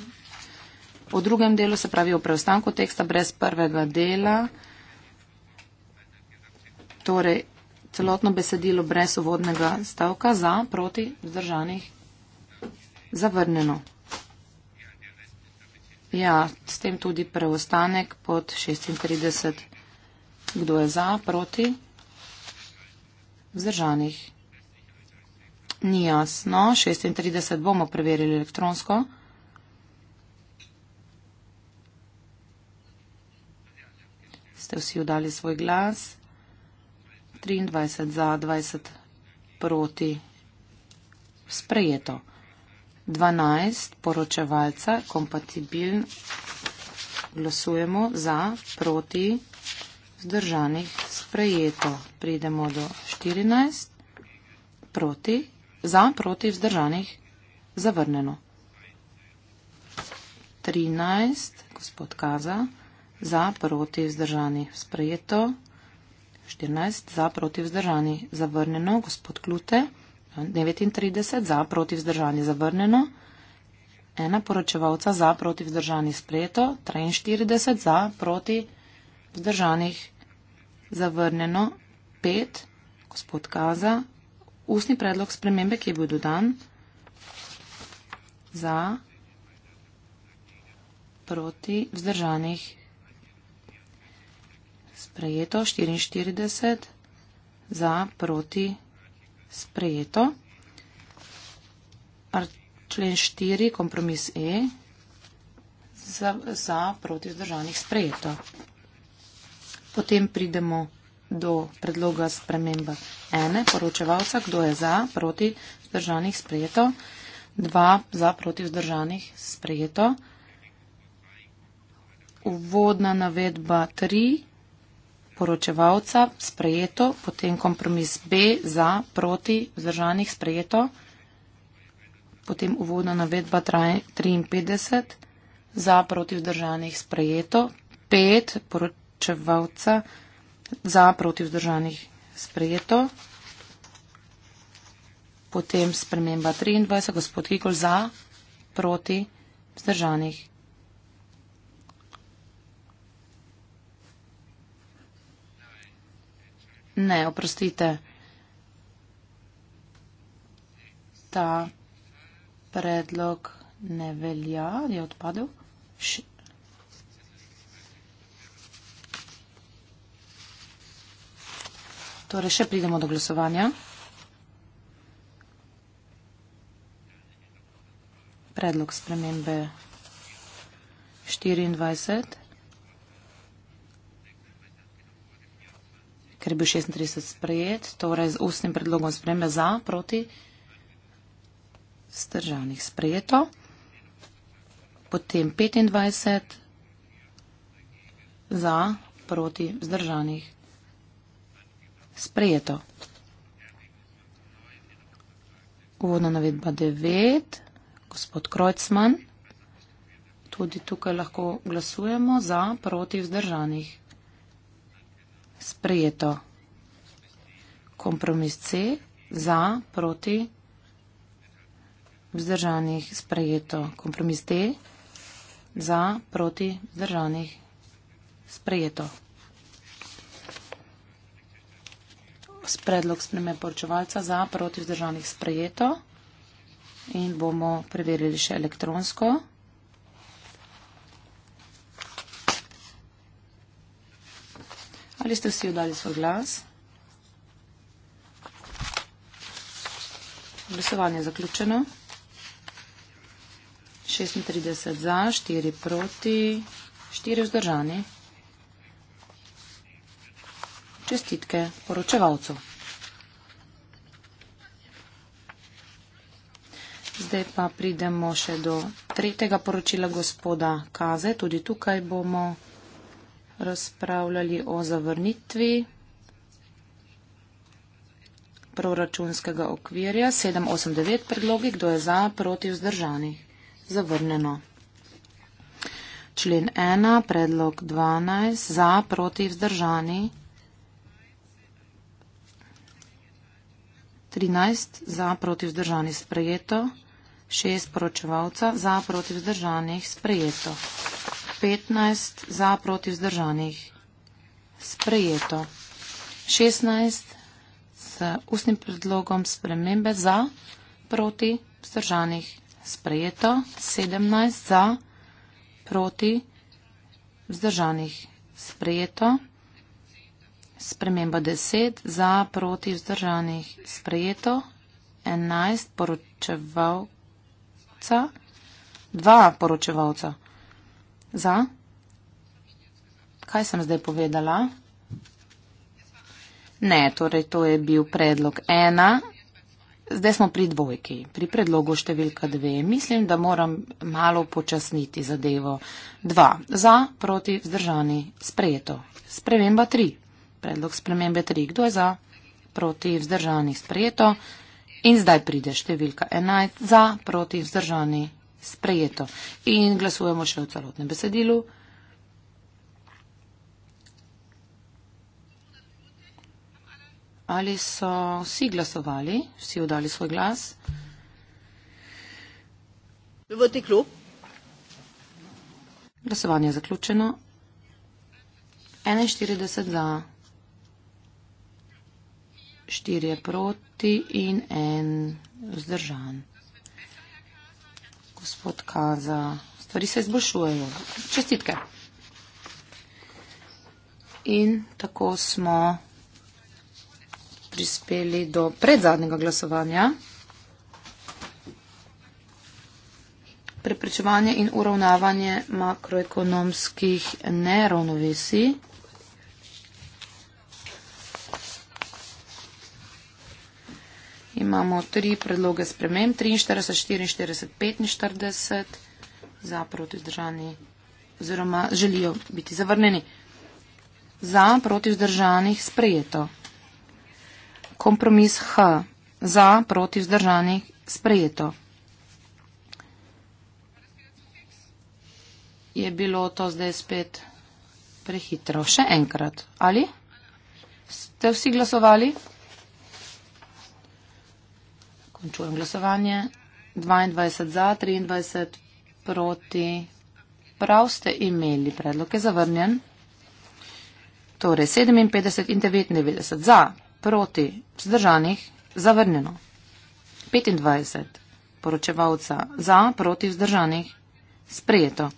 o drugem delu, se pravi o preostanku teksta brez prvega dela. Torej, celotno besedilo brez uvodnega stavka za, proti, vzdržanih, zavrnjeno. Ja, s tem tudi preostanek pod 36. Kdo je za, proti? Vzdržanih. Ni jasno. 36 bomo preverili elektronsko. Ste vsi vdali svoj glas? 23 za, 20 proti. Sprejeto. 12 poročevalca, kompatibilen. Glasujemo za, proti vzdržanih sprejeto. Pridemo do 14. Proti, za, proti vzdržanih zavrnjeno. 13, gospod Kaza, za, proti vzdržanih sprejeto. 14, za, proti vzdržanih zavrnjeno, gospod Klute. 39, za, proti vzdržanih zavrnjeno. Ena poročevalca za, proti vzdržanih sprejeto. 43, za, proti vzdržanih zavrnjeno zavrnjeno 5, gospod Gaza, ustni predlog spremembe, ki je bil dodan za proti vzdržanih. Sprejeto 44, za proti sprejeto. Ar člen 4, kompromis E, za, za proti vzdržanih sprejeto potem pridemo do predloga spremembe ene poročevalca, kdo je za, proti vzdržanih sprejeto, dva za, proti vzdržanih sprejeto. Uvodna navedba tri poročevalca sprejeto, potem kompromis B za, proti vzdržanih sprejeto, potem uvodna navedba 53 za, proti vzdržanih sprejeto, pet poročevalca odločevalca za proti vzdržanih sprejeto. Potem sprememba 23, gospod Kikol za proti vzdržanih. Ne, oprostite. Ta predlog ne velja, je odpadel. Še Torej, še pridemo do glasovanja. Predlog spremembe 24. Ker je bil 36 sprejet, torej z ustnim predlogom spremembe za, proti, zdržanih sprejeto. Potem 25 za, proti, zdržanih sprejeto. Uvodna navedba 9, gospod Krojcman. Tudi tukaj lahko glasujemo za proti vzdržanih. Sprejeto. Kompromis C za proti vzdržanih. Sprejeto. Kompromis D za proti vzdržanih. Sprejeto. s predlog spremembe poročevalca za proti vzdržanih sprejeto in bomo preverili še elektronsko. Ali ste vsi oddali svoj glas? Glasovanje je zaključeno. 36 za, 4 proti, 4 vzdržani čestitke poročevalcu. Zdaj pa pridemo še do tretjega poročila gospoda Kaze. Tudi tukaj bomo razpravljali o zavrnitvi proračunskega okvirja 789 predlogi, kdo je za, proti, vzdržani. Zavrnjeno. Člen 1, predlog 12, za, proti, vzdržani. 13 za proti vzdržanih sprejeto, 6 poročevalca za proti vzdržanih sprejeto, 15 za proti vzdržanih sprejeto, 16 z ustnim predlogom spremembe za proti vzdržanih sprejeto, 17 za proti vzdržanih sprejeto. Sprememba 10 za proti vzdržanih sprejeto. 11 poročevalca. 2 poročevalca. Za. Kaj sem zdaj povedala? Ne, torej to je bil predlog 1. Zdaj smo pri dvojki, pri predlogu številka 2. Mislim, da moram malo počasniti zadevo. 2. Za, proti, vzdržani, sprejeto. Sprememba 3. Predlog spremembe 3. Kdo je za? Proti vzdržani sprejeto. In zdaj pride številka 11. Za, proti vzdržani sprejeto. In glasujemo še o celotnem besedilu. Ali so vsi glasovali, vsi oddali svoj glas? V te klub. Glasovanje je zaključeno. 41 za, 4 je proti in 1 vzdržan. Gospod Kaza, stvari se izboljšujejo. Čestitke. In tako smo prispeli do predzadnjega glasovanja. Preprečevanje in uravnavanje makroekonomskih neravnovesij. Imamo tri predloge spremem, 43, 44, 45, za proti vzdržani oziroma želijo biti zavrneni. Za proti vzdržanih sprejeto. Kompromis H. Za proti vzdržanih sprejeto. Je bilo to zdaj spet prehitro. Še enkrat. Ali? Ste vsi glasovali? Končujem glasovanje. 22 za, 23 proti. Prav ste imeli, predlog je zavrnjen. Torej 57 in 99 za, proti, vzdržanih, zavrnjeno. 25 poročevalca za, proti, vzdržanih, sprejeto.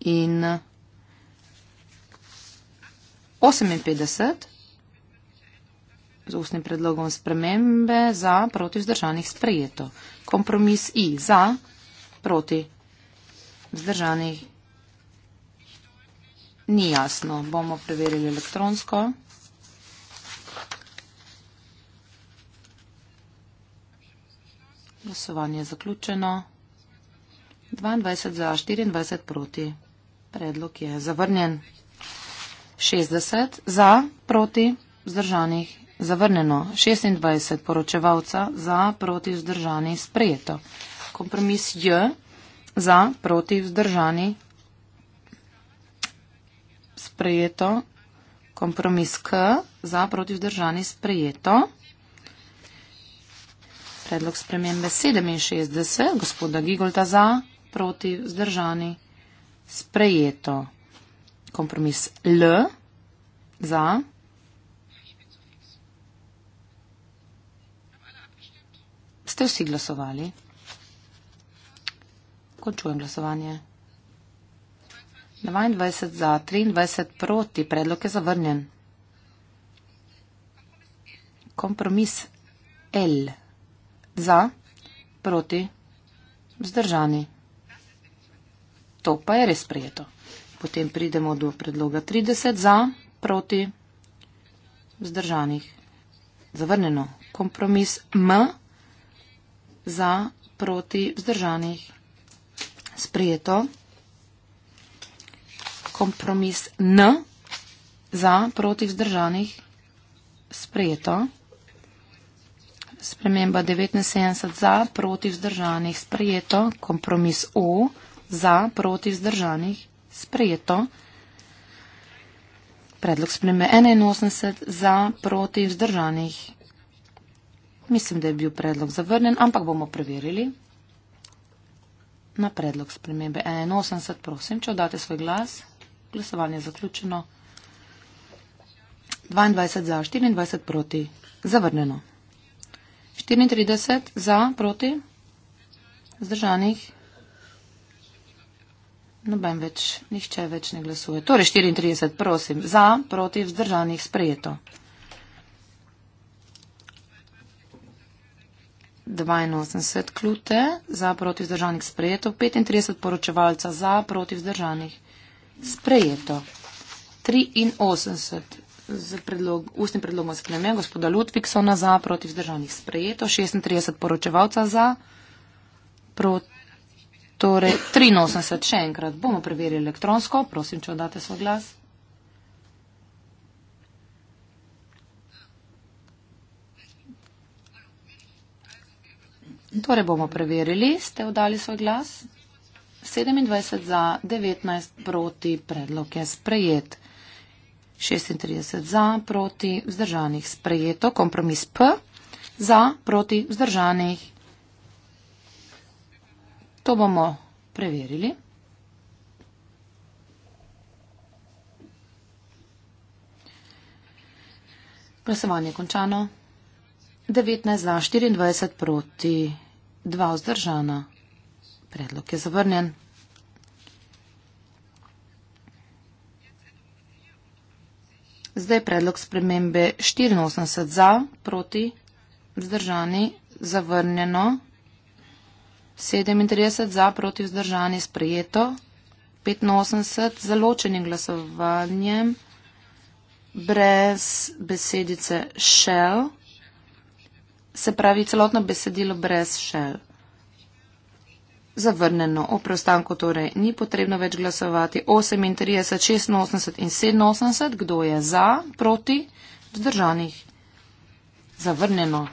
In 58 z ustnim predlogom spremembe za proti vzdržanih sprejeto. Kompromis I za proti vzdržanih ni jasno. Bomo preverili elektronsko. Glasovanje je zaključeno. 22 za, 24 proti. Predlog je zavrnjen. 60 za, proti, vzdržanih zavrnjeno, 26 poročevalca za, proti vzdržani, sprejeto. Kompromis J za, proti vzdržani, sprejeto. Kompromis K za, proti vzdržani, sprejeto. Predlog spremembe 67, gospoda Gigolta za, proti vzdržani, sprejeto. Kompromis L za, proti vzdržani, sprejeto. Ste vsi glasovali? Končujem glasovanje. 22 za, 23 proti. Predlog je zavrnjen. Kompromis L. Za, proti, vzdržani. To pa je res prijeto. Potem pridemo do predloga 30 za, proti, vzdržanih. Zavrnjeno. Kompromis M za, proti, vzdržanih. Sprejeto. Kompromis N za, proti, vzdržanih. Sprejeto. Sprememba 79 za, proti, vzdržanih. Sprejeto. Kompromis O za, proti, vzdržanih. Sprejeto. Predlog spremembe 81 za, proti, vzdržanih. Mislim, da je bil predlog zavrnen, ampak bomo preverili. Na predlog spremembe 81, prosim, če oddate svoj glas. Glasovanje je zaključeno. 22 za, 24 proti. Zavrnjeno. 34 za, proti. Zdržanih. Noben več, nihče več ne glasuje. Torej 34, prosim, za, proti, vzdržanih, sprejeto. 82 klute za proti vzdržanih sprejeto, 35 poročevalca za proti vzdržanih sprejeto. 83 z predlog, ustnim predlogom spremem gospoda Ludvigsona za proti vzdržanih sprejeto, 36 poročevalca za proti. Torej, 83 še enkrat bomo preverili elektronsko, prosim, če oddate svoj glas. Torej bomo preverili, ste vdali svoj glas. 27 za, 19 proti, predlog je sprejet. 36 za, proti, vzdržanih sprejeto. Kompromis P za, proti, vzdržanih. To bomo preverili. Glasovanje je končano. 19 za 24 proti dva vzdržana. Predlog je zavrnjen. Zdaj predlog spremembe 84 za, proti, vzdržani, zavrnjeno, 37 za, proti, vzdržani, sprejeto, 85 za ločenim glasovanjem, brez besedice shell se pravi celotno besedilo brez šel. Zavrnjeno. O preostanku torej ni potrebno več glasovati. 38, 86 in 87. Kdo je za, proti, vzdržanih? Zavrnjeno.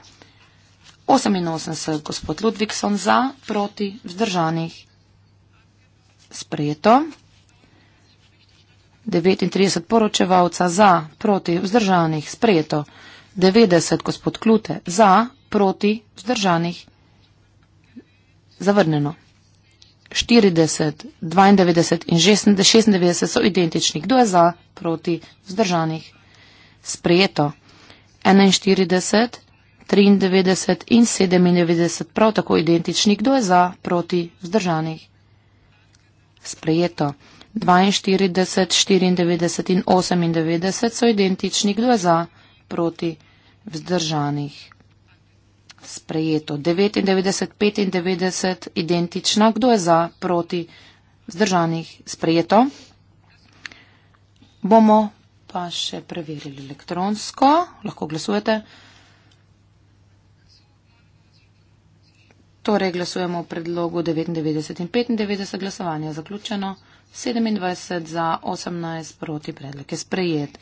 88. Gospod Ludvikson za, proti, vzdržanih? Sprejeto. 39 poročevalca za, proti, vzdržanih, sprejeto. 90 gospod Klute za, proti, vzdržanih. Zavrnjeno. 40, 92 in 96 so identični. Kdo je za, proti, vzdržanih? Sprejeto. 41, 93 in 97 prav tako identični. Kdo je za, proti, vzdržanih? Sprejeto. 42, 94 in 98 so identični. Kdo je za, proti, vzdržanih? proti vzdržanih. Sprejeto 99-95, identična. Kdo je za proti vzdržanih? Sprejeto. Bomo pa še preverili elektronsko. Lahko glasujete. Torej glasujemo v predlogu 99 in 95. Glasovanje je zaključeno. 27 za 18 proti predlog je sprejet.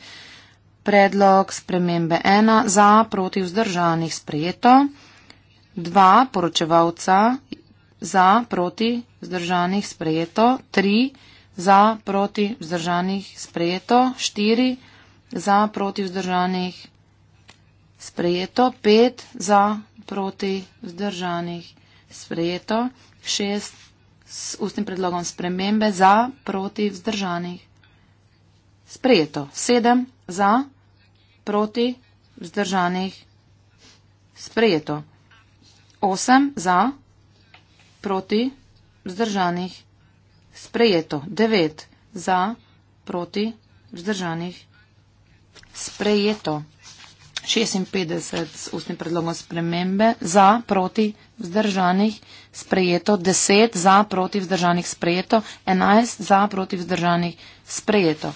Predlog spremembe 1 za proti vzdržanih sprejeto, 2 poročevalca za proti vzdržanih sprejeto, 3 za proti vzdržanih sprejeto, 4 za proti vzdržanih sprejeto, 5 za proti vzdržanih sprejeto, 6 s ustnim predlogom spremembe za proti vzdržanih sprejeto, 7 za proti vzdržanih sprejeto proti, vzdržanih, sprejeto. 8 za, proti, vzdržanih, sprejeto. 9 za, proti, vzdržanih, sprejeto. 56 s ustnim predlogom spremembe za, proti, vzdržanih, sprejeto. 10 za, proti, vzdržanih, sprejeto. 11 za, proti, vzdržanih, sprejeto.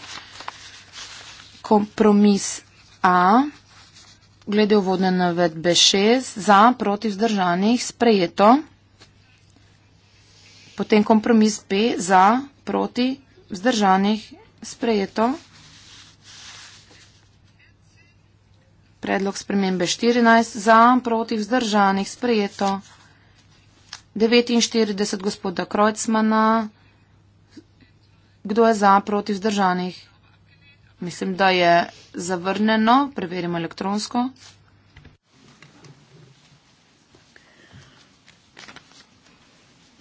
Kompromis A. Glede uvodne navedbe 6. Za, proti vzdržanih, sprejeto. Potem kompromis B. Za, proti vzdržanih, sprejeto. Predlog spremembe 14. Za, proti vzdržanih, sprejeto. 49 gospoda Krojcmana. Kdo je za, proti vzdržanih? Mislim, da je zavrnjeno. Preverimo elektronsko.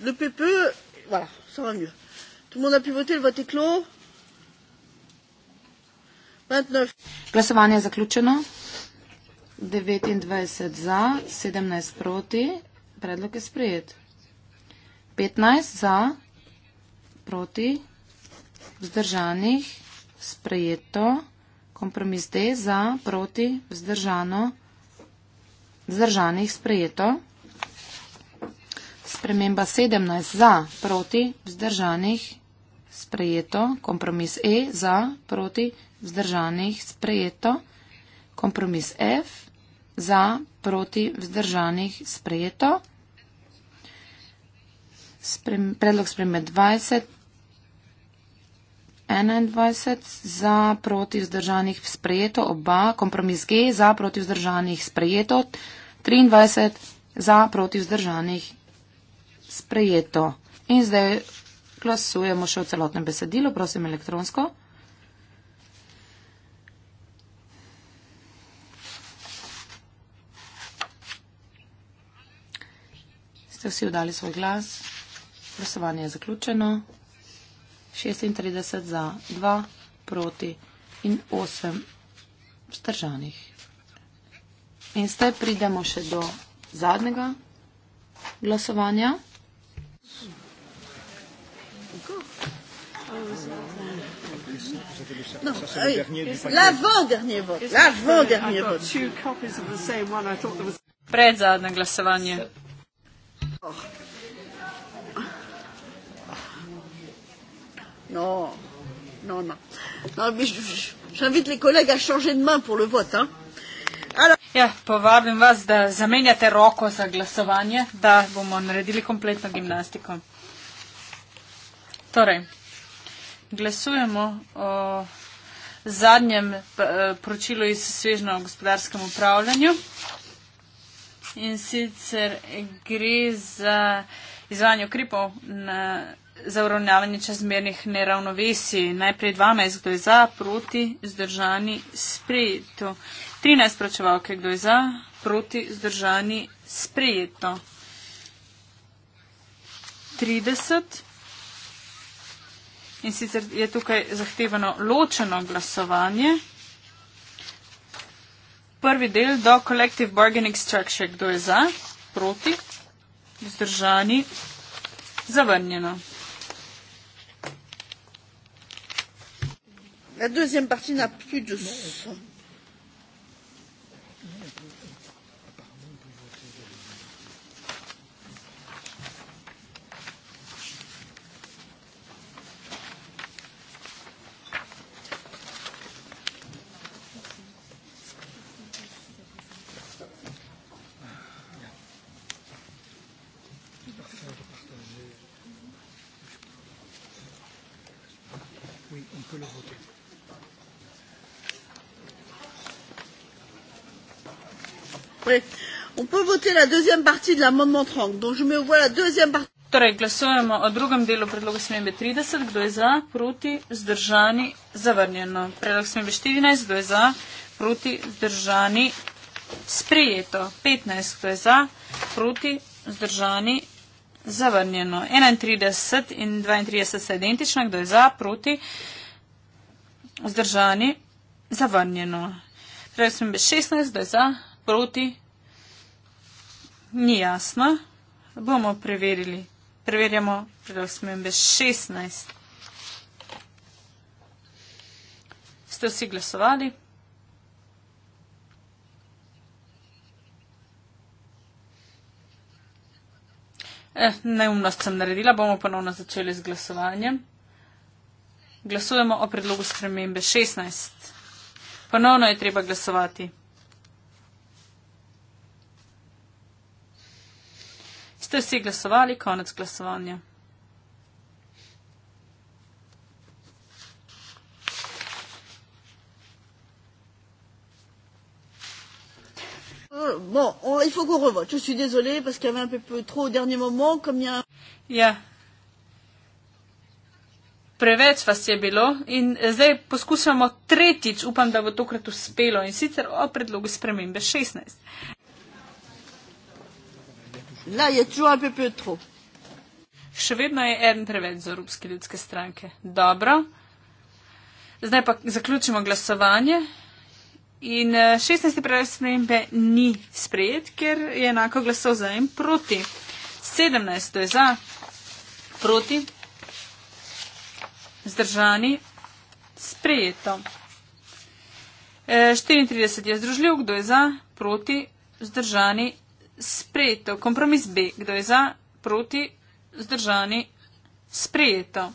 Le PPE, voilà, ça va mieux. Tout le monde a pu voter, le vote est clos. 29. Glasovanje je zaključeno. 29 za, 17 proti. Predlog je sprejet. 15 za, proti, vzdržanih sprejeto, kompromis D za, proti, vzdržano, vzdržanih sprejeto, sprememba 17 za, proti, vzdržanih sprejeto, kompromis E za, proti, vzdržanih sprejeto, kompromis F za, proti, vzdržanih sprejeto, predlog spremembe 20 21 za proti vzdržanih sprejeto, oba kompromis G za proti vzdržanih sprejeto, 23 za proti vzdržanih sprejeto. In zdaj glasujemo še o celotnem besedilu, prosim elektronsko. Ste vsi vdali svoj glas? Glasovanje je zaključeno. 36 za, 2 proti in 8 vzdržanih. In zdaj pridemo še do zadnjega glasovanja. No, Pred zadnje glasovanje. Oh. Non, non, non. non J'invite les collègues à changer de main pour le vote. Hein. Alors... Ja, povabim vas, da zamenjate roko za glasovanje, da bomo naredili kompletno gimnastiko. Torej, glasujemo o zadnjem eh, poročilu iz svežno gospodarskem upravljanju. In sicer gre za izvajanje ukrepov na za uravnavanje čezmernih neravnovesij. Najprej 12, kdo je za, proti, zdržani, sprejeto. 13 pročevalke, kdo je za, proti, zdržani, sprejeto. 30. In sicer je tukaj zahtevano ločeno glasovanje. Prvi del do collective bargaining structure, kdo je za, proti, vzdržani, zavrnjeno. la deuxième partie n'a plus de sens. deuxième partie de l'amendement 30. Donc je me vois la deuxième partie. Torej, glasujemo o drugem delu predloga smembe 30, kdo je za, proti, zdržani, zavrnjeno. Predlog smembe 14, kdo je za, proti, zdržani, sprejeto. 15, kdo je za, proti, zdržani, zavrnjeno. 31 in 32 sta identična, kdo je za, proti, zdržani, zavrnjeno. Predlog smembe 16, kdo je za, proti, zdržani ni jasno. Bomo preverili. Preverjamo, da smo imeli 16. Ste vsi glasovali? Eh, neumnost sem naredila, bomo ponovno začeli z glasovanjem. Glasujemo o predlogu spremembe 16. Ponovno je treba glasovati. Ste vsi glasovali, konec glasovanja. Euh, bon, il faut qu'on revoie. Je suis désolée parce qu'il y avait un peu trop au dernier moment. Comme il y a... Ja. Preveč vas je bilo in zdaj poskušamo tretjič, upam, da bo tokrat uspelo in sicer o predlogu spremembe 16. Da, je čuvaj pri Petru. Še vedno je en preveč za Evropske ljudske stranke. Dobro. Zdaj pa zaključimo glasovanje. In 16. Eh, predlog spremembe ni sprejet, ker je enako glasov za in proti. 17. je za, proti, zdržani, sprejeto. 34. Eh, je združljiv, kdo je za, proti, zdržani, sprejeto. Kompromis B. Kdo je za, proti, zdržani, sprejeto.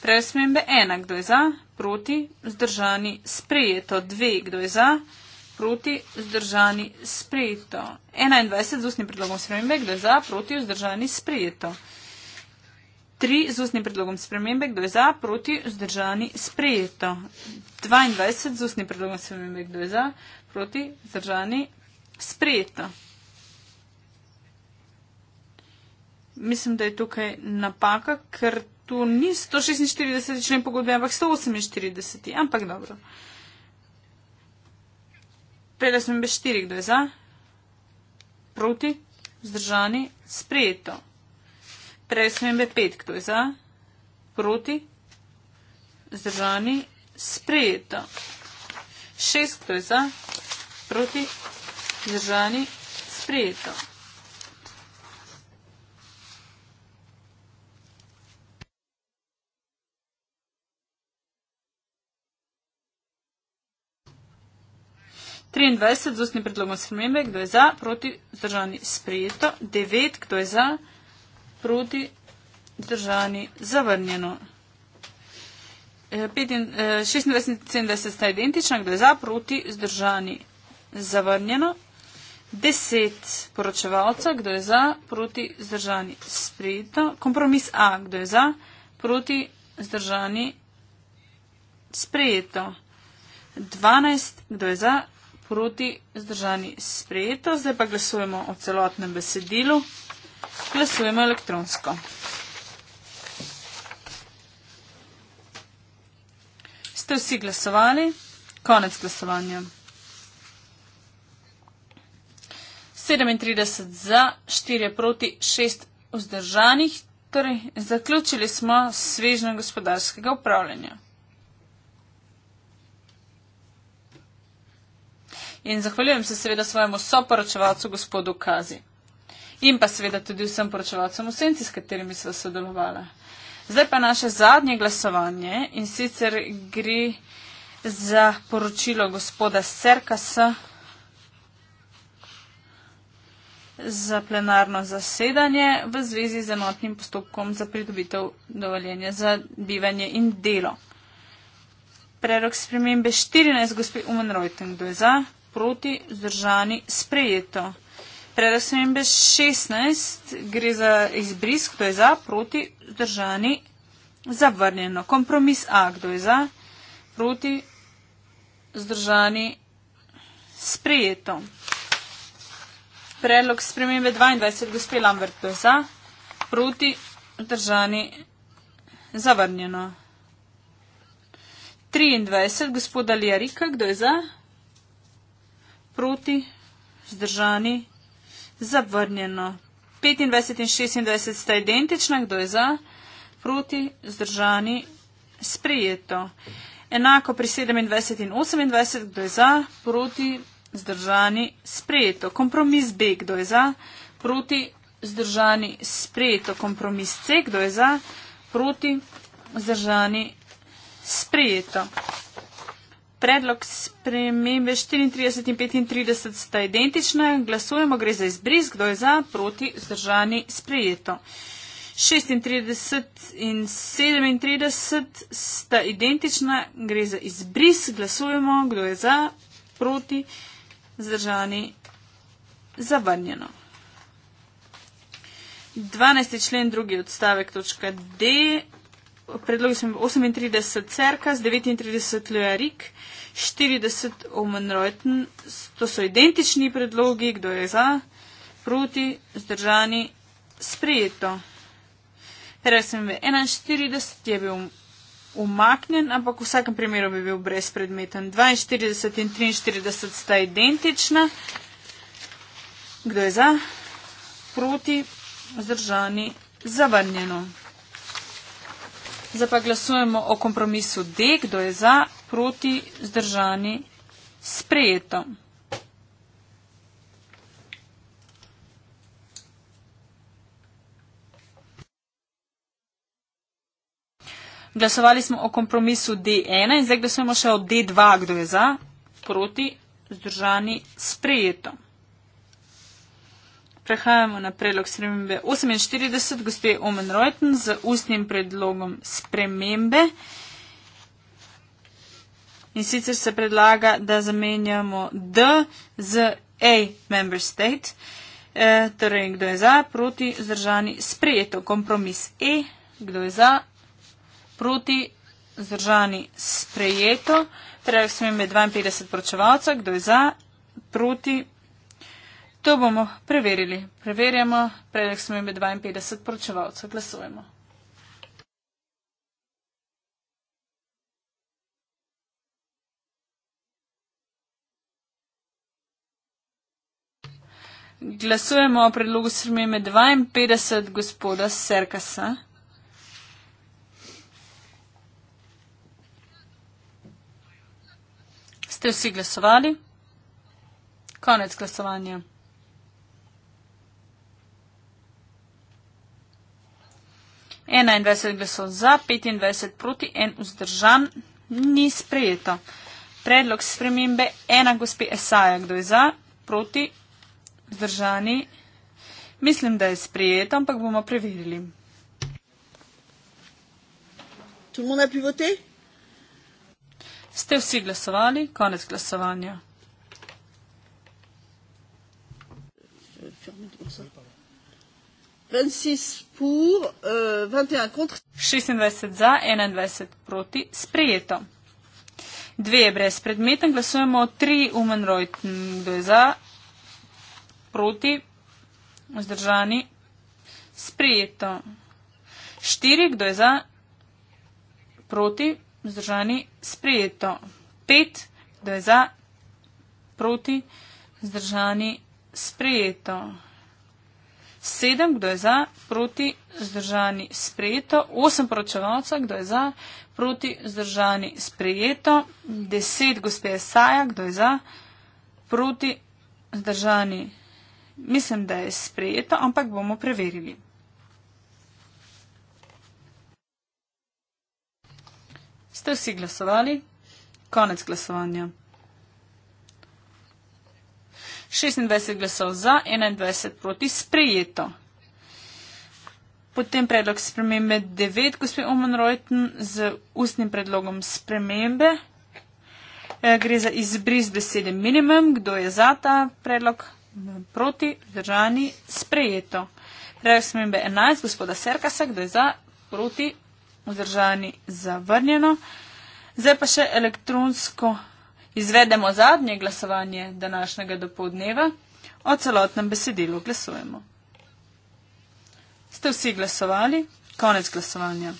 Presmembe 1. Kdo je za, proti, zdržani, sprejeto. 2. Kdo je za, proti, zdržani, sprejeto. 21. Z ustnim predlogom spremembe. Kdo je za, proti, zdržani, sprejeto. 3. Z ustnim predlogom spremembe. Kdo je za, proti, zdržani, sprejeto. 22. Z ustnim predlogom spremembe. Kdo je za, proti, zdržani, sprejeto sprejeta. Mislim, da je tukaj napaka, ker tu ni 146 člen pogodbe, ampak 148, ampak dobro. Pele smo imeli štiri, kdo je za, proti, zdržani, sprejeto. Prej smo imeli pet, kdo je za, proti, zdržani, sprejeto. Šest, kdo je za, proti, Zdržani. Sprejeto. Trinindvajset z ustnim predlogom spremembe. Kdo je za? Proti? Zdržani. Sprejeto. Devet. Kdo je za? Proti? Zdržani. Zavrnjeno. 26 e, e, in 27 sta identična, kdo je za, proti, zdržani, zavrnjeno. 10 poročevalcev, kdo je za, proti, zdržani, sprejeto. Kompromis A, kdo je za, proti, zdržani, sprejeto. 12, kdo je za, proti, zdržani, sprejeto. Zdaj pa glasujemo o celotnem besedilu. Glasujemo elektronsko. Ste vsi glasovali? Konec glasovanja. 37 za, 4 proti, 6 vzdržanih. Torej, zaključili smo svežno gospodarskega upravljanja. In zahvaljujem se seveda svojemu soporočevalcu gospodu Kazi. In pa seveda tudi vsem poročevalcem v senci, s katerimi so sodelovala. Zdaj pa naše zadnje glasovanje in sicer gre za poročilo gospoda Serkasa za plenarno zasedanje v zvezi z enotnim postopkom za pridobitev dovoljenja za bivanje in delo. Prerok spremembe 14, gospe Umenrojten, kdo je za, proti, zdržani, sprejeto. Prerok spremembe 16 gre za izbris, kdo je za, proti, zdržani, zavrnjeno. Kompromis A, kdo je za, proti, zdržani, sprejeto predlog spremembe 22, gospe Lambert, za, proti, držani, zavrnjeno. 23, gospoda Lijarika, kdo je za, proti, zdržani, zavrnjeno. 25 in 26 sta identična, kdo je za, proti, zdržani, sprejeto. Enako pri 27 in 28, kdo je za, proti, zdržani. Zdržani, sprejeto. Kompromis B, kdo je za? Proti. Zdržani, sprejeto. Kompromis C, kdo je za? Proti. Zdržani, sprejeto. Predlog spremembe 34 in 35 sta identična. Glasujemo, gre za izbris, kdo je za? Proti. Zdržani, sprejeto. 36 in 37 sta identična, gre za izbris, glasujemo, kdo je za, proti, zdržani, zavrnjeno. 12. člen, drugi odstavek, točka D. Predlogi smo 38 cerkas, 39 lojarik, 40 omenrojten. To so identični predlogi, kdo je za, proti, zdržani, sprejeto. Ker sem v 41, je bil umaknjen, ampak v vsakem primeru bi bil brezpredmeten. 42 in 43 sta identična. Kdo je za? Proti, zdržani, zavrnjeno. Zdaj pa glasujemo o kompromisu D. Kdo je za? Proti, zdržani, sprejeto. Glasovali smo o kompromisu D1 in zdaj glasujemo še o D2, kdo je za, proti, zdržani, sprejeto. Prehajamo na predlog spremembe 48, gospe Omen Reuten, z ustnim predlogom spremembe. In sicer se predlaga, da zamenjamo D z A member state. E, torej, kdo je za, proti, zdržani, sprejeto. Kompromis E, kdo je za, proti, zdržani sprejeto, trajajo smembe 52 pročevalcev, kdo je za, proti. To bomo preverili. Preverjamo, predlog smembe 52 pročevalcev, glasujemo. Glasujemo o predlogu srmeme 52 gospoda Serkasa. Ste vsi glasovali? Konec glasovanja. Ena in dvajset glasov za, petindvajset proti, en vzdržan, ni sprejeto. Predlog spremembe ena gospe Esaja, kdo je za, proti, vzdržani, mislim, da je sprejeto, ampak bomo preverili. Tout le monde a pu voter Ste vsi glasovali? Konec glasovanja. Pour, uh, 21 contre... 26 za, 21 proti, sprejeto. Dve je brez predmeten, glasujemo o tri umenrojten, kdo je za, proti, vzdržani, sprejeto. Štiri, kdo je za, proti, vzdržani, sprejeto. Pet, kdo je za, proti, vzdržani, sprejeto. Sedem, kdo je za, proti, vzdržani, sprejeto. Osem poročevalca, kdo je za, proti, vzdržani, sprejeto. Deset, gospe Saja, kdo je za, proti, vzdržani, mislim, da je sprejeto, ampak bomo preverili. Ste vsi glasovali? Konec glasovanja. 26 glasov za, 21 proti, sprejeto. Potem predlog spremembe 9, gospod Oman Reuten, z ustnim predlogom spremembe. E, gre za izbris besede minimum. Kdo je za ta predlog? Proti, držani, sprejeto. Predlog spremembe 11, gospoda Serkasa, kdo je za? Proti, vzdržani zavrnjeno. Zdaj pa še elektronsko izvedemo zadnje glasovanje današnjega dopoledneva. O celotnem besedilu glasujemo. Ste vsi glasovali? Konec glasovanja.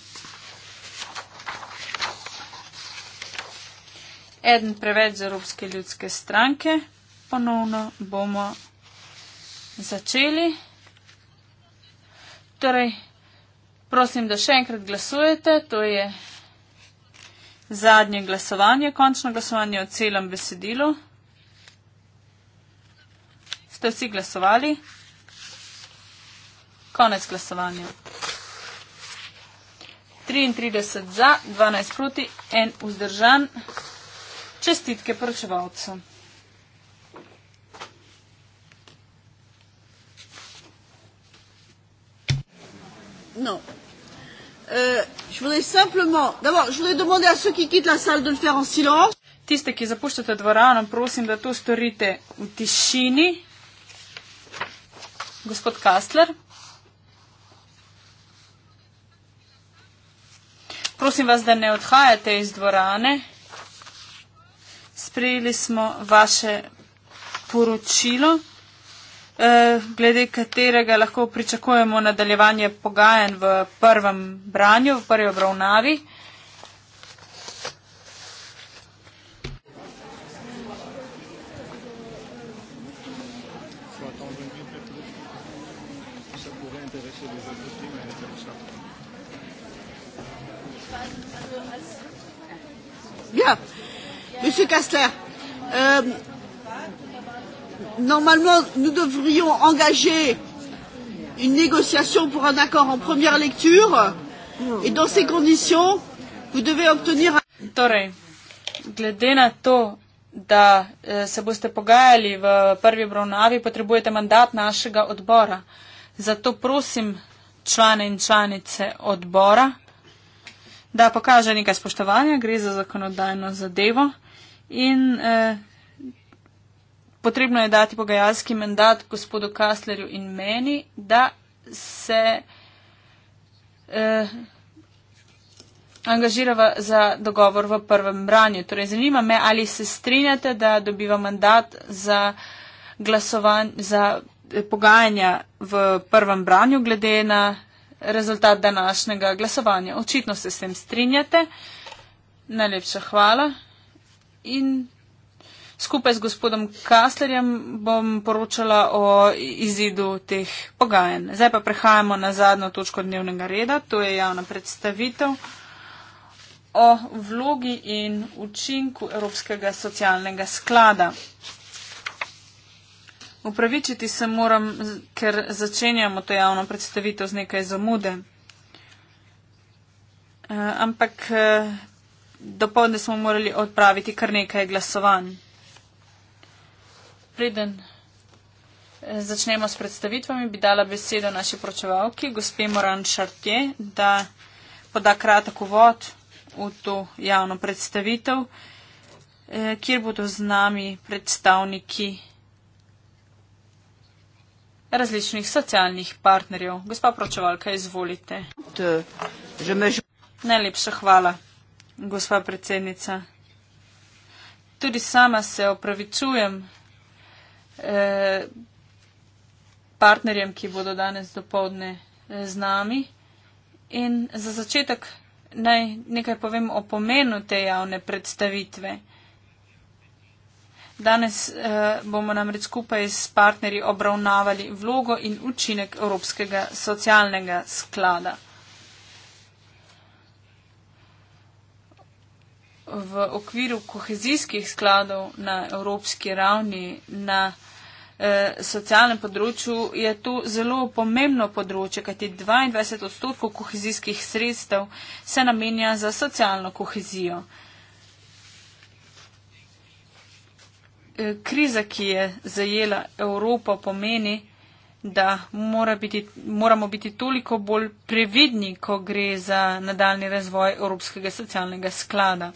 Eden preveč za Evropske ljudske stranke. Ponovno bomo začeli. Torej, Prosim, da še enkrat glasujete. To je zadnje glasovanje, končno glasovanje o celem besedilu. Ste vsi glasovali? Konec glasovanja. 33 za, 12 proti, en vzdržan. Čestitke poročevalcu. Non. Euh, je voudrais simplement. D'abord, je voudrais demander à ceux qui quittent la salle de le faire en silence. Tiste, qui zapuštate dvorano, prosim, da to storite v tišini. Gospod Kastler. Prosim vas, da ne odhajate iz dvorane. Sprejeli smo vaše poročilo. Eh, glede katerega lahko pričakujemo nadaljevanje pogajanj v prvem branju, v prvi obravnavi. Ja, monsieur Kastler, euh, normalement, nous devrions engager une négociation pour un accord en première lecture. Et dans ces conditions, vous devez obtenir un. Torej, glede na to, da eh, se boste pogajali v prvi obravnavi, potrebujete mandat našega odbora. Zato prosim člane in članice odbora, da pokaže nekaj spoštovanja, gre za zakonodajno zadevo in eh, potrebno je dati pogajalski mandat gospodu Kastlerju in meni, da se eh, angažirava za dogovor v prvem branju. Torej, zanima me, ali se strinjate, da dobiva mandat za glasovanje, za eh, pogajanja v prvem branju, glede na rezultat današnjega glasovanja. Očitno se s tem strinjate. Najlepša hvala. In Skupaj z gospodom Kaslerjem bom poročala o izidu teh pogajanj. Zdaj pa prehajamo na zadnjo točko dnevnega reda, to je javna predstavitev o vlogi in učinku Evropskega socialnega sklada. Upravičiti se moram, ker začenjamo to javno predstavitev z nekaj zamude. Eh, ampak eh, dopoledne smo morali odpraviti kar nekaj glasovanj preden eh, začnemo s predstavitvami, bi dala besedo naši pročevalki, gospe Moran Šartje, da poda kratek uvod v to javno predstavitev, eh, kjer bodo z nami predstavniki različnih socialnih partnerjev. Gospa pročevalka, izvolite. Najlepša hvala, gospa predsednica. Tudi sama se opravičujem Eh, partnerjem, ki bodo danes dopoledne eh, z nami. In za začetek naj nekaj povem o pomenu te javne predstavitve. Danes eh, bomo namreč skupaj s partnerji obravnavali vlogo in učinek Evropskega socialnega sklada. v okviru kohezijskih skladov na evropski ravni, na eh, socialnem področju, je to zelo pomembno področje, kajti 22 odstotkov kohezijskih sredstev se namenja za socialno kohezijo. Eh, kriza, ki je zajela Evropo, pomeni, da mora biti, moramo biti toliko bolj previdni, ko gre za nadaljni razvoj Evropskega socialnega sklada.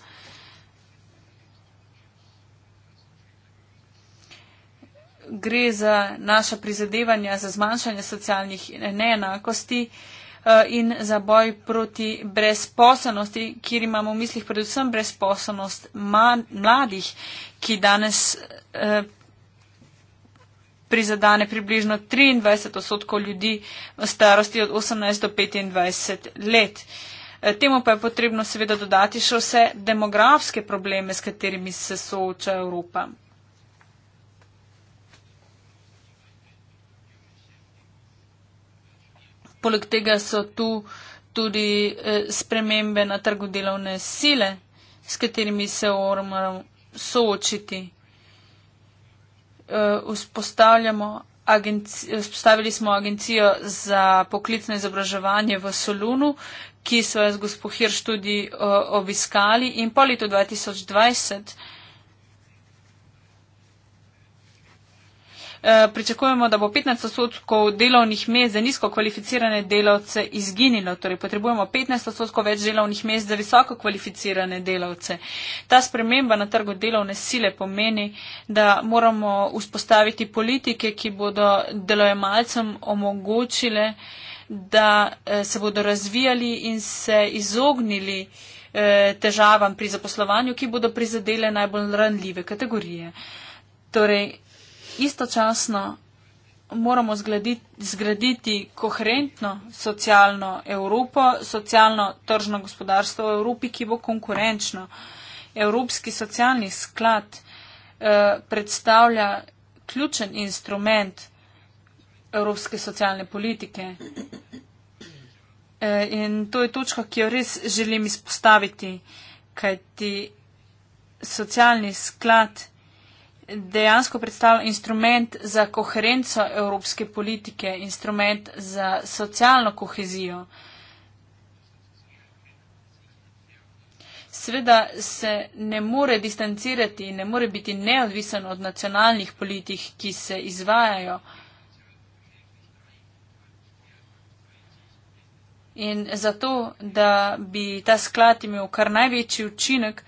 gre za naša prizadevanja za zmanjšanje socialnih neenakosti eh, in za boj proti brezposobnosti, kjer imamo v mislih predvsem brezposobnost mladih, ki danes eh, prizadane približno 23 odstotkov ljudi v starosti od 18 do 25 let. Eh, temu pa je potrebno seveda dodati še vse demografske probleme, s katerimi se sooča Evropa. Poleg tega so tu tudi eh, spremembe na trgu delovne sile, s katerimi se moramo soočiti. Eh, agenci, vzpostavili smo agencijo za poklicno izobraževanje v Solunu, ki so jo z gospohir študij eh, obiskali in po letu 2020 Eh, pričakujemo, da bo 15 odstotkov delovnih mest za nizko kvalificirane delavce izginilo. Torej, potrebujemo 15 odstotkov več delovnih mest za visoko kvalificirane delavce. Ta sprememba na trgu delovne sile pomeni, da moramo vzpostaviti politike, ki bodo delojemalcem omogočile, da eh, se bodo razvijali in se izognili eh, težavam pri zaposlovanju, ki bodo prizadele najbolj ranljive kategorije. Torej, istočasno moramo zgledi, zgraditi koherentno socialno Evropo, socialno tržno gospodarstvo v Evropi, ki bo konkurenčno. Evropski socialni sklad eh, predstavlja ključen instrument evropske socialne politike. Eh, in to je točka, ki jo res želim izpostaviti, kajti socialni sklad dejansko predstavlja instrument za koherenco evropske politike, instrument za socialno kohezijo. Sveda se ne more distancirati in ne more biti neodvisen od nacionalnih politik, ki se izvajajo. In zato, da bi ta sklad imel kar največji učinek,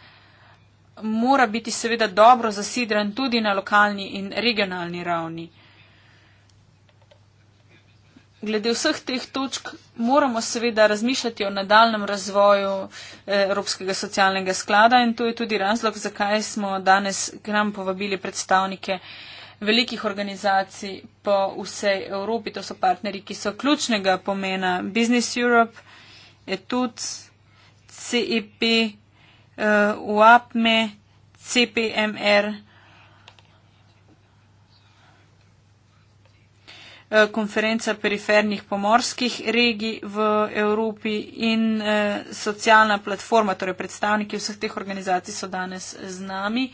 mora biti seveda dobro zasidran tudi na lokalni in regionalni ravni. Glede vseh teh točk moramo seveda razmišljati o nadaljem razvoju eh, Evropskega socialnega sklada in to je tudi razlog, zakaj smo danes k nam povabili predstavnike velikih organizacij po vsej Evropi, to so partnerji, ki so ključnega pomena Business Europe, ETUC, CEP, uh, UAPME, CPMR, uh, konferenca perifernih pomorskih regij v Evropi in eh, socialna platforma, torej predstavniki vseh teh organizacij so danes z nami.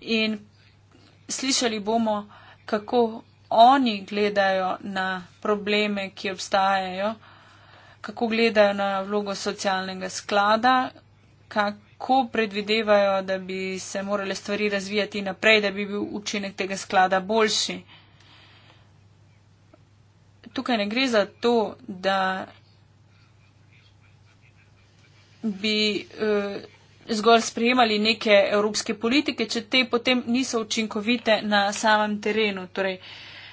In slišali bomo, kako oni gledajo na probleme, ki obstajajo, kako gledajo na vlogo socialnega sklada, kak, lahko predvidevajo, da bi se morale stvari razvijati naprej, da bi bil učinek tega sklada boljši. Tukaj ne gre za to, da bi eh, zgolj sprejemali neke evropske politike, če te potem niso učinkovite na samem terenu. Torej,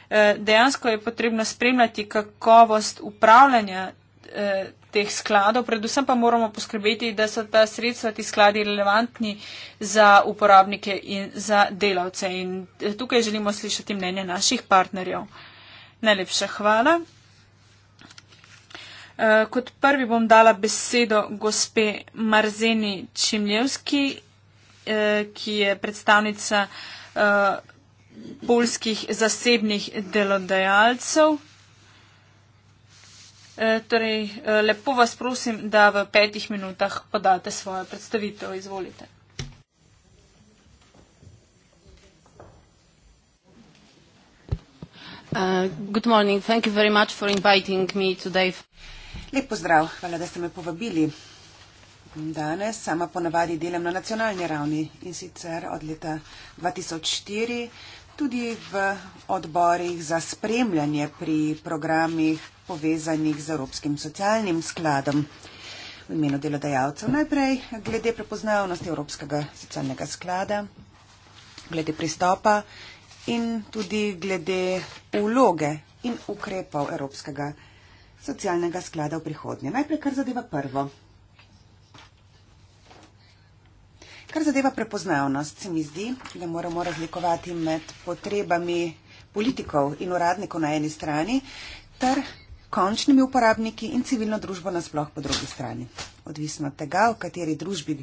eh, dejansko je potrebno spremljati kakovost upravljanja. Eh, teh skladov. Predvsem pa moramo poskrbeti, da so ta sredstva, ti skladi relevantni za uporabnike in za delavce. In eh, tukaj želimo slišati mnenje naših partnerjev. Najlepša hvala. Eh, kot prvi bom dala besedo gospe Marzeni Čimljevski, eh, ki je predstavnica polskih zasebnih delodajalcev. E, torej, e, lepo vas prosim, da v petih minutah podate svojo predstavitev. Izvolite. Uh, lepo zdrav, hvala, da ste me povabili. Danes sama ponavadi delam na nacionalni ravni in sicer od leta 2004 tudi v odborih za spremljanje pri programih povezanih z Evropskim socialnim skladom. V imenu delodajalcev najprej glede prepoznavnosti Evropskega socialnega sklada, glede pristopa in tudi glede uloge in ukrepov Evropskega socialnega sklada v prihodnje. Najprej kar zadeva prvo. Kar zadeva prepoznavnost, se mi zdi, da moramo razlikovati med potrebami politikov in uradnikov na eni strani ter končnimi uporabniki in civilno družbo nasploh po drugi strani. Odvisno od tega, o kateri družbi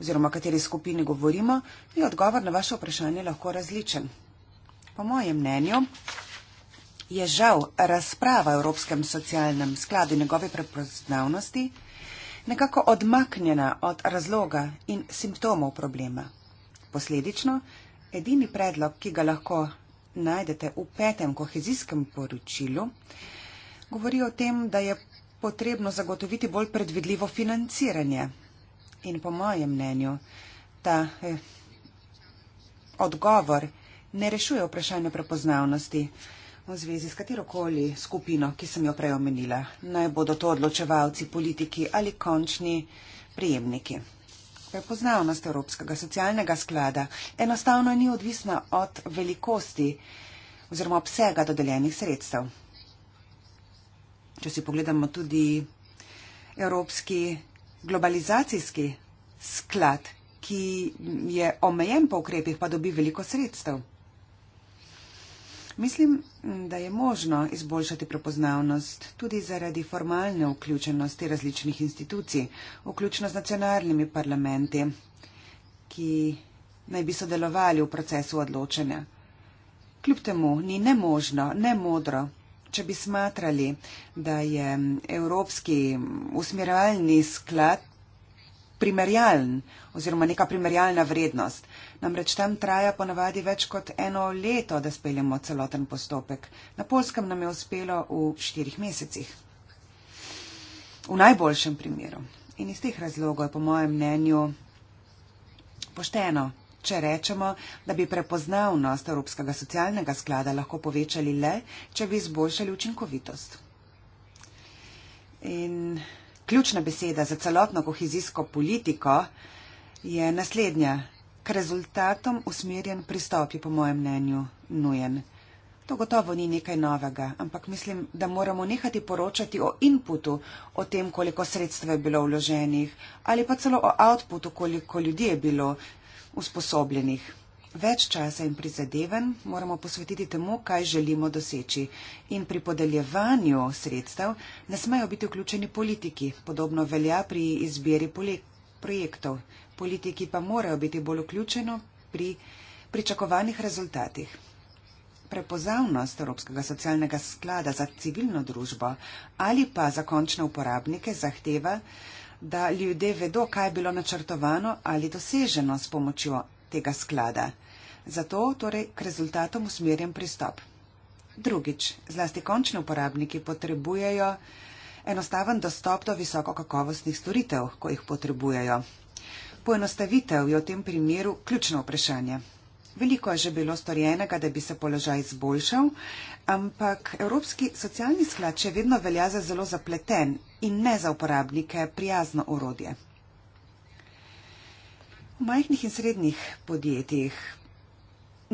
oziroma o kateri skupini govorimo, je odgovor na vaše vprašanje lahko različen. Po mojem mnenju je žal razprava o Evropskem socialnem skladu in njegove prepoznavnosti nekako odmaknjena od razloga in simptomov problema. Posledično, edini predlog, ki ga lahko najdete v petem kohezijskem poročilu, govori o tem, da je potrebno zagotoviti bolj predvidljivo financiranje. In po mojem mnenju, ta eh, odgovor ne rešuje vprašanja prepoznavnosti, eh, v zvezi s katerokoli skupino, ki sem jo prej omenila. Naj bodo to odločevalci, politiki ali končni prijemniki. Prepoznavnost Evropskega socialnega sklada enostavno ni odvisna od velikosti oziroma obsega dodeljenih sredstev. Če si pogledamo tudi Evropski globalizacijski sklad, ki je omejen po ukrepih, pa dobi veliko sredstev. Mislim, da je možno izboljšati prepoznavnost tudi zaradi formalne vključenosti različnih institucij, vključno z nacionalnimi parlamenti, ki naj bi sodelovali v procesu odločanja. Kljub temu ni nemožno, nemodro, če bi smatrali, da je Evropski usmerjalni sklad primerjalen oziroma neka primerjalna vrednost. Namreč tam traja ponavadi več kot eno leto, da speljemo celoten postopek. Na polskem nam je uspelo v štirih mesecih. V najboljšem primeru. In iz teh razlogov je po mojem mnenju pošteno, če rečemo, da bi prepoznavnost Evropskega socialnega sklada lahko povečali le, če bi izboljšali učinkovitost. In ključna beseda za celotno kohezijsko politiko je naslednja. K rezultatom usmerjen pristop je po mojem mnenju nujen. To gotovo ni nekaj novega, ampak mislim, da moramo nehati poročati o inputu, o tem, koliko sredstva je bilo vloženih, ali pa celo o outputu, koliko ljudi je bilo usposobljenih več časa in prizadevanj moramo posvetiti temu, kaj želimo doseči. In pri podeljevanju sredstev ne smejo biti vključeni politiki, podobno velja pri izbiri projektov. Politiki pa morajo biti bolj vključeni pri pričakovanih rezultatih. Prepoznavnost Evropskega socialnega sklada za civilno družbo ali pa za končne uporabnike zahteva, da ljudje vedo, kaj je bilo načrtovano ali doseženo s pomočjo tega sklada. Zato torej k rezultatom usmerjam pristop. Drugič, zlasti končni uporabniki potrebujejo enostaven dostop do visokokakovostnih storitev, ko jih potrebujejo. Poenostavitev je v tem primeru ključno vprašanje. Veliko je že bilo storjenega, da bi se položaj izboljšal, ampak Evropski socialni sklad še vedno velja za zelo zapleten in ne za uporabnike prijazno urodje. V majhnih in srednjih podjetjih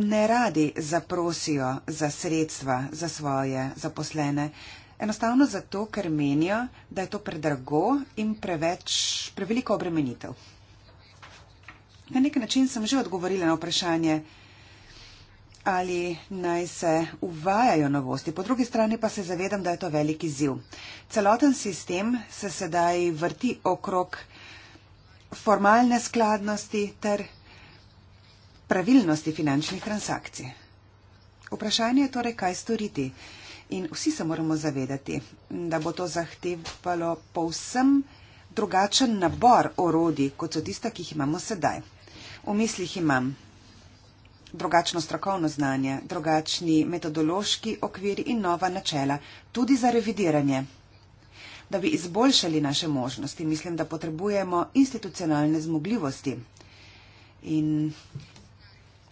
ne radi zaprosijo za sredstva za svoje zaposlene, enostavno zato, ker menijo, da je to predrago in preveč, preveliko obremenitev. Na nek način sem že odgovorila na vprašanje, ali naj se uvajajo novosti, po drugi strani pa se zavedam, da je to veliki ziv. Celoten sistem se sedaj vrti okrog formalne skladnosti ter pravilnosti finančnih transakcij. Vprašanje je torej, kaj storiti. In vsi se moramo zavedati, da bo to zahtevalo povsem drugačen nabor orodij, kot so tiste, ki jih imamo sedaj. V mislih imam drugačno strokovno znanje, drugačni metodološki okvir in nova načela, tudi za revidiranje da bi izboljšali naše možnosti. Mislim, da potrebujemo institucionalne zmogljivosti. In,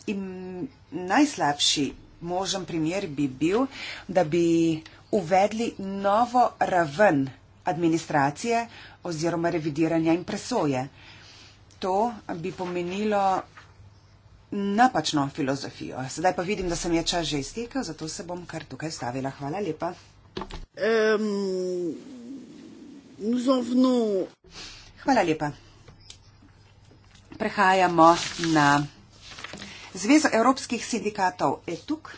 in najslabši možen primer bi bil, da bi uvedli novo raven administracije oziroma revidiranja in presoje. To bi pomenilo napačno filozofijo. Sedaj pa vidim, da sem je čas že iztekel, zato se bom kar tukaj stavila. Hvala lepa. Um nous en venons. Hvala lepa. Prehajamo na Zvezo evropskih sindikatov ETUK.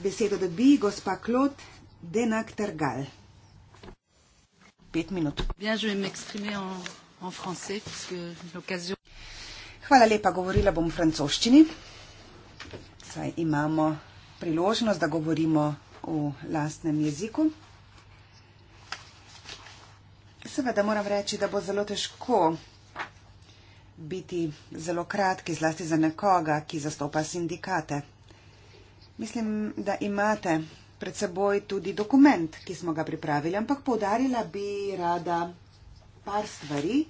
Besedo dobi gospa Klot Denak Tergal. Pet minut. Hvala lepa, govorila bom v francoščini. Saj imamo priložnost, da govorimo v lastnem jeziku. Seveda moram reči, da bo zelo težko biti zelo kratki, zlasti za nekoga, ki zastopa sindikate. Mislim, da imate pred seboj tudi dokument, ki smo ga pripravili, ampak poudarila bi rada par stvari,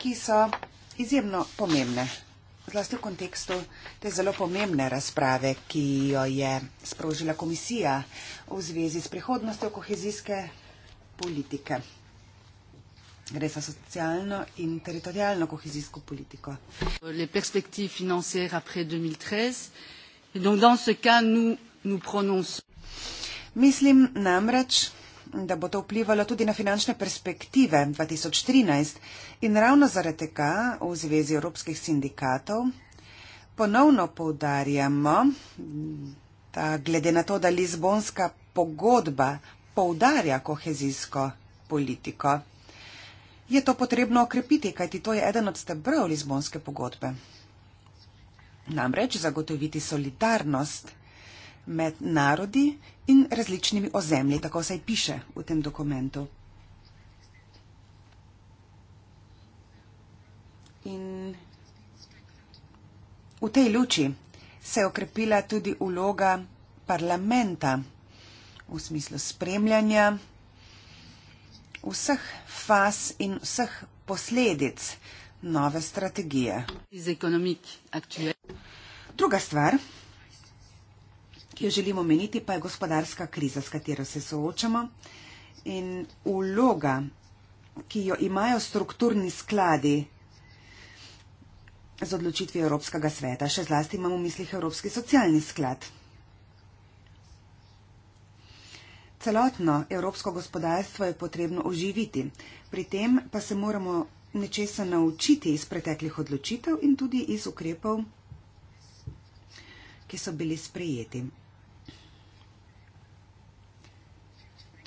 ki so izjemno pomembne. Zlasti v kontekstu te zelo pomembne razprave, ki jo je sprožila komisija v zvezi s prihodnostjo kohezijske politike gre za socialno in teritorijalno kohezijsko politiko. Mislim namreč, da bo to vplivalo tudi na finančne perspektive 2013 in ravno zaradi tega v Zvezi evropskih sindikatov ponovno poudarjamo, da glede na to, da Lizbonska pogodba poudarja kohezijsko politiko je to potrebno okrepiti, kajti to je eden od stebrov Lizbonske pogodbe. Namreč zagotoviti solidarnost med narodi in različnimi ozemlji, tako saj piše v tem dokumentu. In v tej luči se je okrepila tudi uloga parlamenta v smislu spremljanja vseh faz in vseh posledic nove strategije. Druga stvar, ki jo želimo meniti, pa je gospodarska kriza, s katero se soočamo in vloga, ki jo imajo strukturni skladi z odločitvi Evropskega sveta. Še zlasti imamo v mislih Evropski socialni sklad. Celotno evropsko gospodarstvo je potrebno oživiti, pri tem pa se moramo nečesa naučiti iz preteklih odločitev in tudi iz ukrepov, ki so bili sprejeti.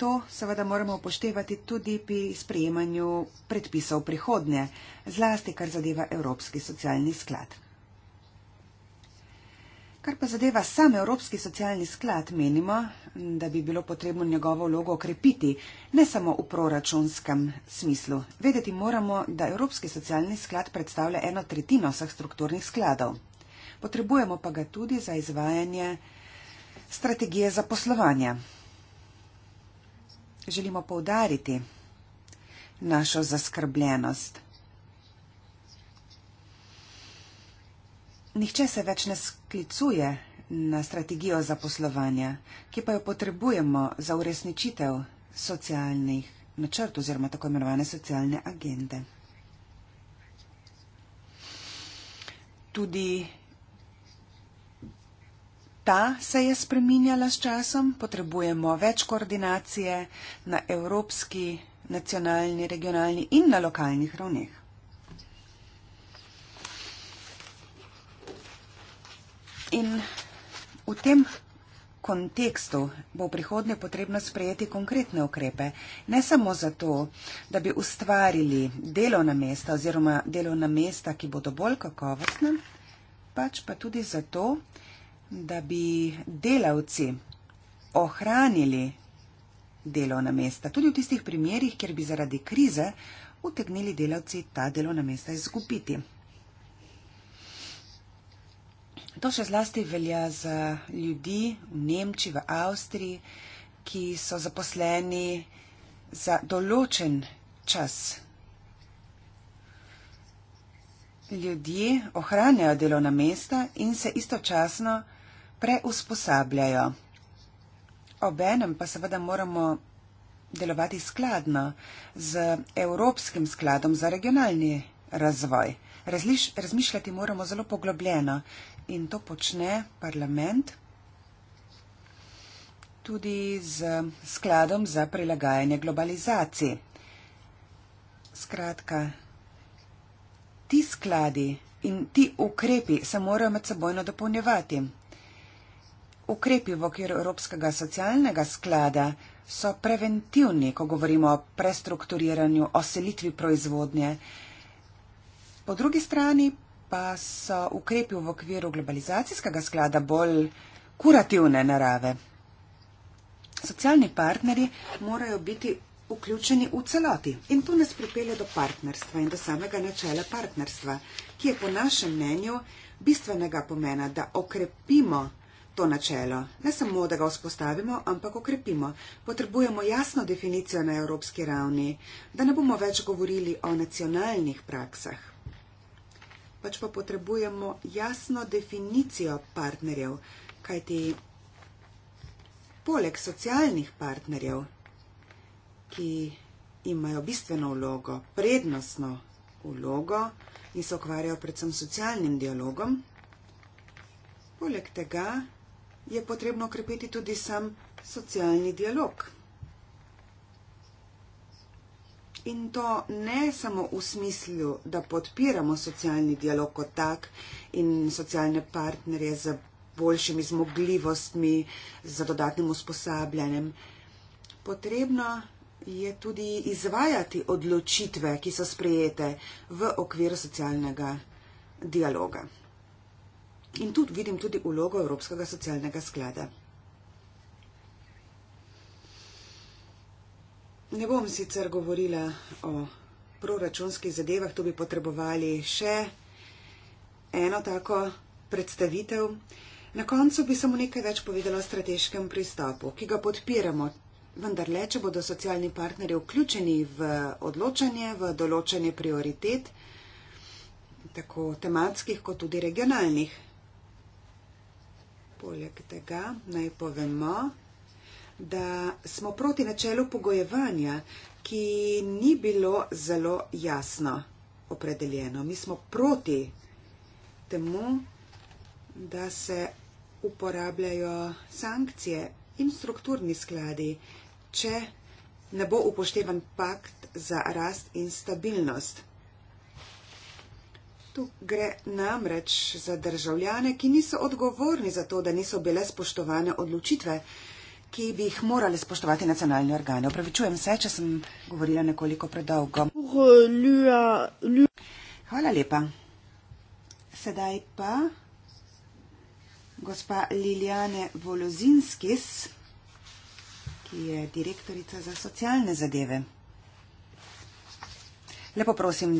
To seveda moramo upoštevati tudi pri sprejemanju predpisov prihodnje, zlasti kar zadeva Evropski socialni sklad. Kar pa zadeva sam Evropski socialni sklad, menimo, da bi bilo potrebno njegovo vlogo okrepiti, ne samo v proračunskem smislu. Vedeti moramo, da Evropski socialni sklad predstavlja eno tretjino vseh strukturnih skladov. Potrebujemo pa ga tudi za izvajanje strategije za poslovanje. Želimo poudariti našo zaskrbljenost. Nihče se več ne sklicuje na strategijo zaposlovanja, ki pa jo potrebujemo za uresničitev socialnih načrtov oziroma tako imenovane socialne agende. Tudi ta se je spreminjala s časom, potrebujemo več koordinacije na evropski, nacionalni, regionalni in na lokalnih ravneh. In v tem kontekstu bo v prihodnje potrebno sprejeti konkretne ukrepe, ne samo zato, da bi ustvarili delovna mesta oziroma delovna mesta, ki bodo bolj kakovostna, pač pa tudi zato, da bi delavci ohranili delovna mesta, tudi v tistih primerjih, kjer bi zaradi krize utegnili delavci ta delovna mesta izgubiti. To še zlasti velja za ljudi v Nemčiji, v Avstriji, ki so zaposleni za določen čas. Ljudje ohranjajo delovna mesta in se istočasno preusposabljajo. Obenem pa seveda moramo delovati skladno z Evropskim skladom za regionalni razvoj. Razmišljati moramo zelo poglobljeno in to počne parlament tudi z skladom za prilagajanje globalizaciji. Skratka, ti skladi in ti ukrepi se morajo med sebojno dopolnjevati. Ukrepi v okviru Evropskega socialnega sklada so preventivni, ko govorimo o prestrukturiranju, o selitvi proizvodnje. Po drugi strani pa so ukrepi v okviru globalizacijskega sklada bolj kurativne narave. Socialni partnerji morajo biti vključeni v celoti in to nas pripelje do partnerstva in do samega načela partnerstva, ki je po našem mnenju bistvenega pomena, da okrepimo to načelo. Ne samo, da ga vzpostavimo, ampak okrepimo. Potrebujemo jasno definicijo na evropski ravni, da ne bomo več govorili o nacionalnih praksah pač pa potrebujemo jasno definicijo partnerjev, kajti poleg socialnih partnerjev, ki imajo bistveno vlogo, prednostno vlogo in se ukvarjajo predvsem s socialnim dialogom, poleg tega je potrebno okrepiti tudi sam socialni dialog in to ne samo v smislu, da podpiramo socialni dialog kot tak in socialne partnerje z boljšimi zmogljivostmi, z dodatnim usposabljanjem. Potrebno je tudi izvajati odločitve, ki so sprejete v okviru socialnega dialoga. In tu vidim tudi ulogo Evropskega socialnega sklada. Ne bom sicer govorila o proračunskih zadevah, tu bi potrebovali še eno tako predstavitev. Na koncu bi samo nekaj več povedala o strateškem pristopu, ki ga podpiramo. Vendar le, če bodo socialni partnerji vključeni v odločanje, v določanje prioritet, tako tematskih kot tudi regionalnih. Poleg tega naj povemo, da smo proti načelu pogojevanja, ki ni bilo zelo jasno opredeljeno. Mi smo proti temu, da se uporabljajo sankcije in strukturni skladi, če ne bo upoštevan pakt za rast in stabilnost. Tu gre namreč za državljane, ki niso odgovorni za to, da niso bile spoštovane odločitve, ki bi jih morali spoštovati nacionalni organi. Opravičujem se, če sem govorila nekoliko predolgo. Euh, Hvala lepa. Sedaj pa gospa Liljane Volozinskis, ki je direktorica za socialne zadeve. Lepo prosim,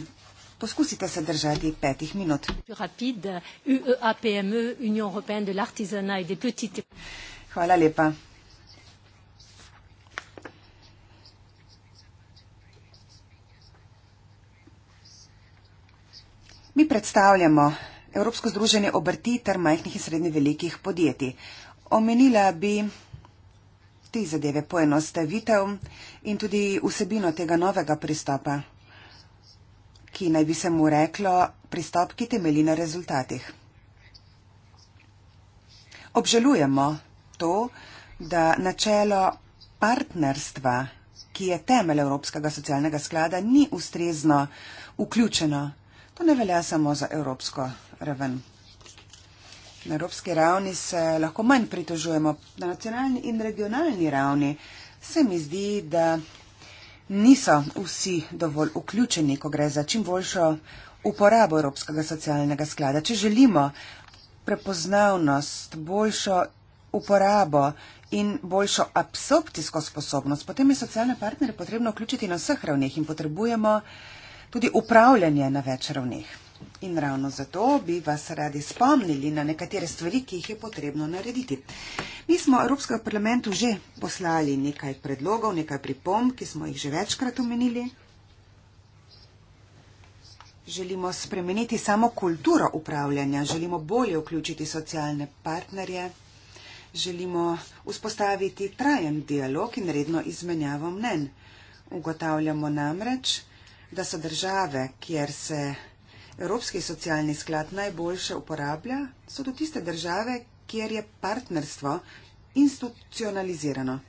poskusite se držati petih minut. E e, Hvala lepa. Mi predstavljamo Evropsko združenje obrti ter majhnih in srednje velikih podjetij. Omenila bi te zadeve poenostavitev in tudi vsebino tega novega pristopa, ki naj bi se mu reklo pristop, ki temeli na rezultatih. Obžalujemo to, da načelo partnerstva, ki je temelj Evropskega socialnega sklada, ni ustrezno vključeno To ne velja samo za evropsko raven. Na evropski ravni se lahko manj pritožujemo, na nacionalni in regionalni ravni se mi zdi, da niso vsi dovolj vključeni, ko gre za čim boljšo uporabo Evropskega socialnega sklada. Če želimo prepoznavnost, boljšo uporabo in boljšo absorpcijsko sposobnost, potem je socialne partnere potrebno vključiti na vseh ravneh in potrebujemo tudi upravljanje na več ravneh. In ravno zato bi vas radi spomnili na nekatere stvari, ki jih je potrebno narediti. Mi smo Evropskemu parlamentu že poslali nekaj predlogov, nekaj pripomb, ki smo jih že večkrat omenili. Želimo spremeniti samo kulturo upravljanja, želimo bolje vključiti socialne partnerje, želimo vzpostaviti trajen dialog in redno izmenjavo mnen. Ugotavljamo namreč, da da so države, kjer se Evropski socialni sklad najboljše uporablja, so to tiste države, kjer je partnerstvo institucionalizirano.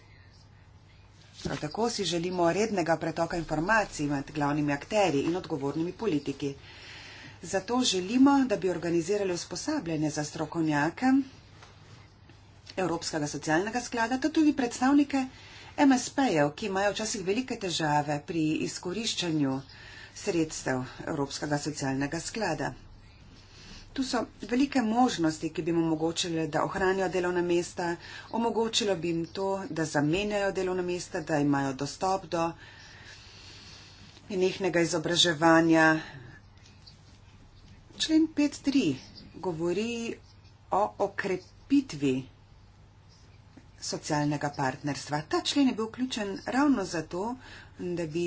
Prav tako si želimo rednega pretoka informacij med glavnimi akteri in odgovornimi politiki. Zato želimo, da bi organizirali usposabljanje za strokovnjake Evropskega socialnega sklada, da tudi predstavnike MSP-jev, ki imajo včasih velike težave pri izkoriščanju sredstev Evropskega socialnega sklada. Tu so velike možnosti, ki bi jim omogočile, da ohranijo delovna mesta, omogočilo bi jim to, da zamenjajo delovna mesta, da imajo dostop do nehnega izobraževanja. Člen 5.3 govori o okrepitvi socialnega partnerstva. Ta člen je bil vključen ravno zato, da bi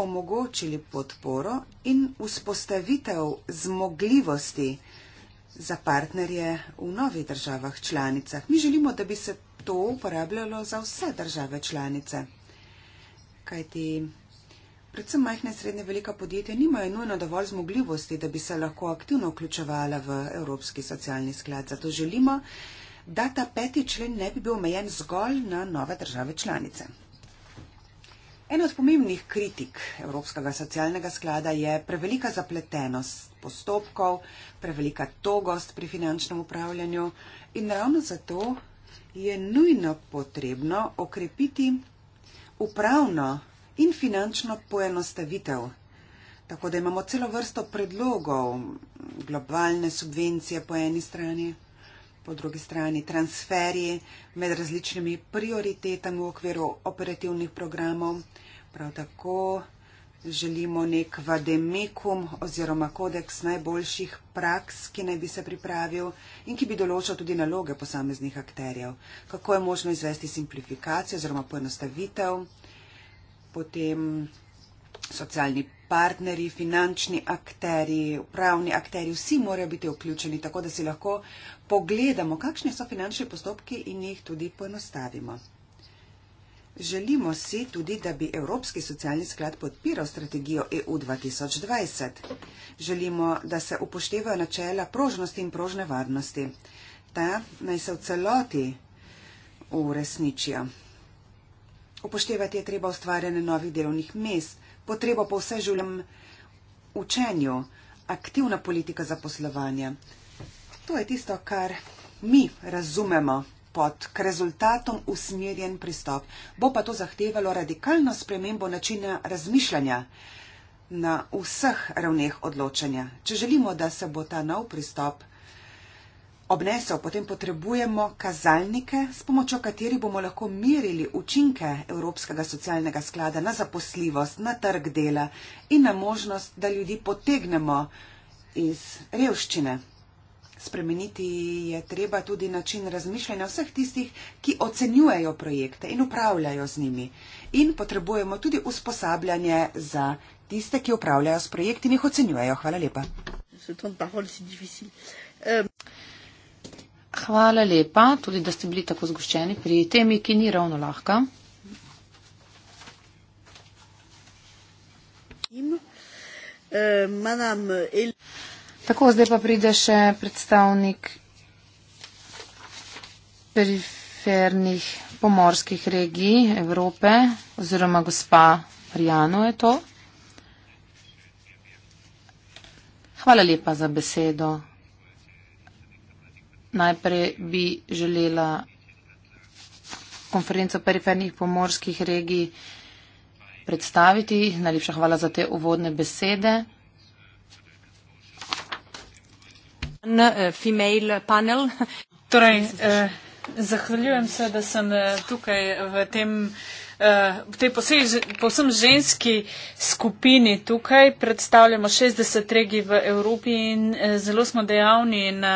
omogočili podporo in vzpostavitev zmogljivosti za partnerje v novih državah članicah. Mi želimo, da bi se to uporabljalo za vse države članice. Kajti predvsem majhne in srednje velika podjetja nimajo nujno dovolj zmogljivosti, da bi se lahko aktivno vključevala v Evropski socialni sklad. Zato želimo, da ta peti člen ne bi bil omejen zgolj na nove države članice. Ena od pomembnih kritik Evropskega socialnega sklada je prevelika zapletenost postopkov, prevelika togost pri finančnem upravljanju in ravno zato je nujno potrebno okrepiti upravno in finančno poenostavitev. Tako da imamo celo vrsto predlogov globalne subvencije po eni strani po drugi strani transferji med različnimi prioritetami v okviru operativnih programov. Prav tako želimo nek vademekum oziroma kodeks najboljših praks, ki naj bi se pripravil in ki bi določal tudi naloge posameznih akterjev, kako je možno izvesti simplifikacijo oziroma poenostavitev, potem socialni partnerji, finančni akteri, upravni akteri, vsi morajo biti vključeni, tako da si lahko pogledamo, kakšni so finančni postopki in jih tudi poenostavimo. Želimo si tudi, da bi Evropski socialni sklad podpiral strategijo EU 2020. Želimo, da se upoštevajo načela prožnosti in prožne varnosti. Ta naj se v celoti uresničijo. Upoštevati je treba ustvarjanje novih delovnih mest, potrebo po vse življenjem učenju, aktivna politika zaposlovanja. To je tisto, kar mi razumemo pod k rezultatom usmerjen pristop. Bo pa to zahtevalo radikalno spremembo načina razmišljanja na vseh ravneh odločanja, če želimo, da se bo ta nov pristop obnesel, potem potrebujemo kazalnike, s pomočjo katerih bomo lahko merili učinke Evropskega socialnega sklada na zaposljivost, na trg dela in na možnost, da ljudi potegnemo iz revščine. Spremeniti je treba tudi način razmišljanja vseh tistih, ki ocenjujejo projekte in upravljajo z njimi. In potrebujemo tudi usposabljanje za tiste, ki upravljajo s projekti in jih ocenjujejo. Hvala lepa. Um. Hvala lepa, tudi da ste bili tako zgoščeni pri temi, ki ni ravno lahka. Eh, tako, zdaj pa pride še predstavnik perifernih pomorskih regij Evrope, oziroma gospa Marijano je to. Hvala lepa za besedo. Najprej bi želela konferenco perifernih pomorskih regij predstaviti. Najlepša hvala za te uvodne besede. Uh, torej, eh, zahvaljujem se, da sem eh, tukaj v tem. Eh, v tej posebej, posebej ženski skupini tukaj predstavljamo 60 regij v Evropi in eh, zelo smo dejavni na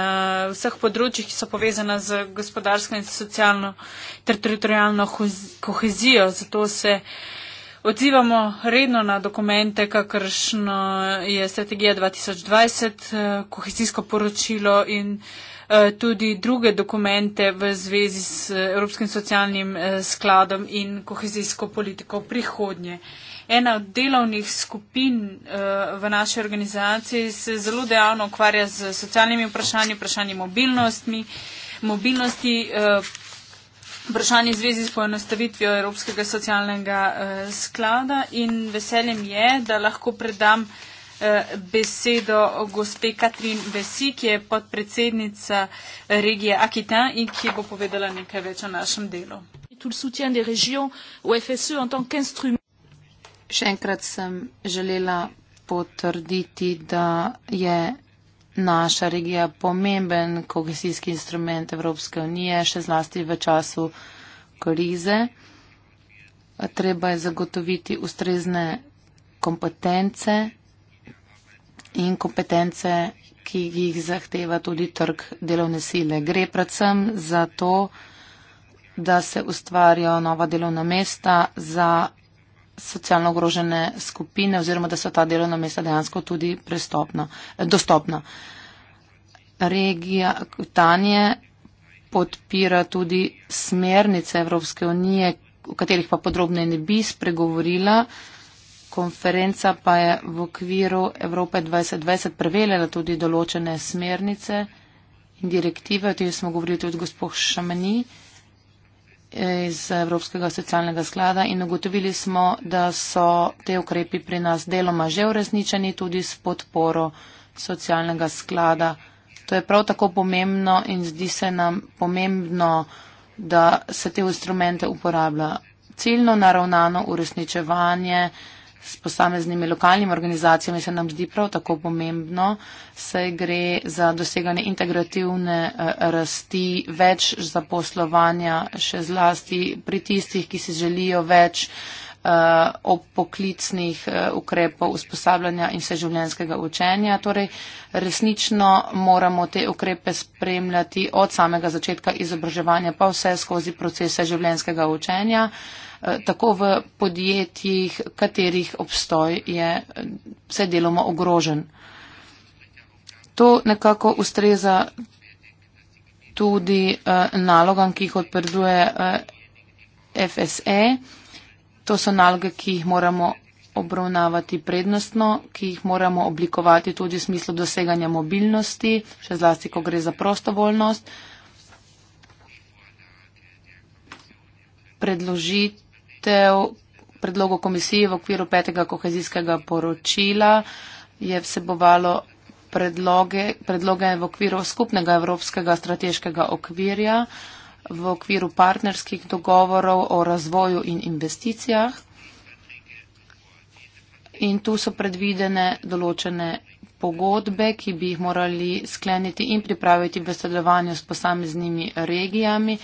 vseh področjih, ki so povezana z gospodarsko in socialno ter teritorijalno kohezijo. Zato se odzivamo redno na dokumente, kakršno je strategija 2020, eh, kohezijsko poročilo in Eh, tudi druge dokumente v zvezi s eh, Evropskim socialnim eh, skladom in kohezijsko politiko v prihodnje. Ena od delovnih skupin v naši organizaciji se zelo dejavno ukvarja z socialnimi vprašanji, vprašanji mobilnosti, mobilnosti vprašanje zvezi s poenostavitvijo Evropskega socialnega sklada in veseljem je, da lahko predam besedo gospe Katrin Vesi, ki je podpredsednica regije Akitan in ki bo povedala nekaj več o našem delu. E še enkrat sem želela potrditi, da je naša regija pomemben kohezijski instrument Evropske unije, še zlasti v času krize. Treba je zagotoviti ustrezne kompetence in kompetence, ki jih zahteva tudi trg delovne sile. Gre predvsem za to, da se ustvarjajo nova delovna mesta za socialno ogrožene skupine oziroma da so ta delovna mesta dejansko tudi dostopna. Regija Kutanje podpira tudi smernice Evropske unije, o katerih pa podrobne ne bi spregovorila konferenca pa je v okviru Evrope 2020 prevelila tudi določene smernice in direktive, o tem smo govorili tudi gospod Šameni eh, iz Evropskega socialnega sklada in ugotovili smo, da so te ukrepi pri nas deloma že uresničeni tudi s podporo socialnega sklada. To je prav tako pomembno in zdi se nam pomembno, da se te instrumente uporablja. Ciljno naravnano uresničevanje eh, s posameznimi lokalnimi organizacijami se nam zdi prav tako pomembno, saj gre za doseganje integrativne eh, rasti, več zaposlovanja, še zlasti pri tistih, ki si želijo več eh, ob poklicnih eh, ukrepov usposabljanja in vseživljenjskega učenja. Torej, resnično moramo te ukrepe spremljati od samega začetka izobraževanja pa vse skozi proces vseživljenjskega učenja. Uh, Eh, tako v podjetjih, katerih obstoj je eh, vse deloma ogrožen. To nekako ustreza tudi eh, nalogam, ki jih odprduje FSE. To so naloge, ki jih moramo obravnavati prednostno, ki jih moramo oblikovati tudi v smislu doseganja mobilnosti, še zlasti, ko gre za prostovoljnost, predložiti rešitev predlogu komisije v okviru petega kohezijskega poročila je vsebovalo predloge, predloge v okviru skupnega evropskega strateškega okvirja, v okviru partnerskih dogovorov o razvoju in investicijah. In tu so predvidene določene pogodbe, ki bi jih morali skleniti in pripraviti v sodelovanju s posameznimi regijami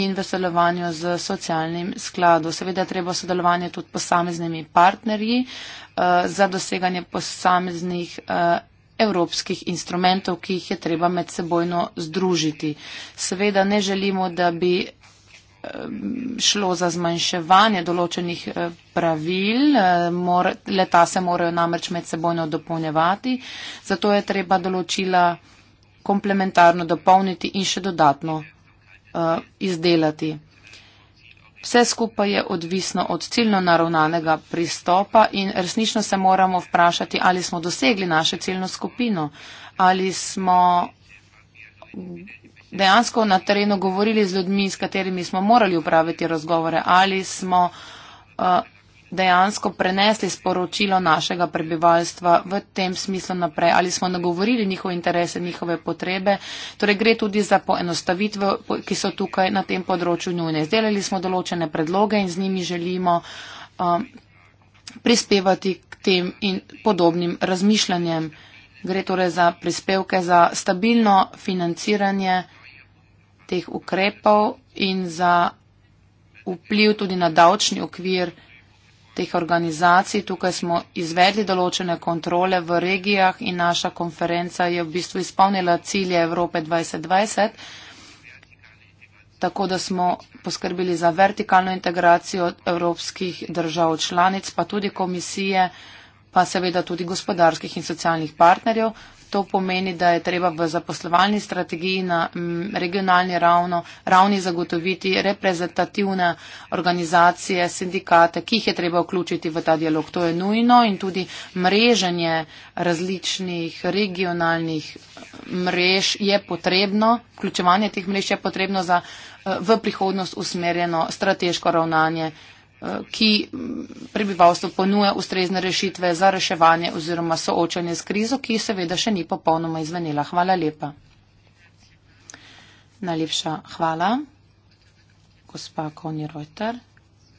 in v sodelovanju z socialnim skladom. Seveda treba sodelovanje tudi posameznimi partnerji uh, za doseganje posameznih. Uh, evropskih instrumentov, ki jih je treba medsebojno združiti. Seveda ne želimo, da bi Eh, šlo za zmanjševanje določenih eh, pravil, eh, leta se morajo namreč med sebojno dopolnjevati, zato je treba določila komplementarno dopolniti in še dodatno izdelati. Vse skupaj je odvisno od ciljno naravnanega pristopa in resnično se moramo vprašati, ali smo dosegli našo ciljno skupino, ali smo dejansko na terenu govorili z ljudmi, s katerimi smo morali upraviti razgovore, ali smo uh, dejansko prenesli sporočilo našega prebivalstva v tem smislu naprej, ali smo nagovorili njihove interese, njihove potrebe. Torej gre tudi za poenostavitve, ki so tukaj na tem področju nujne. Izdelali smo določene predloge in z njimi želimo um, prispevati k tem in podobnim razmišljanjem. Gre torej za prispevke za stabilno financiranje teh ukrepov in za vpliv tudi na davčni okvir teh organizacij. Tukaj smo izvedli določene kontrole v regijah in naša konferenca je v bistvu izpolnila cilje Evrope 2020, tako da smo poskrbili za vertikalno integracijo evropskih držav članic, pa tudi komisije, pa seveda tudi gospodarskih in socialnih partnerjev. To pomeni, da je treba v zaposlovalni strategiji na regionalni ravno, ravni zagotoviti reprezentativne organizacije, sindikate, ki jih je treba vključiti v ta dialog. To je nujno in tudi mreženje različnih regionalnih eh, mrež je potrebno, vključevanje teh mrež je potrebno za eh, v prihodnost usmerjeno strateško ravnanje Eh, ki prebivalstvo ponuja ustrezne rešitve za reševanje oziroma soočanje s krizo, ki seveda še ni popolnoma izvenila. Hvala lepa. Najlepša hvala, gospa Koni Reuter.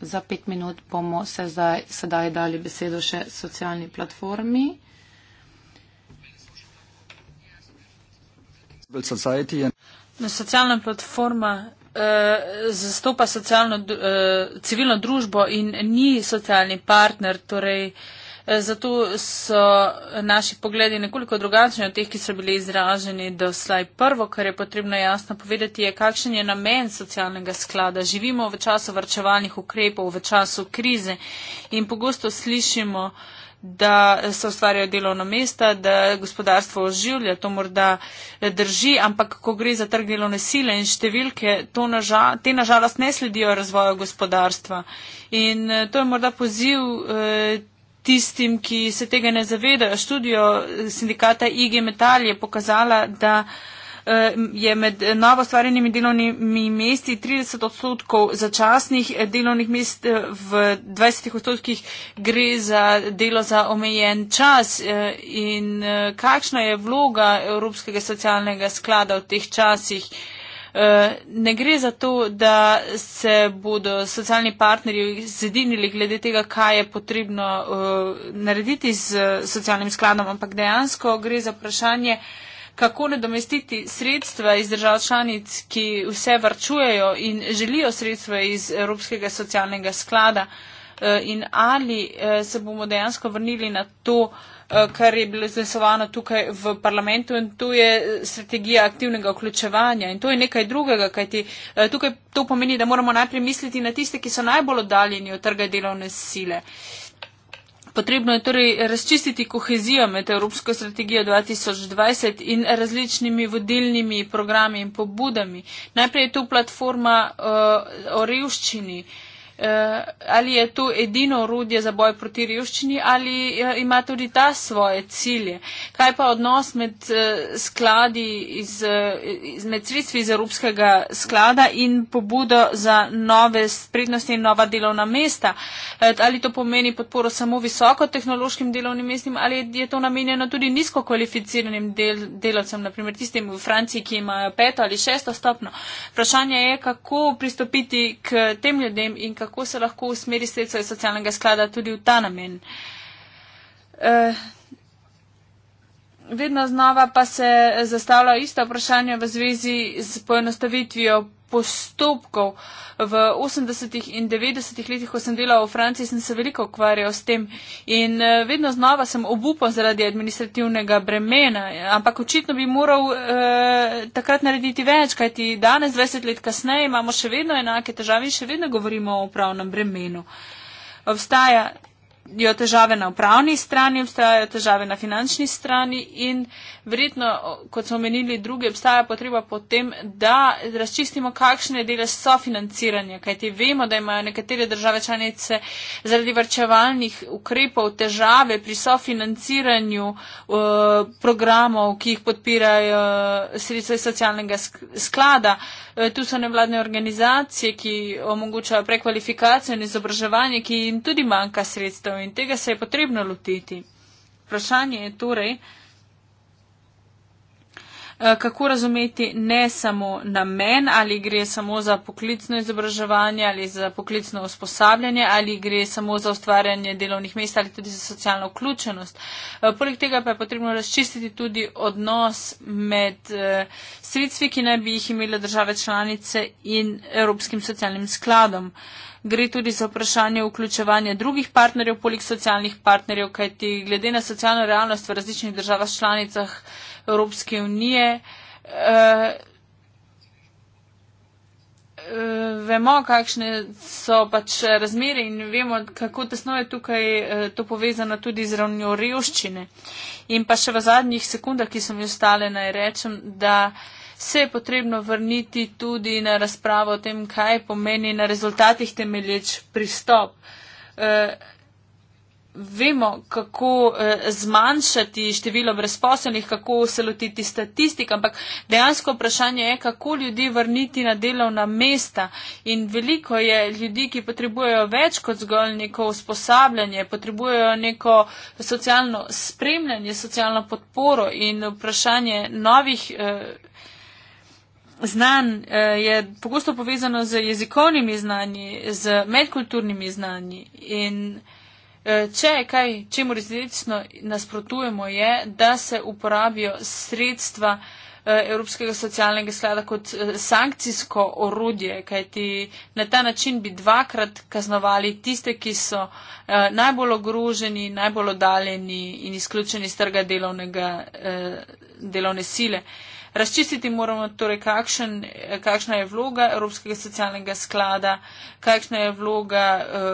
Za pet minut bomo se zdaj, sedaj dali besedo še socialni platformi. Na socialna platforma Eh, zastopa socialno, eh, civilno družbo in ni socialni partner. Torej, eh, zato so naši pogledi nekoliko drugačni od teh, ki so bili izraženi do slaj. Prvo, kar je potrebno jasno povedati, je, kakšen je namen socialnega sklada. Živimo v času vrčevalnih ukrepov, v času krize in pogosto slišimo, da se ustvarjajo delovna mesta, da gospodarstvo oživlja, to morda drži, ampak ko gre za trg delovne sile in številke, naža, te nažalost ne sledijo razvoju gospodarstva. In eh, to je morda poziv eh, tistim, ki se tega ne zavedajo. Študijo sindikata IG Metal je pokazala, da Eh, je med novo stvarjenimi delovnimi mesti 30 odstotkov začasnih eh, delovnih mest, eh, v 20 odstotkih gre za delo za omejen čas. In kakšna je vloga Evropskega socialnega sklada v teh časih? Ne gre za to, da se bodo socialni partnerji zedinili glede tega, kaj je potrebno narediti z socialnim skladom, ampak dejansko gre za vprašanje, kako nadomestiti sredstva iz držav članic, ki vse varčujejo in želijo sredstva iz Evropskega socialnega sklada eh, in ali eh, se bomo dejansko vrnili na to, eh, kar je bilo izglasovano tukaj v parlamentu in to je strategija aktivnega vključevanja in to je nekaj drugega, kajti tukaj to pomeni, da moramo najprej misliti na tiste, ki so najbolj oddaljeni od trga delovne sile. Uh, Potrebno je torej razčistiti kohezijo med Evropsko strategijo 2020 in različnimi vodilnimi programi in pobudami. Najprej je tu platforma uh, o revščini. Uh, Eh, ali je to edino orodje za boj proti revščini ali eh, ima tudi ta svoje cilje. Kaj pa odnos med eh, skladi iz, med sredstvi iz Evropskega sklada in pobudo za nove prednosti in nova delovna mesta? Ali to pomeni podporo samo visokotehnološkim delovnim mestim ali je to namenjeno tudi nizko kvalificiranim del, delovcem, naprimer tistim v Franciji, ki imajo peto ali šesto stopno? Vprašanje je, kako pristopiti k tem ljudem in kako kako se lahko usmeri sredstva iz socialnega sklada tudi v ta namen. E, vedno znova pa se zastavlja isto vprašanje v zvezi z poenostavitvijo postopkov. V 80-ih in 90-ih letih, ko sem delal v Franciji, sem se veliko ukvarjal s tem in eh, vedno znova sem obupal zaradi administrativnega bremena, ampak očitno bi moral eh, takrat narediti več, kajti danes, 20 let kasneje, imamo še vedno enake težave in še vedno govorimo o upravnem bremenu. Obstaja obstajajo težave na upravni strani, obstajajo težave na finančni strani in verjetno, kot smo menili, druge obstaja potreba potem, da razčistimo, kakšne dele so financiranje, kajti vemo, da imajo nekatere države članice zaradi varčevalnih ukrepov težave pri sofinanciranju uh, programov, ki jih podpirajo eh, sredstva socialnega sklada. Eh, tu so nevladne organizacije, ki omogočajo prekvalifikacijo in izobraževanje, ki jim tudi manjka sredstev in tega se je potrebno lotiti. Vprašanje je torej, eh, kako razumeti ne samo namen, ali gre samo za poklicno izobraževanje, ali za poklicno usposabljanje, ali gre samo za ustvarjanje delovnih mest, ali tudi za socialno vključenost. Eh, poleg tega pa je potrebno razčistiti tudi odnos med eh, sredstvi, ki naj bi jih imele države članice in Evropskim socialnim skladom gre tudi za vprašanje vključevanja drugih partnerjev poleg socialnih partnerjev, kajti glede na socialno realnost v različnih državah članicah Evropske unije, eh, eh, Vemo, kakšne so pač razmere in vemo, kako tesno je tukaj eh, to povezano tudi z ravnjo revščine. In pa še v zadnjih sekundah, ki so mi ostale, naj rečem, da se je potrebno vrniti tudi na razpravo o tem, kaj pomeni na rezultatih temelječ pristop. Eh, vemo, kako eh, zmanjšati število brezposelnih, kako se lotiti statistik, ampak dejansko vprašanje je, kako ljudi vrniti na delovna mesta. In veliko je ljudi, ki potrebujejo več kot zgolj neko usposabljanje, potrebujejo neko socialno spremljanje, socialno podporo in vprašanje novih. Eh, znan eh, je pogosto povezano z jezikovnimi znanji, z medkulturnimi znanji. In eh, če je kaj, čemu resnično nasprotujemo, je, da se uporabijo sredstva eh, Evropskega socialnega sklada kot sankcijsko orodje, kajti na ta način bi dvakrat kaznovali tiste, ki so najbolj ogroženi, najbolj odaljeni in izključeni iz trga delovnega, delovne sile. Razčistiti moramo torej, kakšen, kakšna je vloga Evropskega socialnega sklada, kakšna je vloga eh,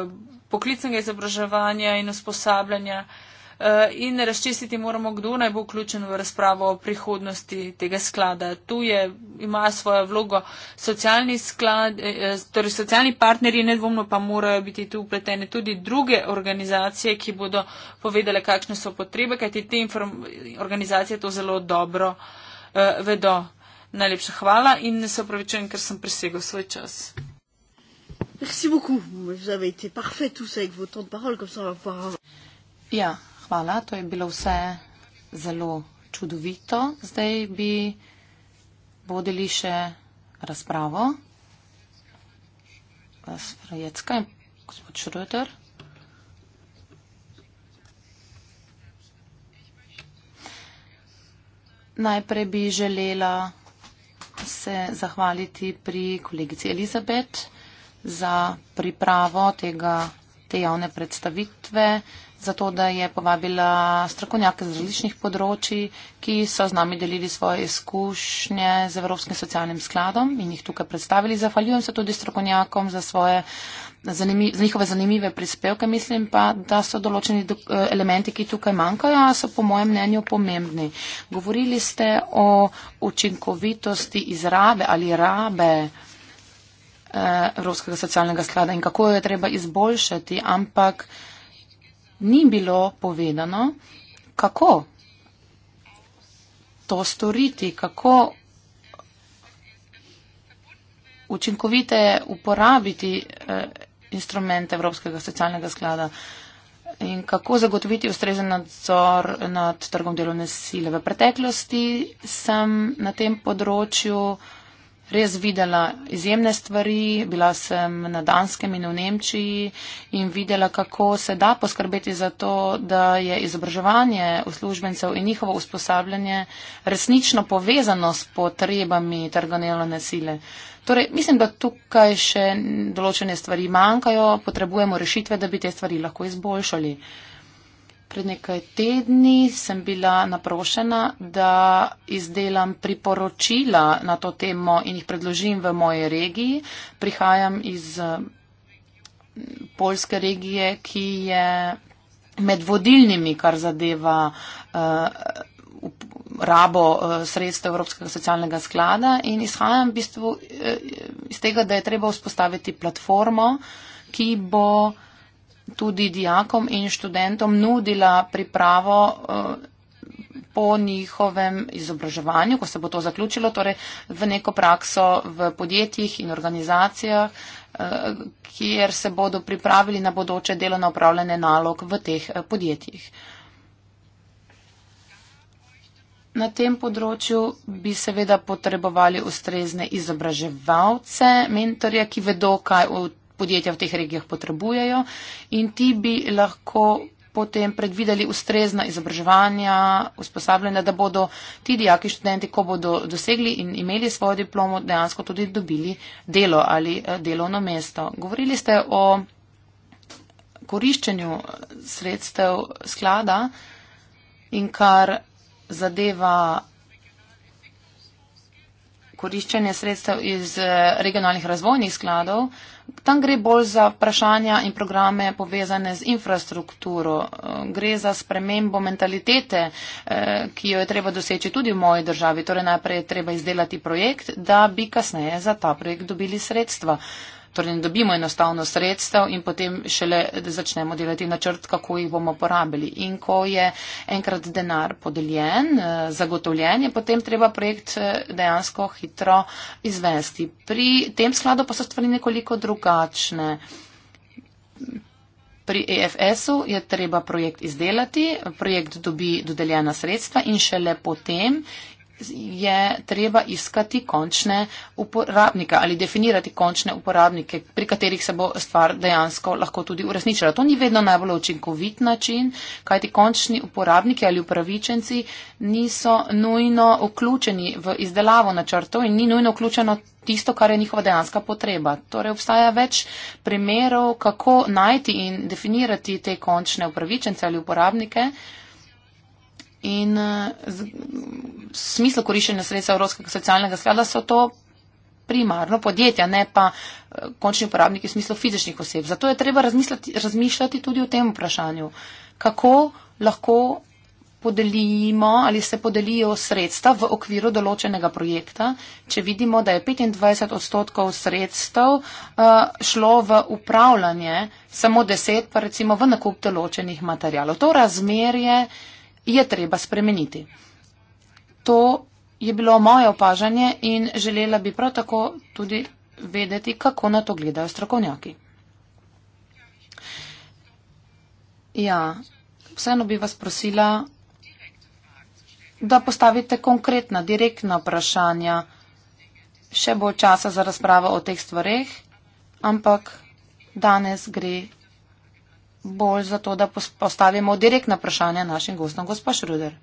poklicnega izobraževanja in usposabljanja eh, in razčistiti moramo, kdo naj bo vključen v razpravo o prihodnosti tega sklada. Tu je, ima svojo vlogo socialni, sklad, eh, torej socialni partneri, nedvomno pa morajo biti tu upleteni tudi druge organizacije, ki bodo povedale, kakšne so potrebe, kajti te organizacije to zelo dobro. Uh, uh, vedo. Najlepša hvala in ne se opravičujem, ker sem presegel svoj čas. Merci beaucoup. Vous avez été parfait tout ça avec vos temps de parole, comme ça on va pouvoir... Ja, hvala, to je bilo vse zelo čudovito. Zdaj bi vodili še razpravo. Gospod Rajecka in gospod Šröder. Najprej bi želela se zahvaliti pri kolegici Elizabet za pripravo tega, te javne predstavitve, za to, da je povabila strokovnjake z različnih področji, ki so z nami delili svoje izkušnje z Evropskim socialnim skladom in jih tukaj predstavili. Zahvaljujem se tudi strokovnjakom za svoje za njihove zanimive prispevke, mislim pa, da so določeni eh, elementi, ki tukaj manjkajo, a so po mojem mnenju pomembni. Govorili ste o učinkovitosti izrabe ali rabe eh, Evropskega socialnega sklada in kako jo je treba izboljšati, ampak ni bilo povedano, kako to storiti, kako učinkovite uporabiti eh, instrument Evropskega socialnega sklada. In kako zagotoviti ustrezen nadzor nad trgom delovne sile. V preteklosti sem na tem področju res videla izjemne stvari, bila sem na Danskem in v Nemčiji in videla, kako se da poskrbeti za to, da je izobraževanje uslužbencev in njihovo usposabljanje resnično povezano s potrebami trga delovne sile. Torej, mislim, da tukaj še določene stvari manjkajo, potrebujemo rešitve, da bi te stvari lahko izboljšali. Pred nekaj tedni sem bila naprošena, da izdelam priporočila na to temo in jih predložim v moje regiji. Prihajam iz mm, polske regije, ki je med vodilnimi, kar zadeva uh, rabo eh, sredstev Evropskega socialnega sklada in izhajam v bistvu eh, iz tega, da je treba vzpostaviti platformo, ki bo tudi dijakom in študentom nudila pripravo eh, po njihovem izobraževanju, ko se bo to zaključilo, torej v neko prakso v podjetjih in organizacijah, kjer se bodo pripravili na bodoče delo na upravljanje nalog v teh podjetjih na tem področju, bi seveda potrebovali ustrezne izobraževalce, mentorje, ki vedo, kaj podjetja v teh regijah potrebujejo in ti bi lahko potem predvideli ustrezna izobraževanja, usposabljanja, da bodo ti dijaki študenti, ko bodo dosegli in imeli svojo diplomo, dejansko tudi dobili delo ali eh, delovno mesto. Govorili ste o koriščenju sredstev sklada in kar zadeva koriščenje sredstev iz eh, regionalnih razvojnih skladov. Tam gre bolj za vprašanja in programe povezane z infrastrukturo. Eh, gre za spremembo mentalitete, eh, ki jo je treba doseči tudi v moji državi. Torej najprej je treba izdelati projekt, da bi kasneje za ta projekt dobili sredstva torej ne dobimo enostavno sredstev in potem šele začnemo delati načrt, kako jih bomo porabili. In ko je enkrat denar podeljen, eh, zagotovljen, je potem treba projekt eh, dejansko hitro izvesti. Pri tem skladu pa so stvari nekoliko drugačne. Pri EFS-u je treba projekt izdelati, projekt dobi dodeljena sredstva in šele potem je treba iskati končne uporabnike ali definirati končne uporabnike, pri katerih se bo stvar dejansko lahko tudi uresničila. To ni vedno najbolj učinkovit način, kajti končni uporabniki ali upravičenci niso nujno vključeni v izdelavo načrtov in ni nujno vključeno tisto, kar je njihova dejanska potreba. Torej obstaja več primerov, kako najti in definirati te končne upravičence ali uporabnike. In uh, smisel koriščenja sredstva Evropskega socialnega sklada so to primarno podjetja, ne pa uh, končni uporabniki v smislu fizičnih oseb. Zato je treba razmišljati, razmišljati tudi o tem vprašanju, kako lahko podelimo ali se podelijo sredstva v okviru določenega projekta, če vidimo, da je 25 odstotkov sredstev uh, šlo v upravljanje, samo 10 pa recimo v nakup določenih materijalov. To razmerje uh, je treba spremeniti. To je bilo moje opažanje in želela bi prav tako tudi vedeti, kako na to gledajo strokovnjaki. Ja, vseeno bi vas prosila, da postavite konkretna, direktna vprašanja. Še bo časa za razpravo o teh stvareh, ampak danes gre bolj zato, da postavimo direktna vprašanja našim gostom, gospa Šruder.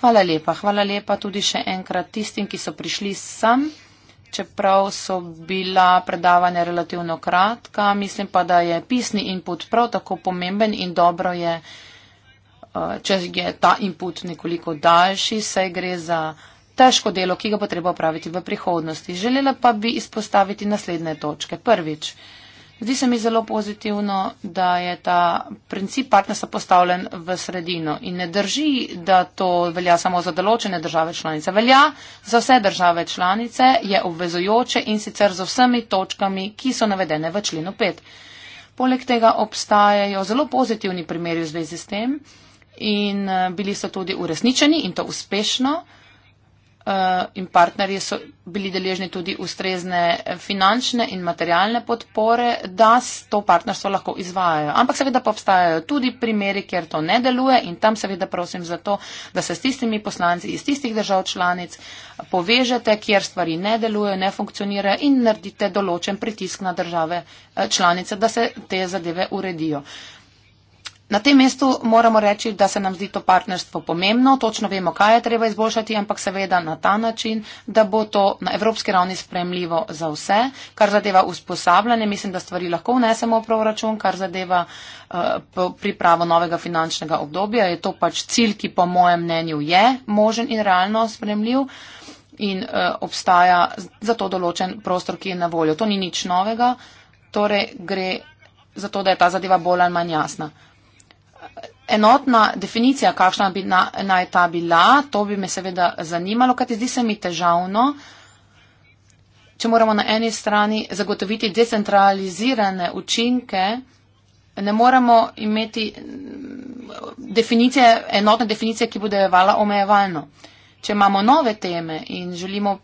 Hvala lepa. Hvala lepa tudi še enkrat tistim, ki so prišli sem, čeprav so bila predavanja relativno kratka. Mislim pa, da je pisni input prav tako pomemben in dobro je, eh, če je ta input nekoliko daljši, saj gre za težko delo, ki ga bo treba opraviti v prihodnosti. Želela pa bi izpostaviti naslednje točke. Prvič. Zdi se mi zelo pozitivno, da je ta princip partnerstva postavljen v sredino in ne drži, da to velja samo za določene države članice. Velja za vse države članice, je obvezujoče in sicer z vsemi točkami, ki so navedene v členu 5. Poleg tega obstajajo zelo pozitivni primeri v zvezi s tem in eh, bili so tudi uresničeni in to uspešno uh, in partnerji so bili deležni tudi ustrezne finančne in materialne podpore, da to partnerstvo lahko izvajajo. Ampak seveda pa obstajajo tudi primeri, kjer to ne deluje in tam seveda prosim za to, da se s tistimi poslanci iz tistih držav članic povežete, kjer stvari ne delujejo, ne funkcionirajo in naredite določen pritisk na države eh, članice, da se te zadeve uredijo. Uh, Na tem mestu moramo reči, da se nam zdi to partnerstvo pomembno, točno vemo, kaj je treba izboljšati, ampak seveda na ta način, da bo to na evropski ravni spremljivo za vse, kar zadeva usposabljanje. Mislim, da stvari lahko vnesemo v proračun, kar zadeva uh, pripravo novega finančnega obdobja. Je to pač cilj, ki po mojem mnenju je možen in realno spremljiv in uh, obstaja za to določen prostor, ki je na voljo. To ni nič novega, torej gre za to, da je ta zadeva bolj ali manj jasna enotna definicija, kakšna bi na, naj ta bila, to bi me seveda zanimalo, kajti zdi se mi težavno, če moramo na eni strani zagotoviti decentralizirane učinke, ne moramo imeti mm, definicije, enotne definicije, ki bo delovala omejevalno. Če imamo nove teme in želimo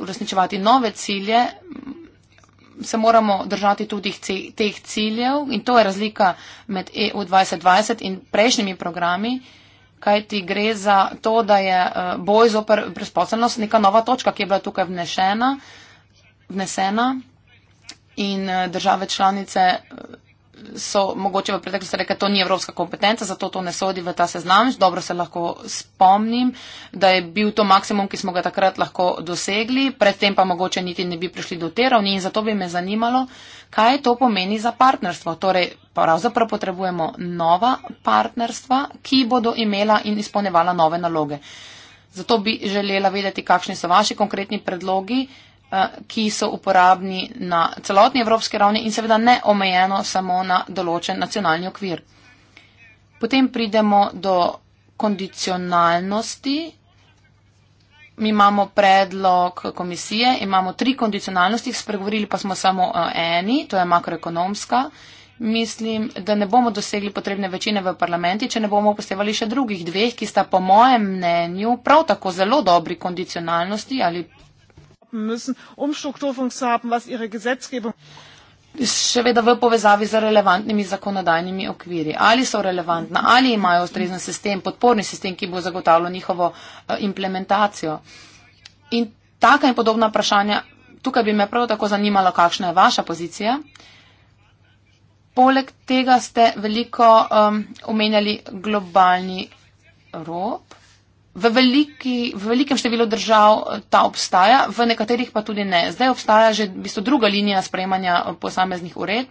uresničevati nove cilje, se moramo držati tudi teh ciljev in to je razlika med EU 2020 in prejšnjimi programi, kajti gre za to, da je eh, boj zoper brezposelnost neka nova točka, ki je bila tukaj vnešena, vnesena in eh, države članice so mogoče v preteklosti rekli, da to ni evropska kompetenca, zato to ne sodi v ta seznam. Dobro se lahko spomnim, da je bil to maksimum, ki smo ga takrat lahko dosegli, predtem pa mogoče niti ne bi prišli do te ravni in zato bi me zanimalo, kaj to pomeni za partnerstvo. Torej, pravzaprav potrebujemo nova partnerstva, ki bodo imela in izpolnevala nove naloge. Zato bi želela vedeti, kakšni so vaši konkretni predlogi, Eh, ki so uporabni na celotni evropski ravni in seveda ne omejeno samo na določen nacionalni okvir. Potem pridemo do kondicionalnosti. Mi imamo predlog komisije, imamo tri kondicionalnosti, spregovorili pa smo samo o eni, to je makroekonomska. Mislim, da ne bomo dosegli potrebne večine v parlamenti, če ne bomo upoštevali še drugih dveh, ki sta po mojem mnenju prav tako zelo dobri kondicionalnosti ali stoppen müssen, um Strukturfonds zu haben, was ihre Gesetzgebung. Seveda v povezavi z relevantnimi zakonodajnimi okviri. Ali so relevantna, ali imajo ustrezen sistem, podporni sistem, ki bo zagotavljal njihovo eh, implementacijo. In taka in podobna vprašanja, tukaj bi me prav tako zanimalo, kakšna je vaša pozicija. Poleg tega ste veliko um, omenjali globalni rob. V, veliki, v velikem številu držav eh, ta obstaja, v nekaterih pa tudi ne. Zdaj obstaja že v bistvu druga linija sprejemanja eh, posameznih ured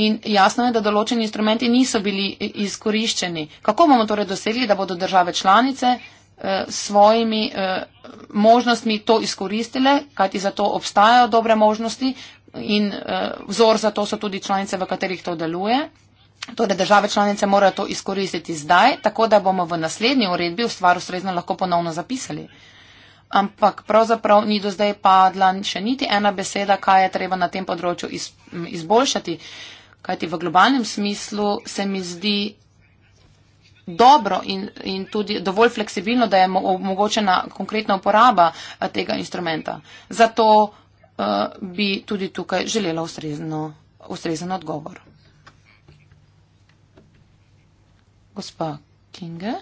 in jasno je, da določeni instrumenti niso bili eh, izkoriščeni. Kako bomo torej dosegli, da bodo države članice s eh, svojimi eh, možnostmi to izkoristile, kajti za to obstajajo dobre možnosti in eh, vzor za to so tudi članice, v katerih to deluje? Torej, države članice morajo to izkoristiti zdaj, tako da bomo v naslednji uredbi v stvar ustrezno lahko ponovno zapisali. Ampak pravzaprav ni do zdaj padla še niti ena beseda, kaj je treba na tem področju iz, izboljšati. Kajti v globalnem smislu se mi zdi dobro in, in tudi dovolj fleksibilno, da je omogočena konkretna uporaba eh, tega instrumenta. Zato uh, bi tudi tukaj želela ustrezen odgovor. Gospa Kinga.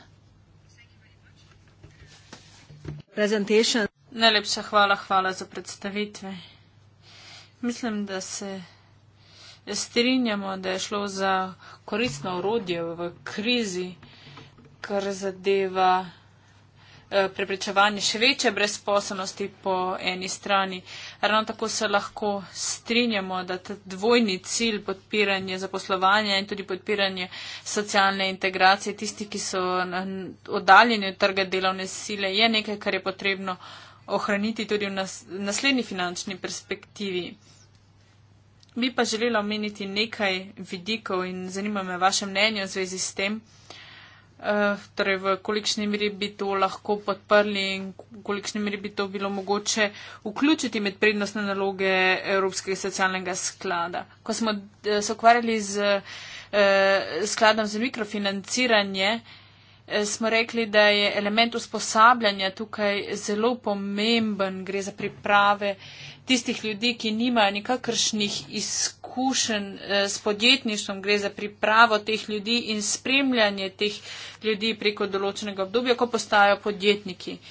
Najlepša hvala, hvala za predstavitve. Mislim, da se strinjamo, da je šlo za koristno urodje v krizi, kar zadeva eh, preprečevanje še večje brezposobnosti po eni strani. Ravno tako se lahko strinjamo, da ta dvojni cilj podpiranje zaposlovanja in tudi podpiranje socialne integracije tistih, ki so oddaljeni od trga delovne sile, je nekaj, kar je potrebno ohraniti tudi v nas, naslednji finančni perspektivi. Bi pa želela omeniti nekaj vidikov in zanima me vaše mnenje v zvezi s tem. Uh, torej, v kolikšni meri bi to lahko podprli in v kolikšni meri bi to bilo mogoče vključiti med prednostne naloge Evropskega socialnega sklada. Ko smo uh, se ukvarjali z uh, skladom za mikrofinanciranje, uh, Eh, smo rekli, da je element usposabljanja tukaj zelo pomemben, gre za priprave tistih ljudi, ki nimajo nikakršnih izkušenj eh, s podjetništvom, gre za pripravo teh ljudi in spremljanje teh ljudi preko določenega obdobja, ko postajo podjetniki. Uh,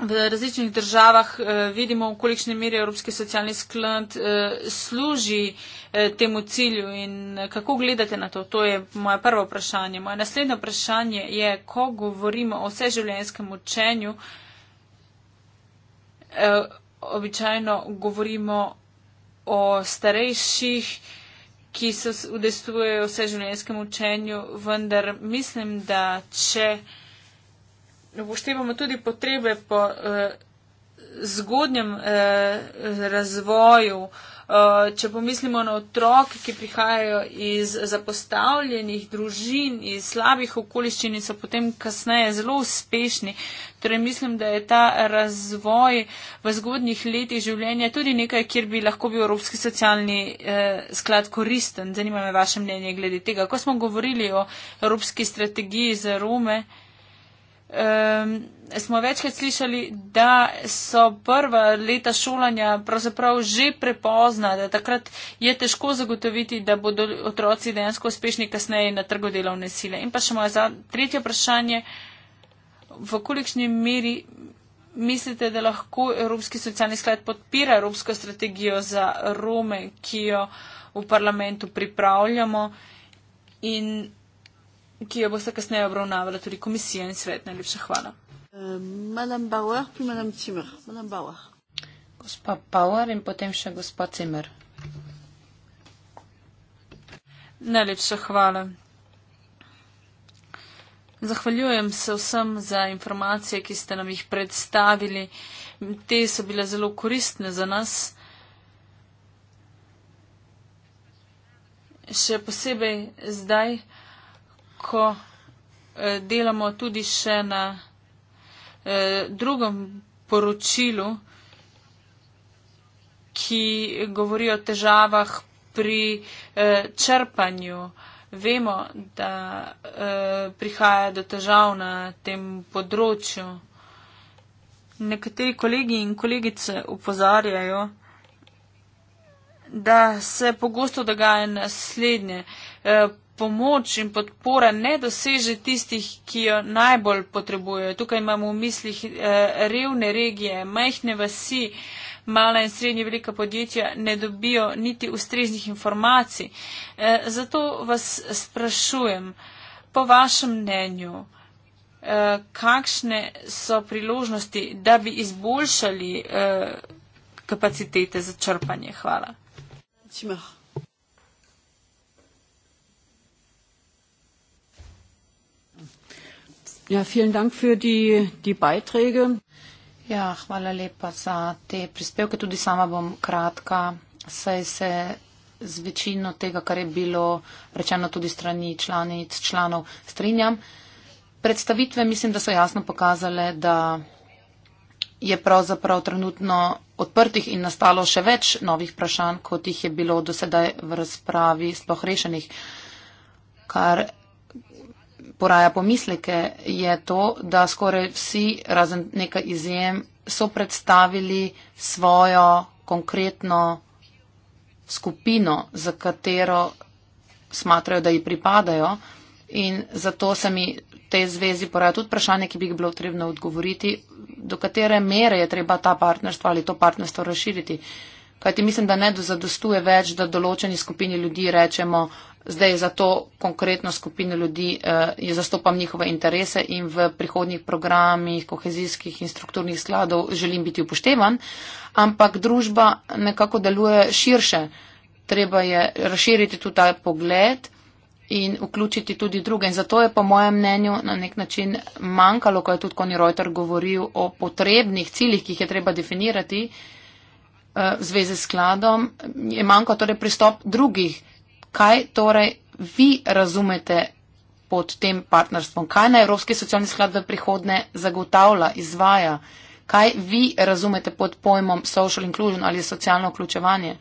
v različnih državah eh, vidimo, v kolikšni meri Evropski socialni sklad eh, služi eh, temu cilju in kako gledate na to? To je moje prvo vprašanje. Moje naslednje vprašanje je, ko govorimo o vseživljenjskem učenju, običajno govorimo o starejših, ki se udestujejo vseživljenjskem učenju, vendar mislim, da če vseživljenjskem učenju, upoštevamo tudi potrebe po eh, zgodnjem eh, razvoju. Eh, če pomislimo na otroke, ki prihajajo iz zapostavljenih družin, iz slabih okoliščin in so potem kasneje zelo uspešni. Torej mislim, da je ta razvoj v zgodnjih letih življenja tudi nekaj, kjer bi lahko bil Evropski socialni eh, sklad koristen. Zanima me vaše mnenje glede tega. Ko smo govorili o Evropski strategiji za Rome, eh, um, smo večkrat slišali, da so prva leta šolanja pravzaprav že prepozna, da takrat je težko zagotoviti, da bodo otroci dejansko uspešni kasneje na trgu delovne sile. In pa še moje tretje vprašanje, v kolikšni meri mislite, da lahko Evropski socialni sklad podpira Evropsko strategijo za Rome, ki jo v parlamentu pripravljamo? In ki jo boste kasneje obravnavali tudi komisija in svet. Najlepša hvala. Eh, madam Bauer, pri madam Cimer. Madam Bauer. Gospa Bauer in potem še gospa Cimer. Najlepša hvala. Zahvaljujem se vsem za informacije, ki ste nam jih predstavili. Te so bile zelo koristne za nas. Še posebej zdaj ko eh, delamo tudi še na eh, drugem poročilu, ki govori o težavah pri eh, črpanju. Vemo, da eh, prihaja do težav na tem področju. Nekateri kolegi in kolegice upozarjajo, da se pogosto dogaja naslednje. Eh, pomoč in podpora ne doseže tistih, ki jo najbolj potrebujejo. Tukaj imamo v mislih eh, revne regije, majhne vasi, mala in srednje velika podjetja ne dobijo niti ustreznih informacij. Eh, zato vas sprašujem, po vašem mnenju, eh, kakšne so priložnosti, da bi izboljšali eh, kapacitete za črpanje? Hvala. 起码。Ja, vielen Dank für die, die Beiträge. Ja, hvala lepa za te prispevke. Tudi sama bom kratka, saj se z večino tega, kar je bilo rečeno tudi strani članic, članov, strinjam. Predstavitve mislim, da so jasno pokazale, da je pravzaprav trenutno odprtih in nastalo še več novih vprašanj, kot jih je bilo do sedaj v razpravi sploh rešenih, kar poraja pomisleke, je to, da skoraj vsi, razen nekaj izjem, so predstavili svojo konkretno skupino, za katero smatrajo, da ji pripadajo. In zato se mi v tej zvezi poraja tudi vprašanje, ki bi jih bilo potrebno odgovoriti, do katere mere je treba ta partnerstvo ali to partnerstvo razširiti. Kajti mislim, da ne zadostuje več, da določeni skupini ljudi rečemo, zdaj za to konkretno skupino ljudi eh, zastopam njihove interese in v prihodnjih programih kohezijskih in strukturnih skladov želim biti upoštevan, ampak družba nekako deluje širše. Treba je razširiti tudi ta pogled in vključiti tudi druge. In zato je po mojem mnenju na nek način manjkalo, ko je tudi Koni Reuter govoril o potrebnih ciljih, ki jih je treba definirati eh, v zvezi s skladom, je manjka torej pristop drugih kaj torej vi razumete pod tem partnerstvom, kaj na Evropski socialni sklad v prihodne zagotavlja, izvaja, kaj vi razumete pod pojmom social inclusion ali socialno vključevanje.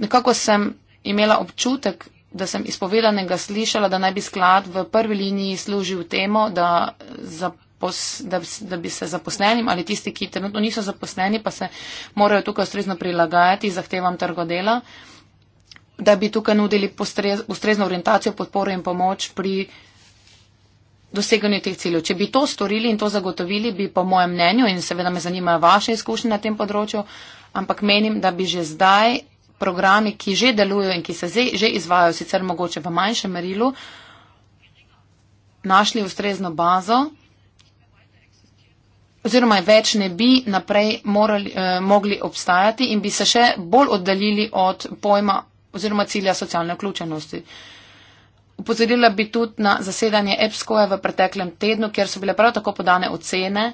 Nekako sem imela občutek, da sem izpovedanega slišala, da naj bi sklad v prvi liniji služil temu, da, da, da bi se zaposlenim ali tisti, ki trenutno niso zaposleni, pa se morajo tukaj ustrezno prilagajati zahtevam trgodela, uh, da bi tukaj nudili postrez, ustrezno orientacijo, podporo in pomoč pri doseganju teh ciljev. Če bi to storili in to zagotovili, bi po mojem mnenju, in seveda me zanimajo vaše izkušnje na tem področju, ampak menim, da bi že zdaj programi, ki že delujejo in ki se zdaj že izvajo, sicer mogoče v manjšem merilu, našli ustrezno bazo oziroma več ne bi naprej morali, eh, mogli obstajati in bi se še bolj oddaljili od pojma oziroma cilja socialne vključenosti. Upozorila bi tudi na zasedanje EPSKO-ja v preteklem tednu, kjer so bile prav tako podane ocene,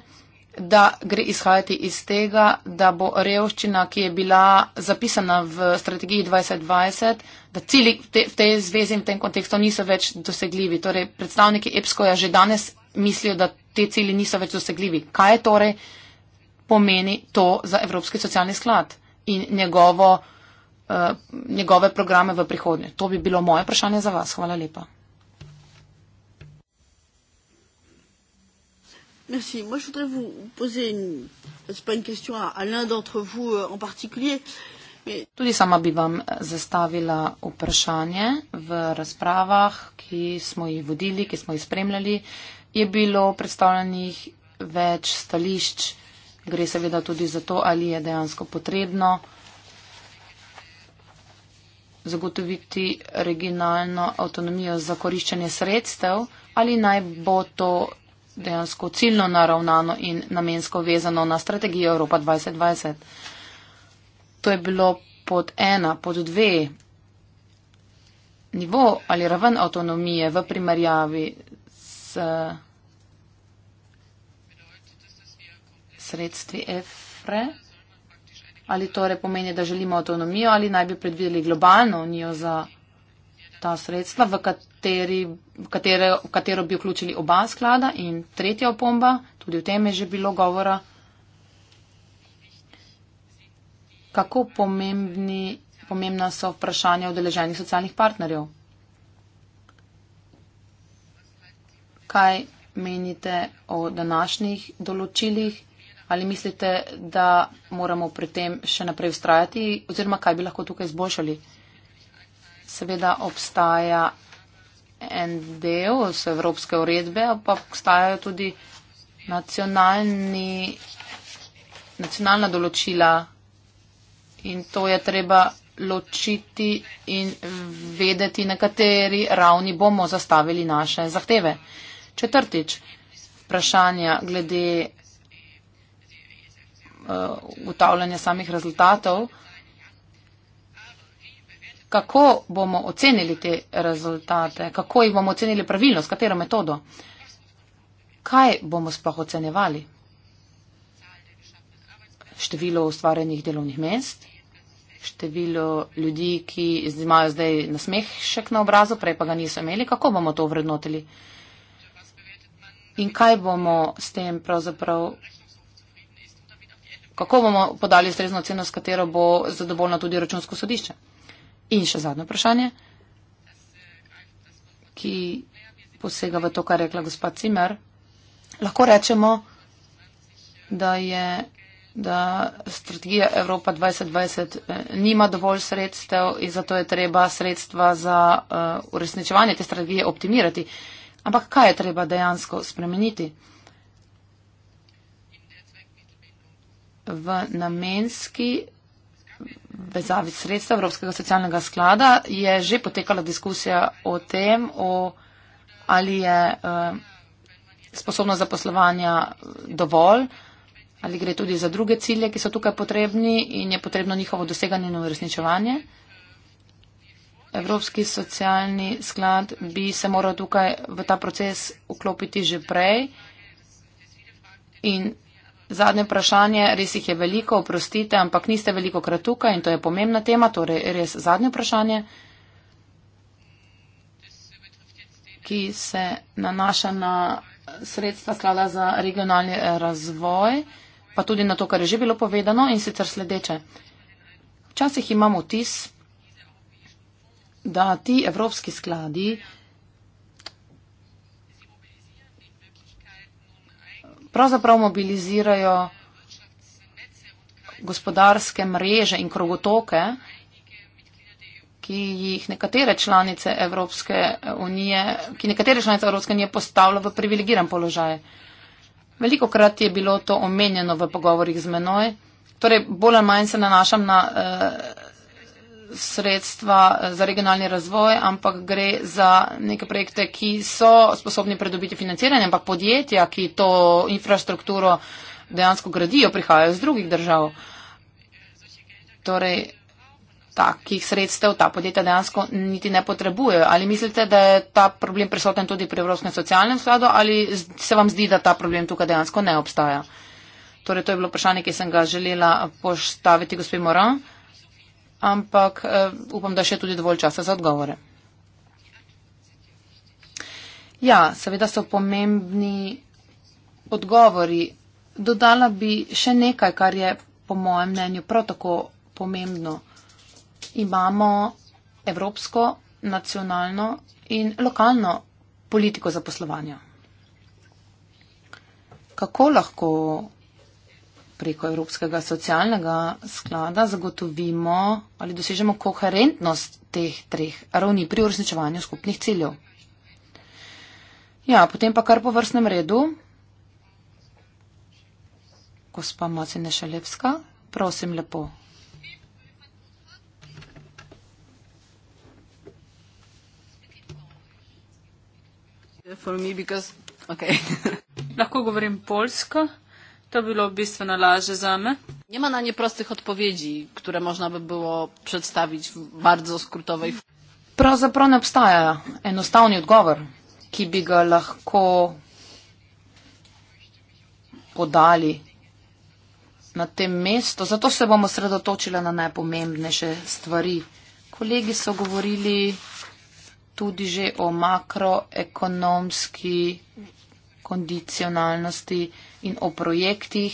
da gre izhajati iz tega, da bo revščina, ki je bila zapisana v strategiji 2020, da cilji v tej zvezi in v tem kontekstu niso več dosegljivi. Torej, predstavniki EPSKO-ja že danes mislijo, da te cilji niso več dosegljivi. Kaj torej pomeni to za Evropski socialni sklad in njegovo uh, njegove programe v prihodnje. To bi bilo moje vprašanje za vas. Hvala lepa. Merci. Moi, je voudrais vous poser une. C'est pas une question à l'un d'entre vous euh, en particulier. Mais... Tudi sama bi vam eh, zastavila vprašanje v razpravah, ki smo jih vodili, ki smo jih spremljali. Je bilo predstavljenih več stališč, gre seveda tudi za to, ali je dejansko potrebno zagotoviti regionalno avtonomijo za koriščenje sredstev ali naj bo to dejansko ciljno naravnano in namensko vezano na strategijo Evropa 2020. To je bilo pod ena, pod dve. Nivo ali raven avtonomije v primerjavi s sredstvi EFRE. Ali torej pomeni, da želimo avtonomijo ali naj bi predvideli globalno unijo za ta sredstva, v, kateri, v, katere, v katero bi vključili oba sklada in tretja opomba, tudi o tem je že bilo govora, kako pomembni, pomembna so vprašanja odeleženih socialnih partnerjev. Kaj menite o današnjih določilih Ali mislite, da moramo pri tem še naprej ustrajati oziroma kaj bi lahko tukaj izboljšali? Seveda obstaja en del z Evropske uredbe, pa obstajajo tudi nacionalni, nacionalna določila in to je treba ločiti in vedeti, na kateri ravni bomo zastavili naše zahteve. Četrtič, vprašanja glede Eh, ugotavljanje samih rezultatov. Kako bomo ocenili te rezultate? Kako jih bomo ocenili pravilno? S katero metodo? Kaj bomo sploh ocenjevali? Število ustvarjenih delovnih mest, število ljudi, ki imajo zdaj nasmeh še na obrazu, prej pa ga niso imeli. Kako bomo to vrednotili? In kaj bomo s tem pravzaprav kako bomo podali ustrezno oceno, s katero bo zadovoljno tudi računsko sodišče. In še zadnje vprašanje, ki posega v to, kar je rekla gospa Cimer. Lahko rečemo, da je da strategija Evropa 2020 eh, nima dovolj sredstev in zato je treba sredstva za eh, uresničevanje te strategije optimirati. Ampak kaj je treba dejansko spremeniti? v namenski vezavi sredstva Evropskega socialnega sklada je že potekala diskusija o tem, o ali je uh, sposobnost zaposlovanja dovolj, ali gre tudi za druge cilje, ki so tukaj potrebni in je potrebno njihovo doseganje in uresničevanje. Evropski socialni sklad bi se moral tukaj v ta proces vklopiti že prej in Zadnje vprašanje, res jih je veliko, oprostite, ampak niste veliko krat tukaj in to je pomembna tema, torej res zadnje vprašanje, ki se nanaša na sredstva sklada za regionalni razvoj, pa tudi na to, kar je že bilo povedano in sicer sledeče. Včasih imamo vtis, da ti evropski skladi pravzaprav mobilizirajo gospodarske mreže in krogotoke, ki jih nekatere članice Evropske unije, ki nekatere članice Evropske unije postavlja v privilegiran položaj. Veliko krat je bilo to omenjeno v pogovorih z menoj, torej bolj ali manj se nanašam na eh, sredstva eh, za regionalni razvoj, ampak gre za neke projekte, ki so sposobni predobiti financiranje, ampak podjetja, ki to infrastrukturo dejansko gradijo, prihajajo iz drugih držav. Torej, takih sredstev ta podjetja dejansko niti ne potrebujejo. Ali mislite, da je ta problem prisoten tudi pri Evropskem socialnem skladu ali se vam zdi, da ta problem tukaj dejansko ne obstaja? Torej, to je bilo vprašanje, ki sem ga želela postaviti gospod Moran ampak eh, upam, da še tudi dovolj časa za odgovore. Ja, seveda so pomembni odgovori. Dodala bi še nekaj, kar je po mojem mnenju prav tako pomembno. Imamo evropsko, nacionalno in lokalno politiko zaposlovanja. Kako lahko preko Evropskega socialnega sklada zagotovimo ali dosežemo koherentnost teh treh ravni pri uresničevanju skupnih ciljev. Ja, potem pa kar po vrstnem redu. Gospa Macine Šalevska, prosim lepo. Me, because, okay. Lahko govorim polsko to było bardzo łatwe dla mnie. Nie ma na nie prostych odpowiedzi, które można by było przedstawić w bardzo skrótowej formie. Pravzaprav ne obstaja enostavni odgovor, ki bi ga lahko podali na tem mestu. Zato se bomo sredotočili na najpomembnejše stvari. Kolegi so govorili tudi že o makroekonomski kondicionalnosti in o projektih,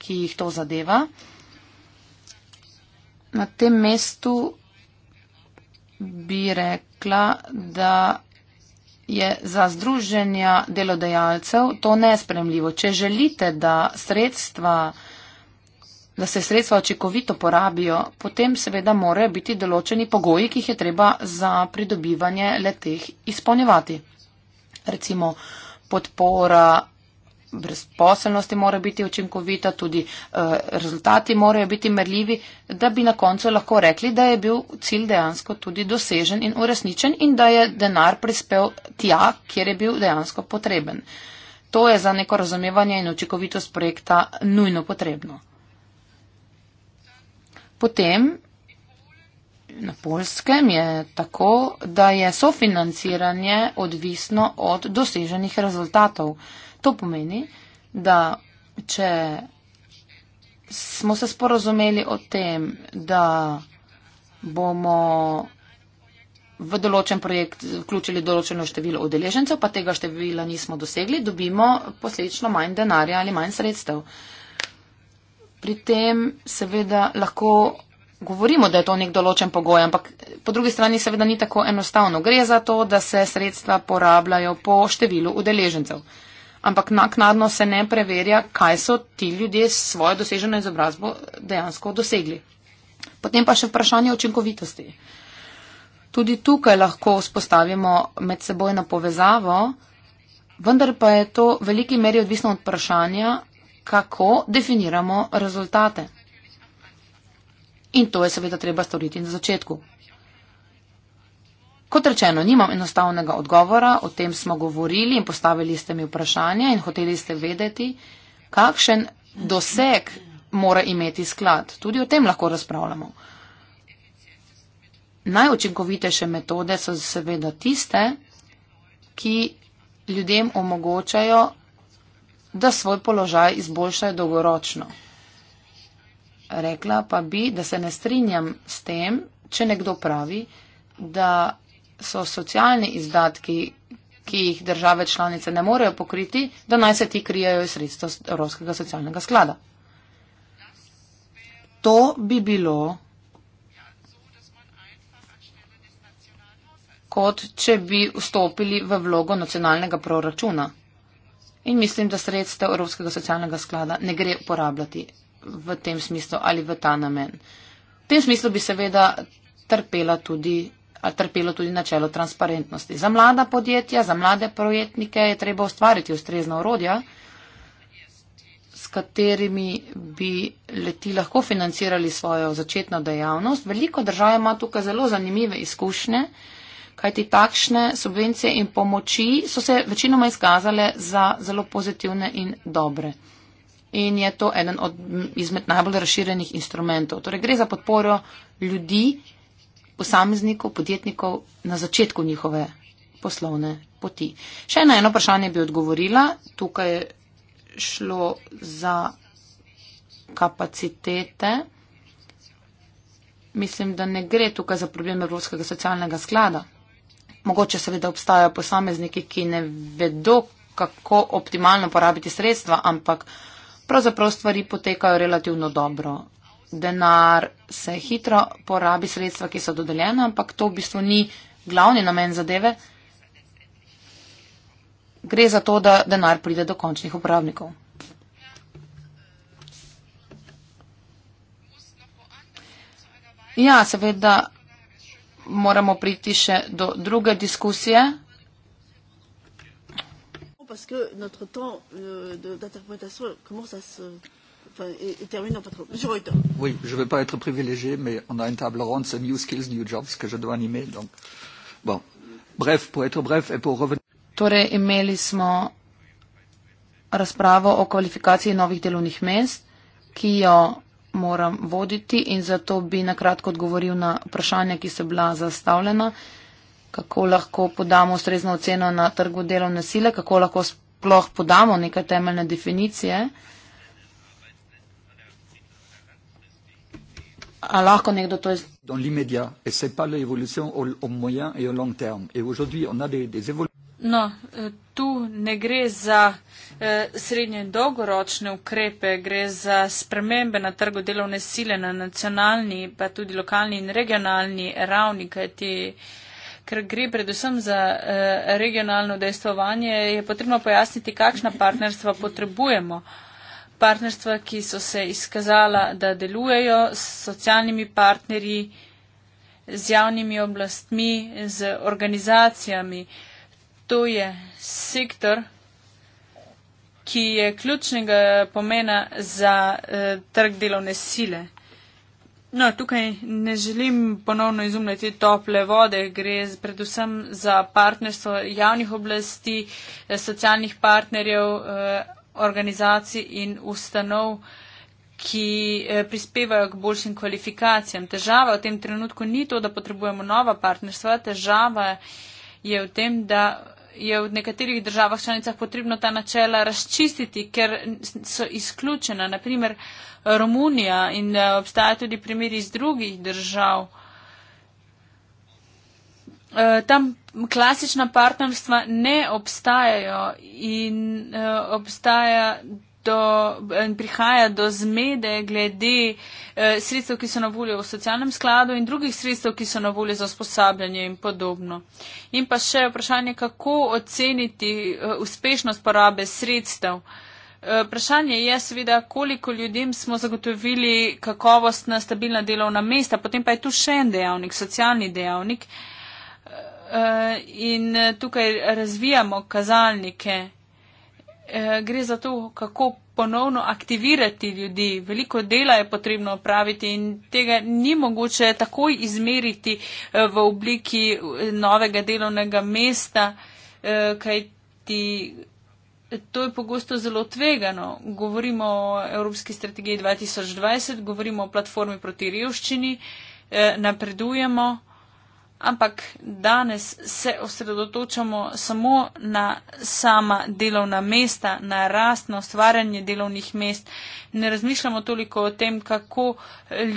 ki jih to zadeva. Na tem mestu bi rekla, da je za združenja delodajalcev to nespremljivo. Če želite, da, sredstva, da se sredstva očikovito porabijo, potem seveda morajo biti določeni pogoji, ki jih je treba za pridobivanje leteh izpolnjevati. Recimo, podpora brezposelnosti mora biti učinkovita, tudi eh, rezultati morajo biti merljivi, da bi na koncu lahko rekli, da je bil cilj dejansko tudi dosežen in uresničen in da je denar prispel tja, kjer je bil dejansko potreben. To je za neko razumevanje in učinkovitost projekta nujno potrebno. Potem na polskem je tako, da je sofinanciranje odvisno od doseženih rezultatov. To pomeni, da če smo se sporozumeli o tem, da bomo v določen projekt vključili določeno število udeležencev, pa tega števila nismo dosegli, dobimo posledično manj denarja ali manj sredstev. Pri tem seveda lahko govorimo, da je to nek določen pogoj, ampak po drugi strani seveda ni tako enostavno. Gre za to, da se sredstva porabljajo po številu udeležencev. Ampak naknadno se ne preverja, kaj so ti ljudje s svojo doseženo izobrazbo dejansko dosegli. Potem pa še vprašanje učinkovitosti. Tudi tukaj lahko vzpostavimo med seboj na povezavo, vendar pa je to v veliki meri odvisno od vprašanja, kako definiramo rezultate. In to je seveda treba storiti na začetku. Kot rečeno, nimam enostavnega odgovora, o tem smo govorili in postavili ste mi vprašanje in hoteli ste vedeti, kakšen doseg mora imeti sklad. Tudi o tem lahko razpravljamo. Najučinkovitejše metode so seveda tiste, ki ljudem omogočajo, da svoj položaj izboljšajo dolgoročno rekla pa bi, da se ne strinjam s tem, če nekdo pravi, da so socialni izdatki, ki jih države članice ne morejo pokriti, da naj se ti krijajo iz sredstva Evropskega socialnega sklada. To bi bilo kot, če bi vstopili v vlogo nacionalnega proračuna. In mislim, da sredstev Evropskega socialnega sklada ne gre uporabljati v tem smislu ali v ta namen. V tem smislu bi seveda trpela tudi trpelo tudi načelo transparentnosti. Za mlada podjetja, za mlade projektnike je treba ustvariti ustrezna orodja, s katerimi bi leti lahko financirali svojo začetno dejavnost. Veliko držav ima tukaj zelo zanimive izkušnje, kajti takšne subvencije in pomoči so se večinoma izkazale za zelo pozitivne in dobre in je to eden od, izmed najbolj razširjenih instrumentov. Torej, gre za podporo ljudi, posameznikov, podjetnikov na začetku njihove poslovne poti. Še na eno vprašanje bi odgovorila. Tukaj je šlo za kapacitete. Mislim, da ne gre tukaj za problem Evropskega socialnega sklada. Mogoče seveda obstajajo posamezniki, ki ne vedo, kako optimalno porabiti sredstva, ampak pravzaprav stvari potekajo relativno dobro. Denar se hitro porabi, sredstva, ki so dodeljena, ampak to v bistvu ni glavni namen zadeve. Gre za to, da denar pride do končnih uporabnikov. Ja, seveda moramo priti še do druge diskusije parce que notre temps euh, d'interprétation commence à se. Enfin, et, et termine en pas trop. Monsieur Reuter. Oui, je ne vais pas être privilégié, mais on a une table ronde, c'est New Skills, New Jobs, que je dois animer. Donc, bon. Bref, pour être bref et pour revenir. Torej, imeli smo razpravo o kvalifikaciji novih delovnih mest, ki jo moram voditi in zato bi nakratko odgovoril na vprašanja, ki so bila zastavljena kako lahko podamo ustrezno oceno na trgu delovne sile, kako lahko sploh podamo neke temeljne definicije. A lahko nekdo to izvede? No, eh, tu ne gre za eh, srednje in dolgoročne ukrepe, gre za spremembe na trgu delovne sile na nacionalni, pa tudi lokalni in regionalni ravni, kajti uh, ker gre predvsem za eh, regionalno dejstvovanje, je potrebno pojasniti, kakšna partnerstva potrebujemo. Partnerstva, ki so se izkazala, da delujejo s socialnimi partnerji, z javnimi oblastmi, z organizacijami. To je sektor, ki je ključnega pomena za eh, trg delovne sile. No, tukaj ne želim ponovno izumljati tople vode. Gre predvsem za partnerstvo javnih oblasti, eh, socialnih partnerjev, eh, organizacij in ustanov, ki eh, prispevajo k boljšim kvalifikacijam. Težava v tem trenutku ni to, da potrebujemo nova partnerstva. Težava je v tem, da je v nekaterih državah članicah potrebno ta načela razčistiti, ker so izključena, naprimer Romunija in eh, obstaja tudi primer iz drugih držav. Eh, tam klasična partnerstva ne obstajajo in eh, obstaja do, prihaja do zmede glede eh, sredstev, ki so na voljo v socialnem skladu in drugih sredstev, ki so na voljo za usposabljanje in podobno. In pa še vprašanje, kako oceniti eh, uspešnost porabe sredstev. Eh, vprašanje je seveda, koliko ljudem smo zagotovili kakovostna, stabilna delovna mesta, potem pa je tu še en dejavnik, socialni dejavnik. In tukaj razvijamo kazalnike Eh, gre za to, kako ponovno aktivirati ljudi. Veliko dela je potrebno opraviti in tega ni mogoče takoj izmeriti eh, v obliki eh, novega delovnega mesta, kaj ti. To je pogosto zelo tvegano. Govorimo o Evropski strategiji 2020, govorimo o platformi proti revščini, napredujemo ampak danes se osredotočamo samo na sama delovna mesta, na rastno stvaranje delovnih mest. Ne razmišljamo toliko o tem, kako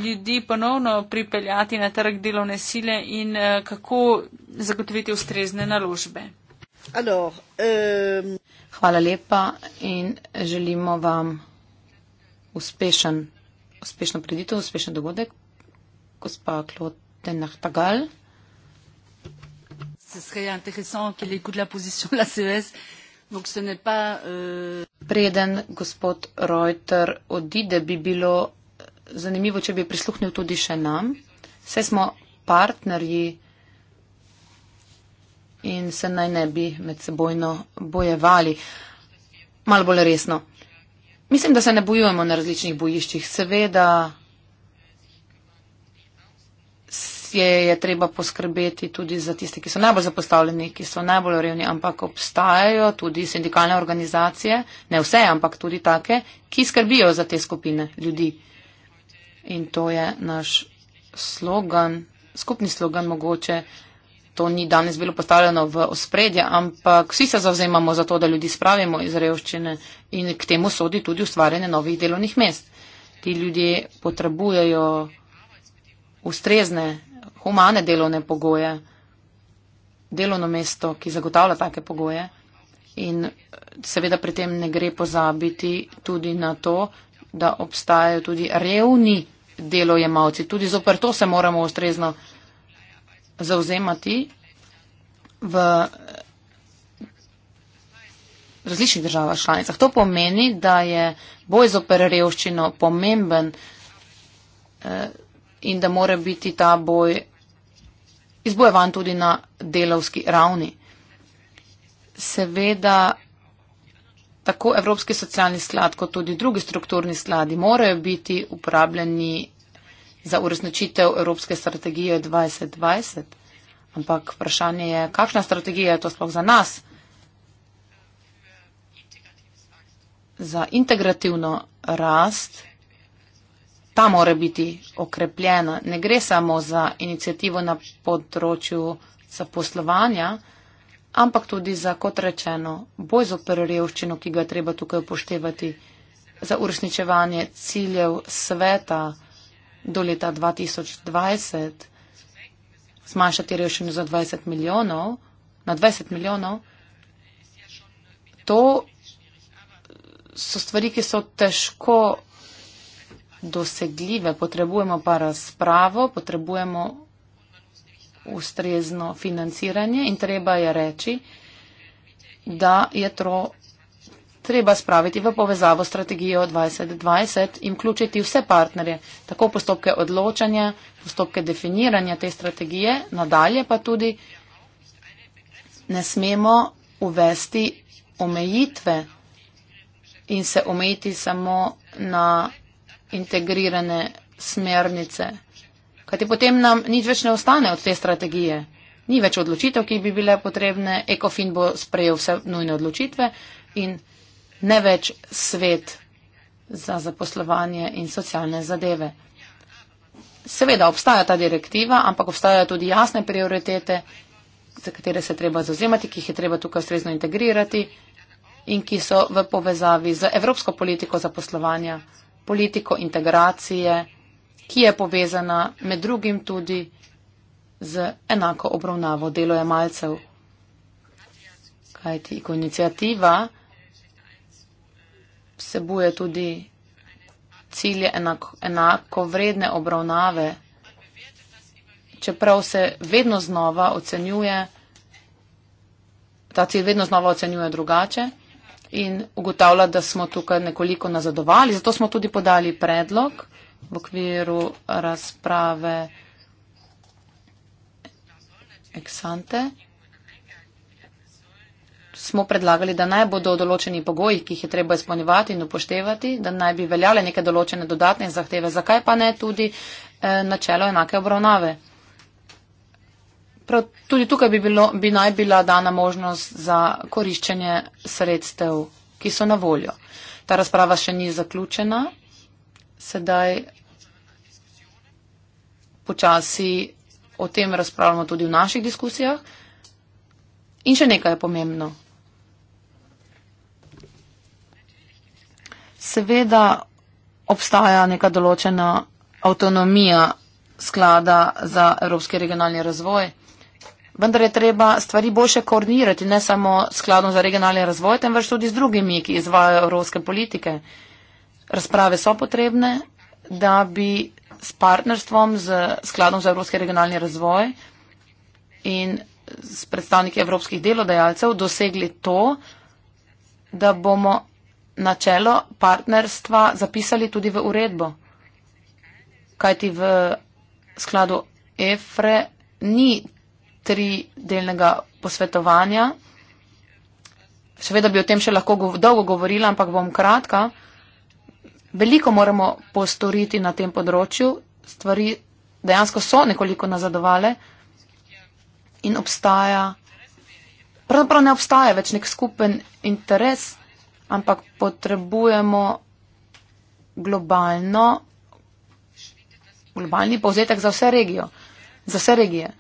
ljudi ponovno pripeljati na trg delovne sile in eh, kako zagotoviti ustrezne naložbe. Hvala lepa in želimo vam uspešen, uspešno preditev, uspešen dogodek. Gospa Klotenah Tagal. Ce serait intéressant qu'elle écoute la position de la CES. Donc ce n'est pas. Euh, Preden gospod Reuter odide, bi bilo eh, zanimivo, če bi prisluhnil tudi še nam. Vse smo partnerji in se naj ne bi med sebojno bojevali. Malo bolj resno. Mislim, da se ne bojujemo na različnih bojiščih. Seveda. je, je treba poskrbeti tudi za tiste, ki so najbolj zapostavljeni, ki so najbolj revni, ampak obstajajo tudi sindikalne organizacije, ne vse, ampak tudi take, ki skrbijo za te skupine ljudi. In to je naš slogan, skupni slogan mogoče. To ni danes bilo postavljeno v ospredje, ampak vsi se zavzemamo za to, da ljudi spravimo iz revščine in k temu sodi tudi ustvarjanje novih delovnih mest. Ti ljudje potrebujejo ustrezne humane delovne pogoje, delovno mesto, ki zagotavlja take pogoje. In seveda pri tem ne gre pozabiti tudi na to, da obstajajo tudi revni delojemalci. Tudi zopr to se moramo ustrezno zauzemati v različnih državah članicah. To pomeni, da je boj zopr revščino pomemben eh, in da mora biti ta boj izbojevan tudi na delovski ravni. Seveda tako Evropski socialni sklad kot tudi drugi strukturni skladi morajo biti uporabljeni za uresničitev Evropske strategije 2020, ampak vprašanje je, kakšna strategija je to sploh za nas, za integrativno rast ta mora biti okrepljena. Ne gre samo za inicijativo na področju zaposlovanja, ampak tudi za, kot rečeno, boj z operarjevščino, ki ga treba tukaj upoštevati za uresničevanje ciljev sveta do leta 2020, zmanjšati revščino za 20 milijonov, na 20 milijonov. To so stvari, ki so težko dosegljive, potrebujemo pa razpravo, potrebujemo ustrezno financiranje in treba je reči, da je to treba spraviti v povezavo s strategijo 2020 in vključiti vse partnerje, tako postopke odločanja, postopke definiranja te strategije, nadalje pa tudi ne smemo uvesti omejitve in se omejiti samo na integrirane smernice. Kajti potem nam nič več ne ostane od te strategije. Ni več odločitev, ki bi bile potrebne. Ekofin bo sprejel vse nujne odločitve in ne več svet za zaposlovanje in socialne zadeve. Seveda obstaja ta direktiva, ampak obstajajo tudi jasne prioritete, za katere se treba zauzemati, ki jih je treba tukaj ustrezno integrirati in ki so v povezavi z evropsko politiko zaposlovanja politiko integracije, ki je povezana med drugim tudi z enako obravnavo delojemalcev. Kajti, ko inicijativa vsebuje tudi cilje enako, enako vredne obravnave, čeprav se vedno znova ocenjuje, ta cilj vedno znova ocenjuje drugače, in ugotavlja, da smo tukaj nekoliko nazadovali. Zato smo tudi podali predlog v okviru razprave Eksante. Smo predlagali, da naj bodo določeni pogoji, ki jih je treba izpolnjevati in upoštevati, da naj bi veljale neke določene dodatne zahteve. Zakaj pa ne tudi eh, načelo enake obravnave? Prav tudi tukaj bi, bilo, bi naj bila dana možnost za koriščenje sredstev, ki so na voljo. Ta razprava še ni zaključena. Sedaj počasi o tem razpravljamo tudi v naših diskusijah. In še nekaj je pomembno. Seveda obstaja neka določena avtonomija sklada za evropski regionalni razvoj. Vendar je treba stvari boljše koordinirati, ne samo skladno za regionalni razvoj, temveč tudi z drugimi, ki izvajo evropske politike. Razprave so potrebne, da bi s partnerstvom, z skladom za evropski regionalni razvoj in s predstavniki evropskih delodajalcev dosegli to, da bomo načelo partnerstva zapisali tudi v uredbo. Kajti v skladu EFRE ni tri delnega posvetovanja. Seveda bi o tem še lahko gov dolgo govorila, ampak bom kratka. Veliko moramo postoriti na tem področju. Stvari dejansko so nekoliko nazadovale in obstaja, pravzaprav ne obstaja več nek skupen interes, ampak potrebujemo globalno, globalni povzetek za vse regijo, za vse regije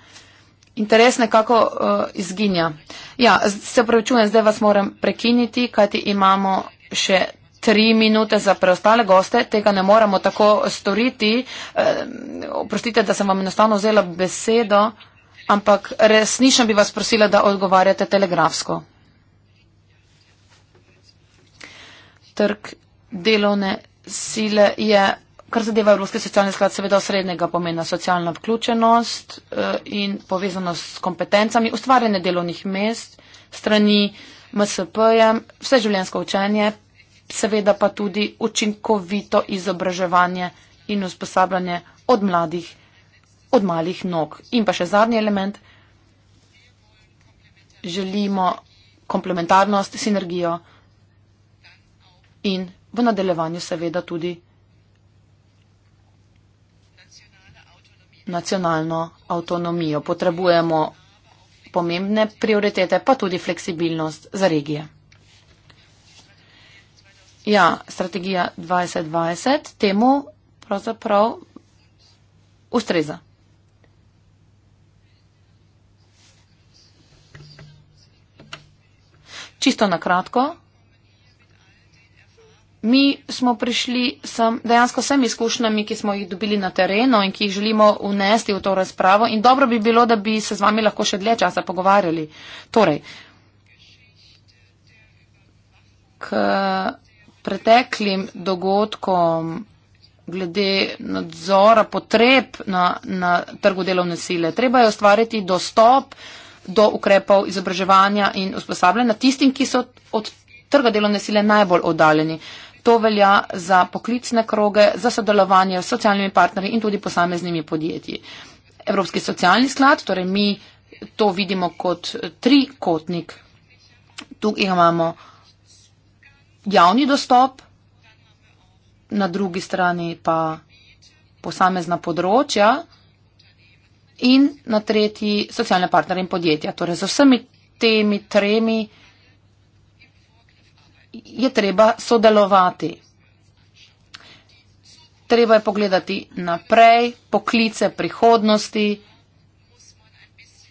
interes nekako uh, izginja. Ja, se pravičujem, zdaj vas moram prekiniti, kajti imamo še tri minute za preostale goste. Tega ne moramo tako storiti. Uh, oprostite, da sem vam enostavno vzela besedo, ampak resnično bi vas prosila, da odgovarjate telegrafsko. Trg delovne sile je kar zadeva Evropski socialni sklad, seveda osrednjega pomena socialna vključenost eh, in povezanost s kompetencami, ustvarjanje delovnih mest strani MSP-ja, vse življensko učenje, seveda pa tudi učinkovito izobraževanje in usposabljanje od mladih, od malih nog. In pa še zadnji element, želimo komplementarnost, sinergijo in v nadaljevanju seveda tudi. nacionalno avtonomijo. Potrebujemo pomembne prioritete, pa tudi fleksibilnost za regije. Ja, strategija 2020 temu pravzaprav ustreza. Čisto na kratko, Mi smo prišli sem, dejansko s vsemi izkušnjami, ki smo jih dobili na terenu in ki jih želimo unesti v to razpravo in dobro bi bilo, da bi se z vami lahko še dlje časa pogovarjali. Torej, k preteklim dogodkom glede nadzora potreb na, na trgu delovne sile, treba je ustvariti dostop do ukrepov izobraževanja in usposabljanja tistim, ki so od trga delovne sile najbolj oddaljeni. To velja za poklicne kroge, za sodelovanje s socialnimi partnerji in tudi posameznimi podjetji. Evropski socialni sklad, torej mi to vidimo kot trikotnik. Tukaj imamo javni dostop, na drugi strani pa posamezna področja in na tretji socialne partnerje in podjetja. Torej z vsemi temi tremi je treba sodelovati. Treba je pogledati naprej, poklice prihodnosti,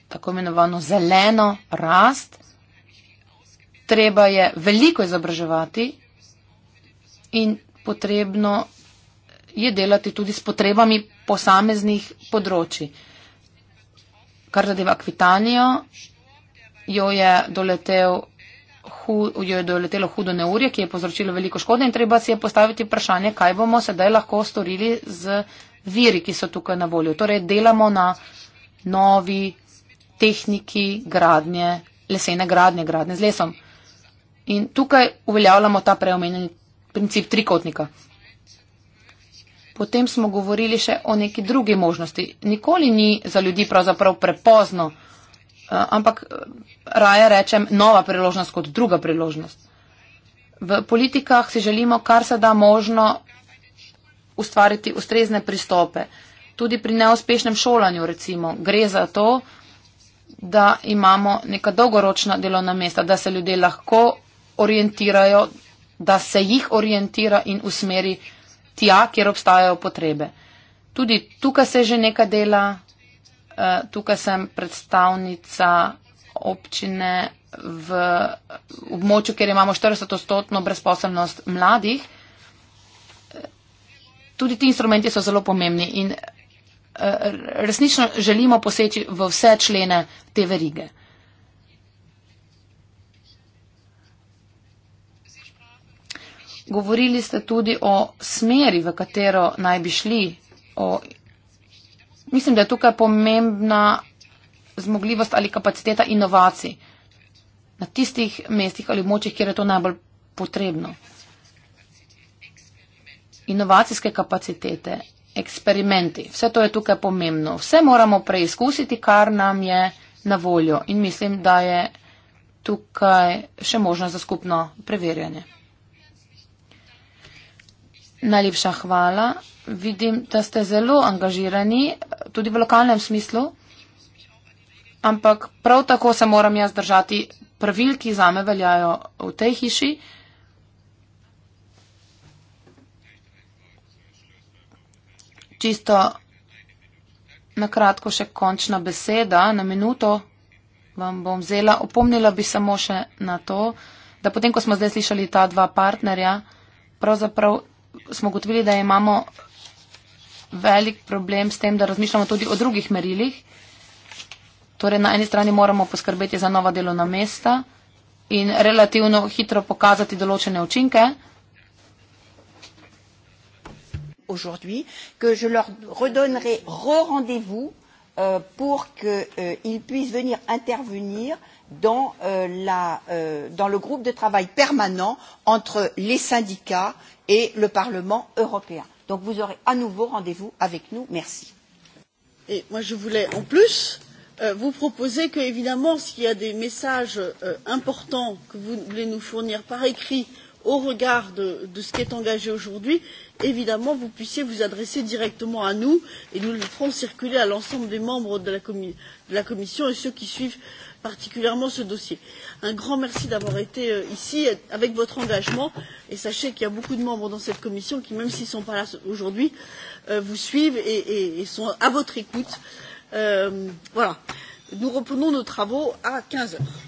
tako imenovano zeleno rast. Treba je veliko izobraževati in potrebno je delati tudi s potrebami posameznih področji. Kar zadeva Kvitanijo, jo je doletel jo je doletelo hudo neurje, ki je povzročilo veliko škode in treba si je postaviti vprašanje, kaj bomo sedaj lahko storili z viri, ki so tukaj na voljo. Torej, delamo na novi tehniki gradnje, lesene gradnje, gradnje z lesom. In tukaj uveljavljamo ta preomenjeni princip trikotnika. Potem smo govorili še o neki drugi možnosti. Nikoli ni za ljudi pravzaprav prepozno. Eh, ampak eh, raje rečem nova priložnost kot druga priložnost. V politikah si želimo, kar se da možno, ustvariti ustrezne pristope. Tudi pri neuspešnem šolanju, recimo, gre za to, da imamo neka dolgoročna delovna mesta, da se ljudje lahko orientirajo, da se jih orientira in usmeri tja, kjer obstajajo potrebe. Tudi tukaj se že nekaj dela, Eh, tukaj sem predstavnica občine v območju, kjer imamo 40-stotno brezposobnost mladih. Tudi ti instrumenti so zelo pomembni in eh, resnično želimo poseči v vse člene te verige. Govorili ste tudi o smeri, v katero naj bi šli, o mislim, da je tukaj pomembna zmogljivost ali kapaciteta inovacij na tistih mestih ali močih, kjer je to najbolj potrebno. Inovacijske kapacitete, eksperimenti, vse to je tukaj pomembno. Vse moramo preizkusiti, kar nam je na voljo in mislim, da je tukaj še možnost za skupno preverjanje. Najlepša hvala. Vidim, da ste zelo angažirani, tudi v lokalnem smislu, ampak prav tako se moram jaz držati pravil, ki za me veljajo v tej hiši. Čisto na kratko še končna beseda, na minuto vam bom vzela. Opomnila bi samo še na to, da potem, ko smo zdaj slišali ta dva partnerja, pravzaprav smo gotovili, da imamo velik problem s tem, da razmišljamo tudi o drugih merilih. Torej, na eni strani moramo poskrbeti za nova delovna mesta in relativno hitro pokazati določene učinke. aujourd'hui, que je leur redonnerai re-rendez-vous euh, pour qu'ils euh, puissent venir intervenir dans, euh, la, euh, dans le groupe de travail permanent entre les syndicats et le parlement européen. donc vous aurez à nouveau rendez vous avec nous. merci. je voulais en plus euh, vous proposer que évidemment s'il y a des messages euh, importants que vous voulez nous fournir par écrit au regard de ce qui est engagé aujourd'hui évidemment vous puissiez vous adresser directement à nous et nous les ferons circuler à l'ensemble des membres de la commission et à ceux qui suivent particulièrement ce dossier. Un grand merci d'avoir été euh, ici avec votre engagement et sachez qu'il y a beaucoup de membres dans cette commission qui, même s'ils ne sont pas là aujourd'hui, euh, vous suivent et, et, et sont à votre écoute. Euh, voilà. Nous reprenons nos travaux à 15 heures.